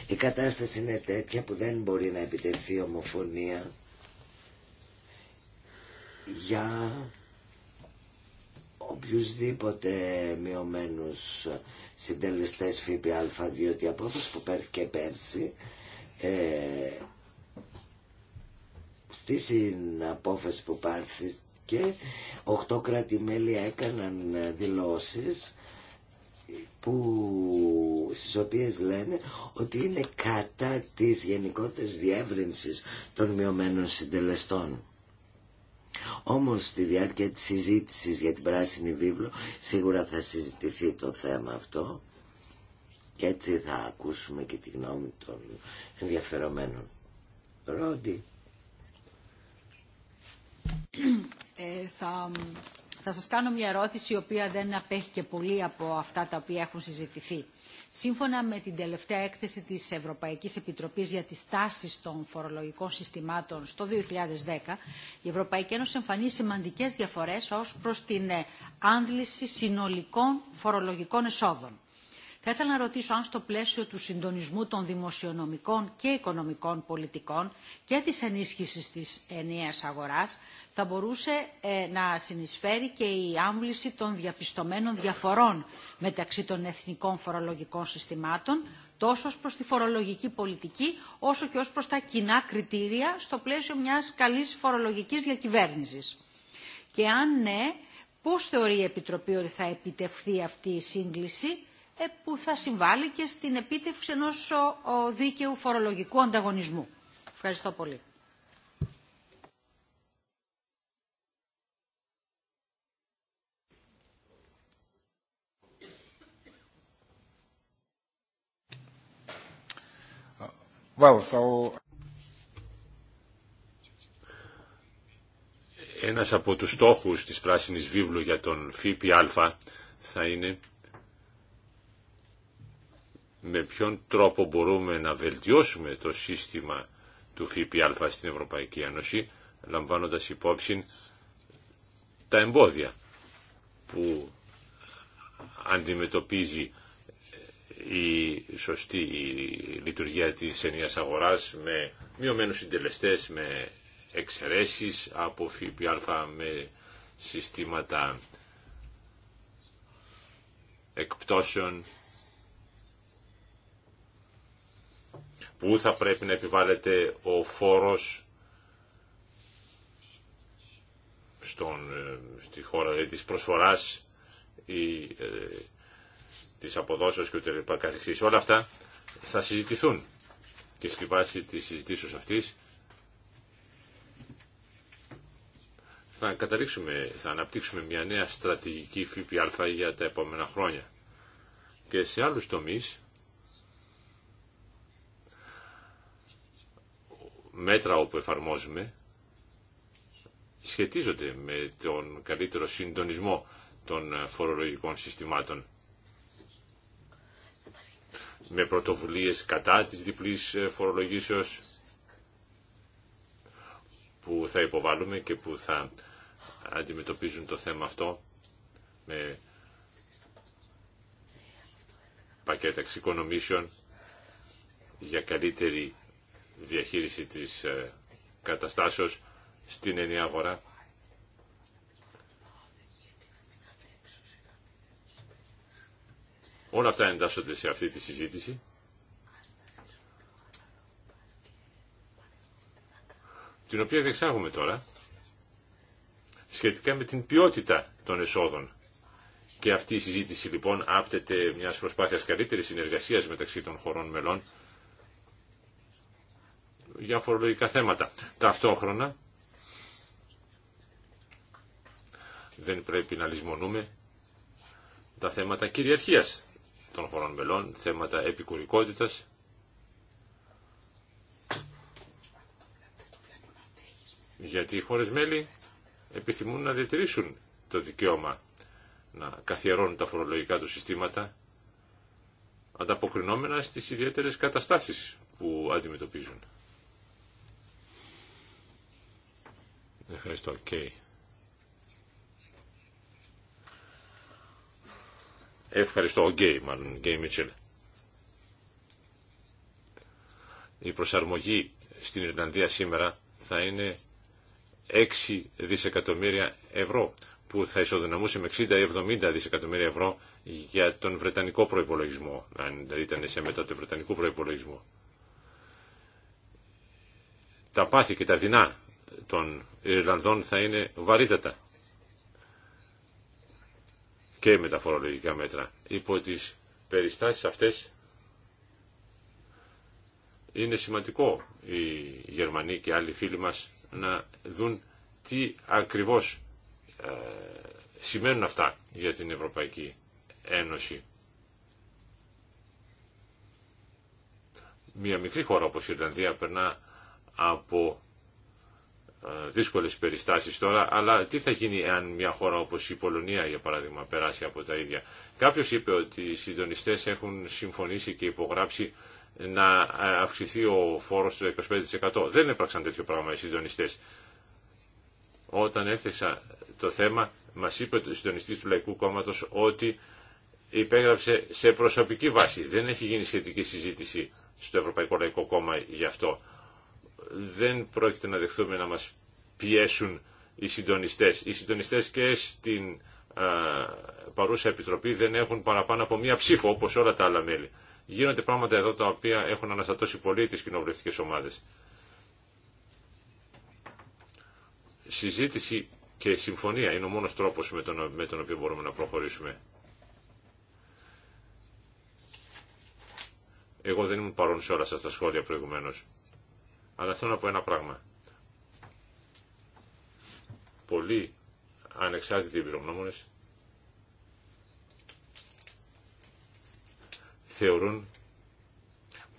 S1: η κατάσταση είναι τέτοια που δεν μπορεί να επιτευχθεί ομοφωνία για οποιουσδήποτε μειωμένους συντελεστές ΦΠΑ διότι η απόφαση που πέρθηκε πέρσι ε, στη συναπόφαση που πάρθηκε οχτώ κράτη-μέλη έκαναν ε, δηλώσεις που, στις οποίες λένε ότι είναι κατά της γενικότερης διεύρυνσης των μειωμένων συντελεστών. Όμως στη διάρκεια της συζήτησης για την Πράσινη Βίβλο σίγουρα θα συζητηθεί το θέμα αυτό και έτσι θα ακούσουμε και τη γνώμη των ενδιαφερομένων. Ρόντι.
S2: Ε, θα, θα σας κάνω μια ερώτηση η οποία δεν απέχει και πολύ από αυτά τα οποία έχουν συζητηθεί. Σύμφωνα με την τελευταία έκθεση της Ευρωπαϊκής Επιτροπής για τις τάσεις των φορολογικών συστημάτων στο 2010, η Ευρωπαϊκή Ένωση εμφανίζει σημαντικές διαφορές ως προς την ε, άντληση συνολικών φορολογικών εσόδων. Θα ήθελα να ρωτήσω αν στο πλαίσιο του συντονισμού των δημοσιονομικών και οικονομικών πολιτικών και της ενίσχυσης της ενιαίας αγοράς θα μπορούσε ε, να συνεισφέρει και η άμβληση των διαπιστωμένων διαφορών μεταξύ των εθνικών φορολογικών συστημάτων τόσο ως τη φορολογική πολιτική όσο και ως προς τα κοινά κριτήρια στο πλαίσιο μιας καλής φορολογικής διακυβέρνησης. Και αν ναι, πώς θεωρεί η Επιτροπή ότι θα επιτευχθεί αυτή η σύγκληση ε, που θα συμβάλλει και στην επίτευξη ενός δίκαιου φορολογικού ανταγωνισμού. Ευχαριστώ πολύ.
S4: Uh, well,
S5: Ένας από τους στόχους της Πράσινης Βίβλου για τον ΦΠΑ θα είναι με ποιον τρόπο μπορούμε να βελτιώσουμε το σύστημα του ΦΠΑ στην Ευρωπαϊκή Ένωση, λαμβάνοντας υπόψη τα εμπόδια που αντιμετωπίζει η σωστή η λειτουργία της ενίας αγοράς με μειωμένους συντελεστές, με εξαιρέσεις από ΦΠΑ, με συστήματα εκπτώσεων πού θα πρέπει να επιβάλλεται ο φόρος στον, ε, στη χώρα ε, της προσφοράς ή ε, της αποδόσεως και ούτε καθεξής. Όλα αυτά θα συζητηθούν και στη βάση της συζητήσεως αυτής θα καταλήξουμε, θα αναπτύξουμε μια νέα στρατηγική ΦΠΑ για τα επόμενα χρόνια. Και σε άλλους τομείς μέτρα όπου εφαρμόζουμε σχετίζονται με τον καλύτερο συντονισμό των φορολογικών συστημάτων με πρωτοβουλίες κατά της διπλής φορολογήσεως που θα υποβάλουμε και που θα αντιμετωπίζουν το θέμα αυτό με πακέτα εξοικονομήσεων για καλύτερη διαχείριση της ε, καταστάσεως στην ενιαία αγορά. Όλα αυτά εντάσσονται σε αυτή τη συζήτηση. την οποία διεξάγουμε τώρα σχετικά με την ποιότητα των εσόδων. Και αυτή η συζήτηση λοιπόν άπτεται μιας προσπάθειας καλύτερης συνεργασίας μεταξύ των χωρών μελών για φορολογικά θέματα. Ταυτόχρονα δεν πρέπει να λησμονούμε τα θέματα κυριαρχίας των χωρών μελών, θέματα επικουρικότητας, γιατί οι χώρες μέλη επιθυμούν να διατηρήσουν το δικαίωμα να καθιερώνουν τα φορολογικά του συστήματα ανταποκρινόμενα στις ιδιαίτερες καταστάσεις που αντιμετωπίζουν. Ευχαριστώ. Okay. Ευχαριστώ. Ο Γκέι, μάλλον. Γκέι Μίτσελ. Η προσαρμογή στην Ιρλανδία σήμερα θα είναι 6 δισεκατομμύρια ευρώ που θα ισοδυναμούσε με 60-70 δισεκατομμύρια ευρώ για τον Βρετανικό προϋπολογισμό, αν δηλαδή ήταν σε μετά του Βρετανικού προϋπολογισμού. Τα πάθη και τα δεινά των Ιρλανδών θα είναι βαρύτατα και με τα φορολογικά μέτρα. Υπό τις περιστάσεις αυτές είναι σημαντικό οι Γερμανοί και άλλοι φίλοι μας να δουν τι ακριβώς ε, σημαίνουν αυτά για την Ευρωπαϊκή Ένωση. Μια μικρή χώρα όπως η Ιρλανδία περνά από ε, δύσκολες περιστάσεις τώρα, αλλά τι θα γίνει αν μια χώρα όπως η Πολωνία, για παράδειγμα, περάσει από τα ίδια. Κάποιος είπε ότι οι συντονιστές έχουν συμφωνήσει και υπογράψει να αυξηθεί ο φόρος του 25%. Δεν έπραξαν τέτοιο πράγμα οι συντονιστές. Όταν έθεσα το θέμα, μας είπε ο συντονιστής του Λαϊκού Κόμματος ότι υπέγραψε σε προσωπική βάση. Δεν έχει γίνει σχετική συζήτηση στο Ευρωπαϊκό Λαϊκό Κόμμα γι' αυτό δεν πρόκειται να δεχθούμε να μας πιέσουν οι συντονιστές. Οι συντονιστές και στην παρούσα επιτροπή δεν έχουν παραπάνω από μία ψήφο όπως όλα τα άλλα μέλη. Γίνονται πράγματα εδώ τα οποία έχουν αναστατώσει πολύ τις κοινοβουλευτικές ομάδες. Συζήτηση και συμφωνία είναι ο μόνος τρόπος με τον, με τον οποίο μπορούμε να προχωρήσουμε. Εγώ δεν ήμουν παρόν σε όλα σας τα σχόλια προηγουμένως. Αλλά θέλω να πω ένα πράγμα. Πολλοί ανεξάρτητοι εμπειρογνώμονε θεωρούν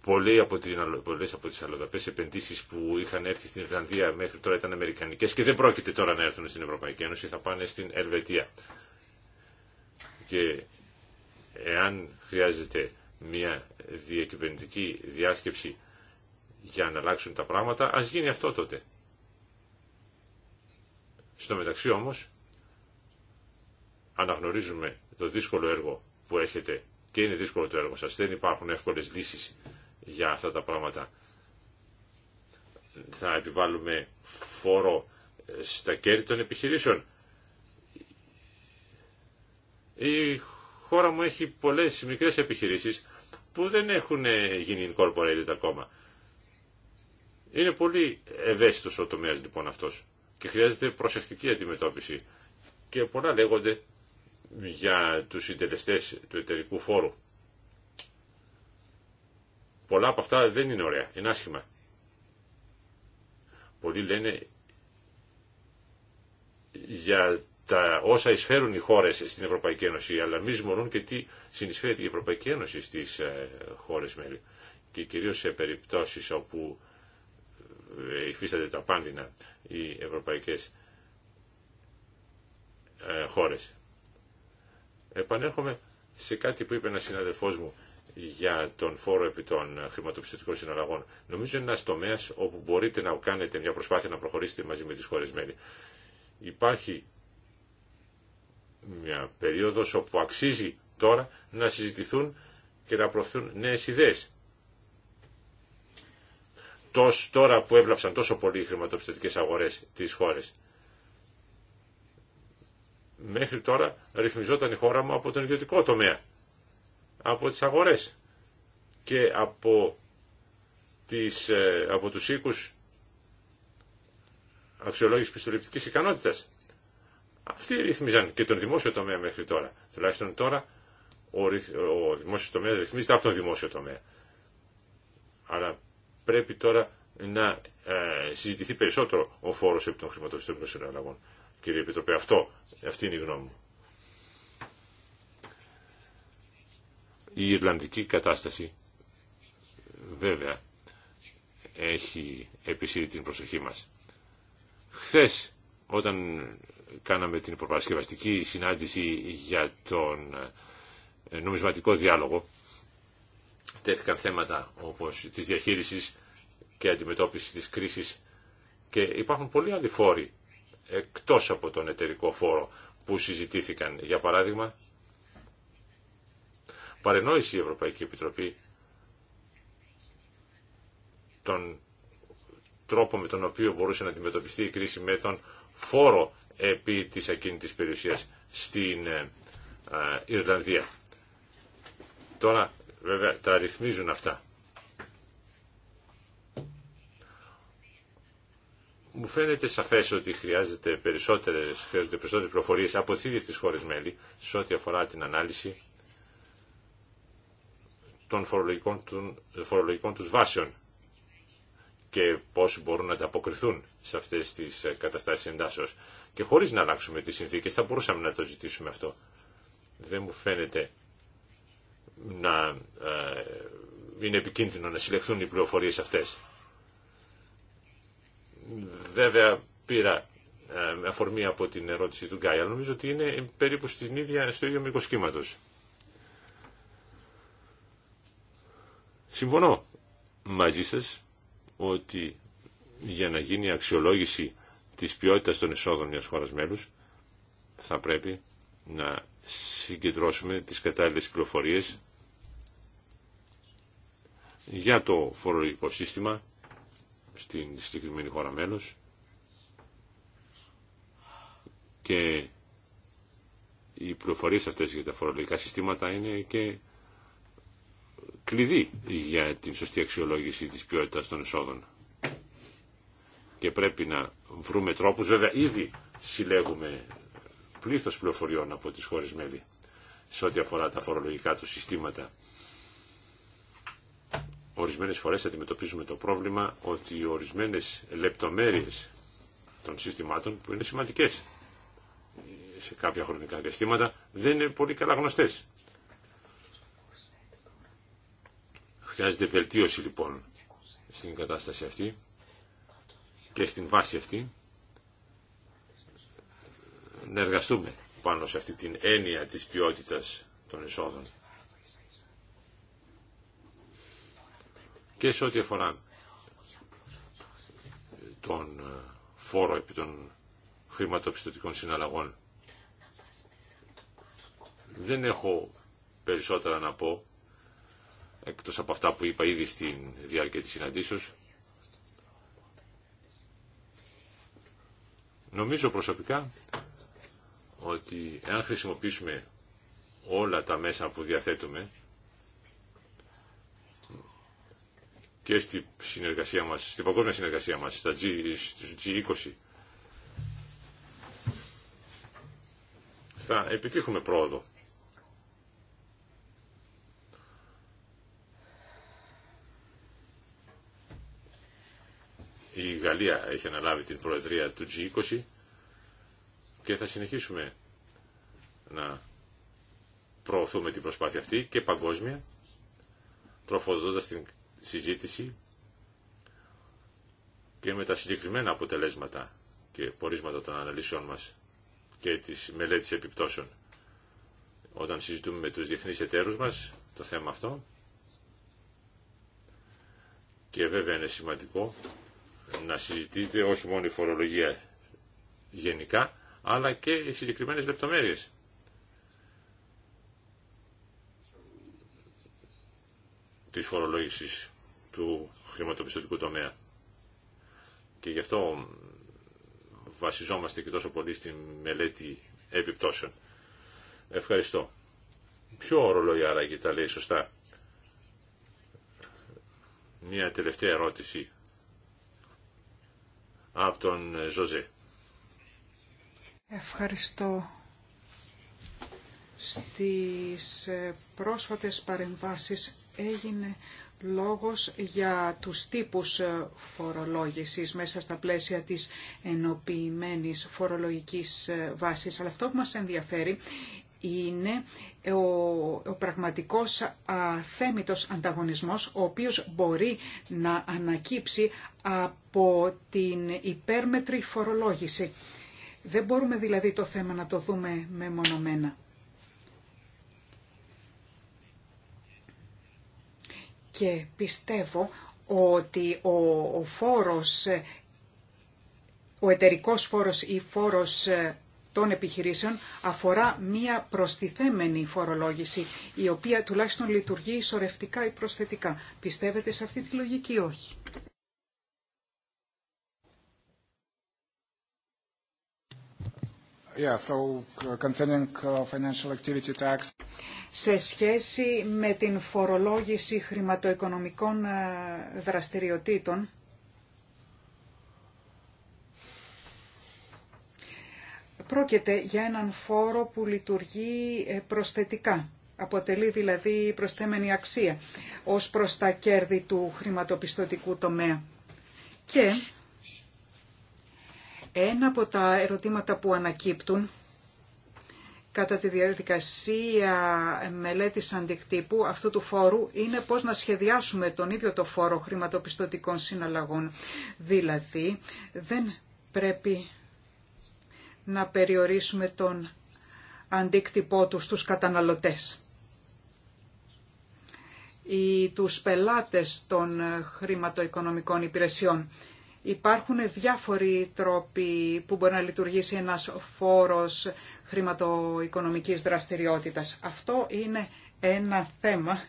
S5: πολλές από, την, πολλές από τις αλλοδαπές που είχαν έρθει στην Ιρλανδία μέχρι τώρα ήταν αμερικανικές και δεν πρόκειται τώρα να έρθουν στην Ευρωπαϊκή Ένωση, θα πάνε στην Ελβετία. Και εάν χρειάζεται μια διακυβερνητική διάσκεψη για να αλλάξουν τα πράγματα, ας γίνει αυτό τότε. Στο μεταξύ όμως, αναγνωρίζουμε το δύσκολο έργο που έχετε και είναι δύσκολο το έργο σας, δεν υπάρχουν εύκολες λύσεις για αυτά τα πράγματα. Θα επιβάλλουμε φόρο ε, στα κέρδη των επιχειρήσεων. Η χώρα μου έχει πολλές μικρές επιχειρήσεις που δεν έχουν ε, γίνει incorporated ακόμα. Είναι πολύ ευαίσθητο ο τομέα λοιπόν αυτό και χρειάζεται προσεκτική αντιμετώπιση και πολλά λέγονται για του συντελεστέ του εταιρικού φόρου. Πολλά από αυτά δεν είναι ωραία, είναι άσχημα. Πολλοί λένε για τα όσα εισφέρουν οι χώρε στην Ευρωπαϊκή Ένωση, αλλά μη σμωρούν και τι συνεισφέρει η Ευρωπαϊκή Ένωση στι ε, χώρε μέλη. Και κυρίω σε περιπτώσει όπου υφίσταται τα πάνδυνα οι ευρωπαϊκές ε, χώρες. Επανέρχομαι σε κάτι που είπε ένας συναδελφός μου για τον φόρο επί των χρηματοπιστωτικών συναλλαγών. Νομίζω είναι ένας τομέας όπου μπορείτε να κάνετε μια προσπάθεια να προχωρήσετε μαζί με τις χώρες μέλη. Υπάρχει μια περίοδος όπου αξίζει τώρα να συζητηθούν και να προωθούν νέες ιδέες τόσο, τώρα που έβλαψαν τόσο πολύ οι χρηματοπιστωτικές αγορές της χώρας. Μέχρι τώρα ρυθμιζόταν η χώρα μου από τον ιδιωτικό τομέα, από τις αγορές και από, τις, ε, από τους οίκους αξιολόγηση πιστοληπτικής ικανότητας. Αυτοί ρυθμίζαν και τον δημόσιο τομέα μέχρι τώρα. Τουλάχιστον τώρα ο, ο δημόσιος τομέας ρυθμίζεται από τον δημόσιο τομέα. Αλλά πρέπει τώρα να ε, συζητηθεί περισσότερο ο φόρος επί των χρηματοπιστωτικών συναλλαγών. Κύριε Επιτροπέ, αυτό, αυτή είναι η γνώμη μου. Η Ιρλανδική κατάσταση βέβαια έχει επισύρει την προσοχή μας. Χθες όταν κάναμε την προπαρασκευαστική συνάντηση για τον ε, νομισματικό διάλογο τέθηκαν θέματα όπως της διαχείρισης και αντιμετώπισης της κρίσης και υπάρχουν πολλοί άλλοι φόροι εκτός από τον εταιρικό φόρο που συζητήθηκαν. Για παράδειγμα, παρενόησε η Ευρωπαϊκή Επιτροπή τον τρόπο με τον οποίο μπορούσε να αντιμετωπιστεί η κρίση με τον φόρο επί της ακίνητης περιουσίας στην ε, ε, Ιρλανδία. Τώρα, βέβαια τα ρυθμίζουν αυτά. Μου φαίνεται σαφές ότι χρειάζεται περισσότερες, χρειάζονται περισσότερες προφορίες από τις ίδιες τις χώρες μέλη σε ό,τι αφορά την ανάλυση των φορολογικών, των τους βάσεων και πώς μπορούν να τα αποκριθούν σε αυτές τις ε, καταστάσεις εντάσσεως. Και χωρίς να αλλάξουμε τις συνθήκες θα μπορούσαμε να το ζητήσουμε αυτό. Δεν μου φαίνεται να ε, είναι επικίνδυνο να συλλεχθούν οι πληροφορίες αυτές. Βέβαια πήρα ε, αφορμή από την ερώτηση του Γκάι, αλλά νομίζω ότι είναι περίπου στην ίδια, στο ίδιο μήκος Συμφωνώ μαζί σας ότι για να γίνει η αξιολόγηση της ποιότητας των εσόδων μιας χώρας μέλους θα πρέπει να συγκεντρώσουμε τις κατάλληλες πληροφορίες για το φορολογικό σύστημα στην συγκεκριμένη χώρα μέλος και οι πληροφορίες αυτές για τα φορολογικά συστήματα είναι και κλειδί για την σωστή αξιολόγηση της ποιότητας των εσόδων. Και πρέπει να βρούμε τρόπους, βέβαια ήδη συλλέγουμε πλήθος πληροφοριών από τις χώρες μέλη σε ό,τι αφορά τα φορολογικά του συστήματα Ορισμένες φορές αντιμετωπίζουμε το πρόβλημα ότι ορισμένες λεπτομέρειες των συστημάτων που είναι σημαντικές σε κάποια χρονικά διαστήματα δεν είναι πολύ καλά γνωστές. Χρειάζεται βελτίωση λοιπόν στην κατάσταση αυτή και στην βάση αυτή να εργαστούμε πάνω σε αυτή την έννοια της ποιότητας των εισόδων. και σε ό,τι αφορά τον ε, φόρο επί των χρηματοπιστωτικών συναλλαγών. Δεν έχω περισσότερα να πω, εκτός από αυτά που είπα ήδη στη διάρκεια της συναντήσεως. Νομίζω προσωπικά ότι εάν χρησιμοποιήσουμε όλα τα μέσα που διαθέτουμε, και στη συνεργασία μας, στην παγκόσμια συνεργασία μας, στα G, 20 Θα επιτύχουμε πρόοδο. Η Γαλλία έχει αναλάβει την προεδρία του G20 και θα συνεχίσουμε να προωθούμε την προσπάθεια αυτή και παγκόσμια τροφοδοτώντας την συζήτηση και με τα συγκεκριμένα αποτελέσματα και πορίσματα των αναλύσεων μας και της μελέτης επιπτώσεων. Όταν συζητούμε με τους διεθνείς εταίρους μας το θέμα αυτό και βέβαια είναι σημαντικό να συζητείτε όχι μόνο η φορολογία γενικά αλλά και οι συγκεκριμένες λεπτομέρειες. της φορολόγησης του χρηματοπιστωτικού τομέα. Και γι' αυτό βασιζόμαστε και τόσο πολύ στη μελέτη επιπτώσεων. Ευχαριστώ. Ποιο ρολόι άραγε τα λέει σωστά. Μια τελευταία ερώτηση από τον ε, Ζωζέ.
S3: Ευχαριστώ. Στις ε, πρόσφατες παρεμβάσεις έγινε λόγος για τους τύπους ε, φορολόγησης μέσα στα πλαίσια της ενοποιημένης φορολογικής ε, βάσης. Αλλά αυτό που μας ενδιαφέρει είναι ο, ο πραγματικός αθέμητος ανταγωνισμός, ο οποίος μπορεί να ανακύψει από την υπέρμετρη φορολόγηση. Δεν μπορούμε δηλαδή το θέμα να το δούμε μεμονωμένα. και πιστεύω ότι ο, φόρος, ο εταιρικός φόρος ή φόρος ε, των επιχειρήσεων αφορά μία προστιθέμενη φορολόγηση, η οποία τουλάχιστον λειτουργεί ισορρευτικά ή προσθετικά. Πιστεύετε σε αυτή τη λογική ή όχι. Uh, uh, Σε σχέση με την φορολόγηση χρηματοοικονομικών ε, δραστηριοτήτων, πρόκειται για έναν φόρο που λειτουργεί ε, προσθετικά. Αποτελεί δηλαδή προσθέμενη αξία ως προς τα κέρδη του χρηματοπιστωτικού τομέα. Και ένα από τα ερωτήματα που ανακύπτουν κατά τη διαδικασία μελέτης αντικτύπου αυτού του φόρου είναι πώς να σχεδιάσουμε τον ίδιο το φόρο χρηματοπιστωτικών συναλλαγών. Δηλαδή, δεν πρέπει να περιορίσουμε τον αντίκτυπό του στους καταναλωτές ή τους πελάτες των χρηματοοικονομικών υπηρεσιών. Υπάρχουν διάφοροι τρόποι που μπορεί να λειτουργήσει ένας φόρος χρηματοοικονομικής δραστηριότητας. Αυτό είναι ένα θέμα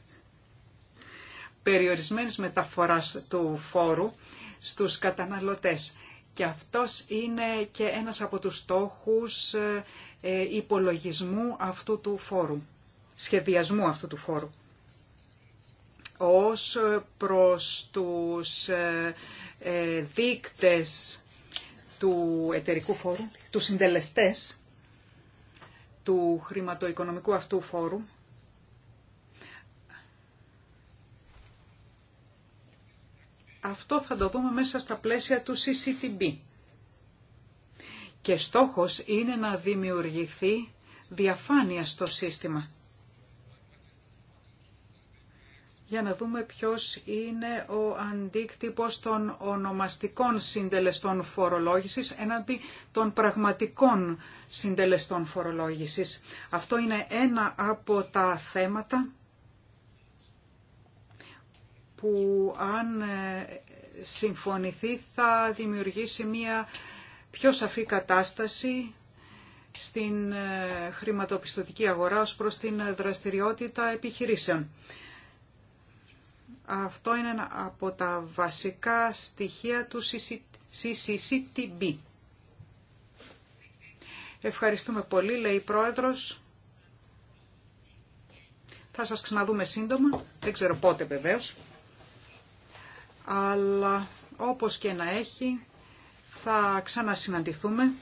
S3: περιορισμένης μεταφοράς του φόρου στους καταναλωτές. Και αυτός είναι και ένας από τους στόχους ε, ε, υπολογισμού αυτού του φόρου, σχεδιασμού αυτού του φόρου. Ως προς τους ε, ε, δείκτες του εταιρικού φόρου, του συντελεστές του χρηματοοικονομικού αυτού φόρου, Αυτό θα το δούμε μέσα στα πλαίσια του CCTB. Και στόχος είναι να δημιουργηθεί διαφάνεια στο σύστημα. για να δούμε ποιος είναι ο αντίκτυπος των ονομαστικών συντελεστών φορολόγησης έναντι των πραγματικών συντελεστών φορολόγησης. Αυτό είναι ένα από τα θέματα που αν ε, συμφωνηθεί θα δημιουργήσει μια πιο σαφή κατάσταση στην ε, χρηματοπιστωτική αγορά ως προς την δραστηριότητα επιχειρήσεων. Αυτό είναι ένα από τα βασικά στοιχεία του CCCTB. Ευχαριστούμε πολύ, λέει η Πρόεδρος. Θα σας ξαναδούμε σύντομα, δεν ξέρω πότε βεβαίως. Αλλά όπως και να έχει, θα ξανασυναντηθούμε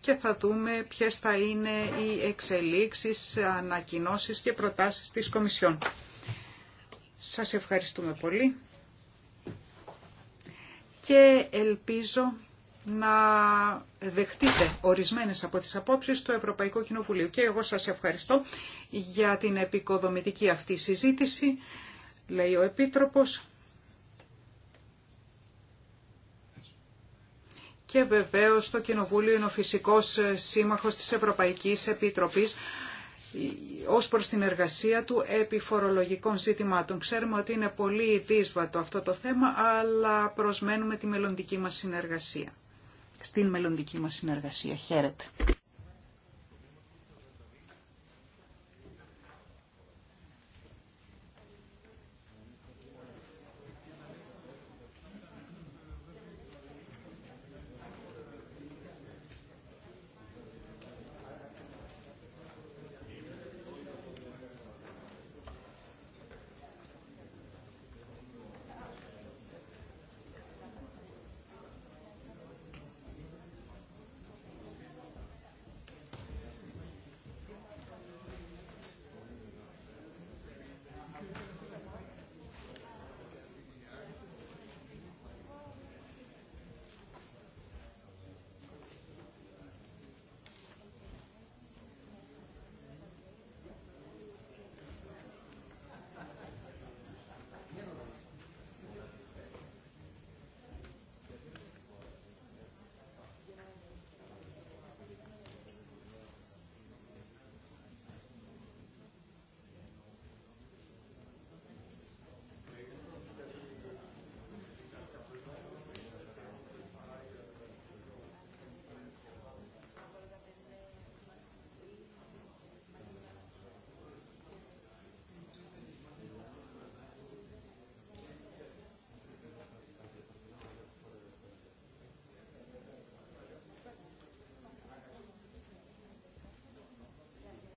S3: και θα δούμε ποιες θα είναι οι εξελίξεις, ανακοινώσεις και προτάσεις της Κομισιόν. Σας ευχαριστούμε πολύ και ελπίζω να δεχτείτε ορισμένες από τις απόψεις του Ευρωπαϊκού Κοινοβουλίου. Και εγώ σας ευχαριστώ για την επικοδομητική αυτή συζήτηση, λέει ο Επίτροπος. Και βεβαίως το Κοινοβούλιο είναι ο φυσικός σύμμαχος της Ευρωπαϊκής Επιτροπής ως προς την εργασία του επιφορολογικών ζήτημάτων. Ξέρουμε ότι είναι πολύ δύσβατο αυτό το θέμα, αλλά προσμένουμε τη μελλοντική μας συνεργασία. Στην μελλοντική μας συνεργασία. Χαίρετε.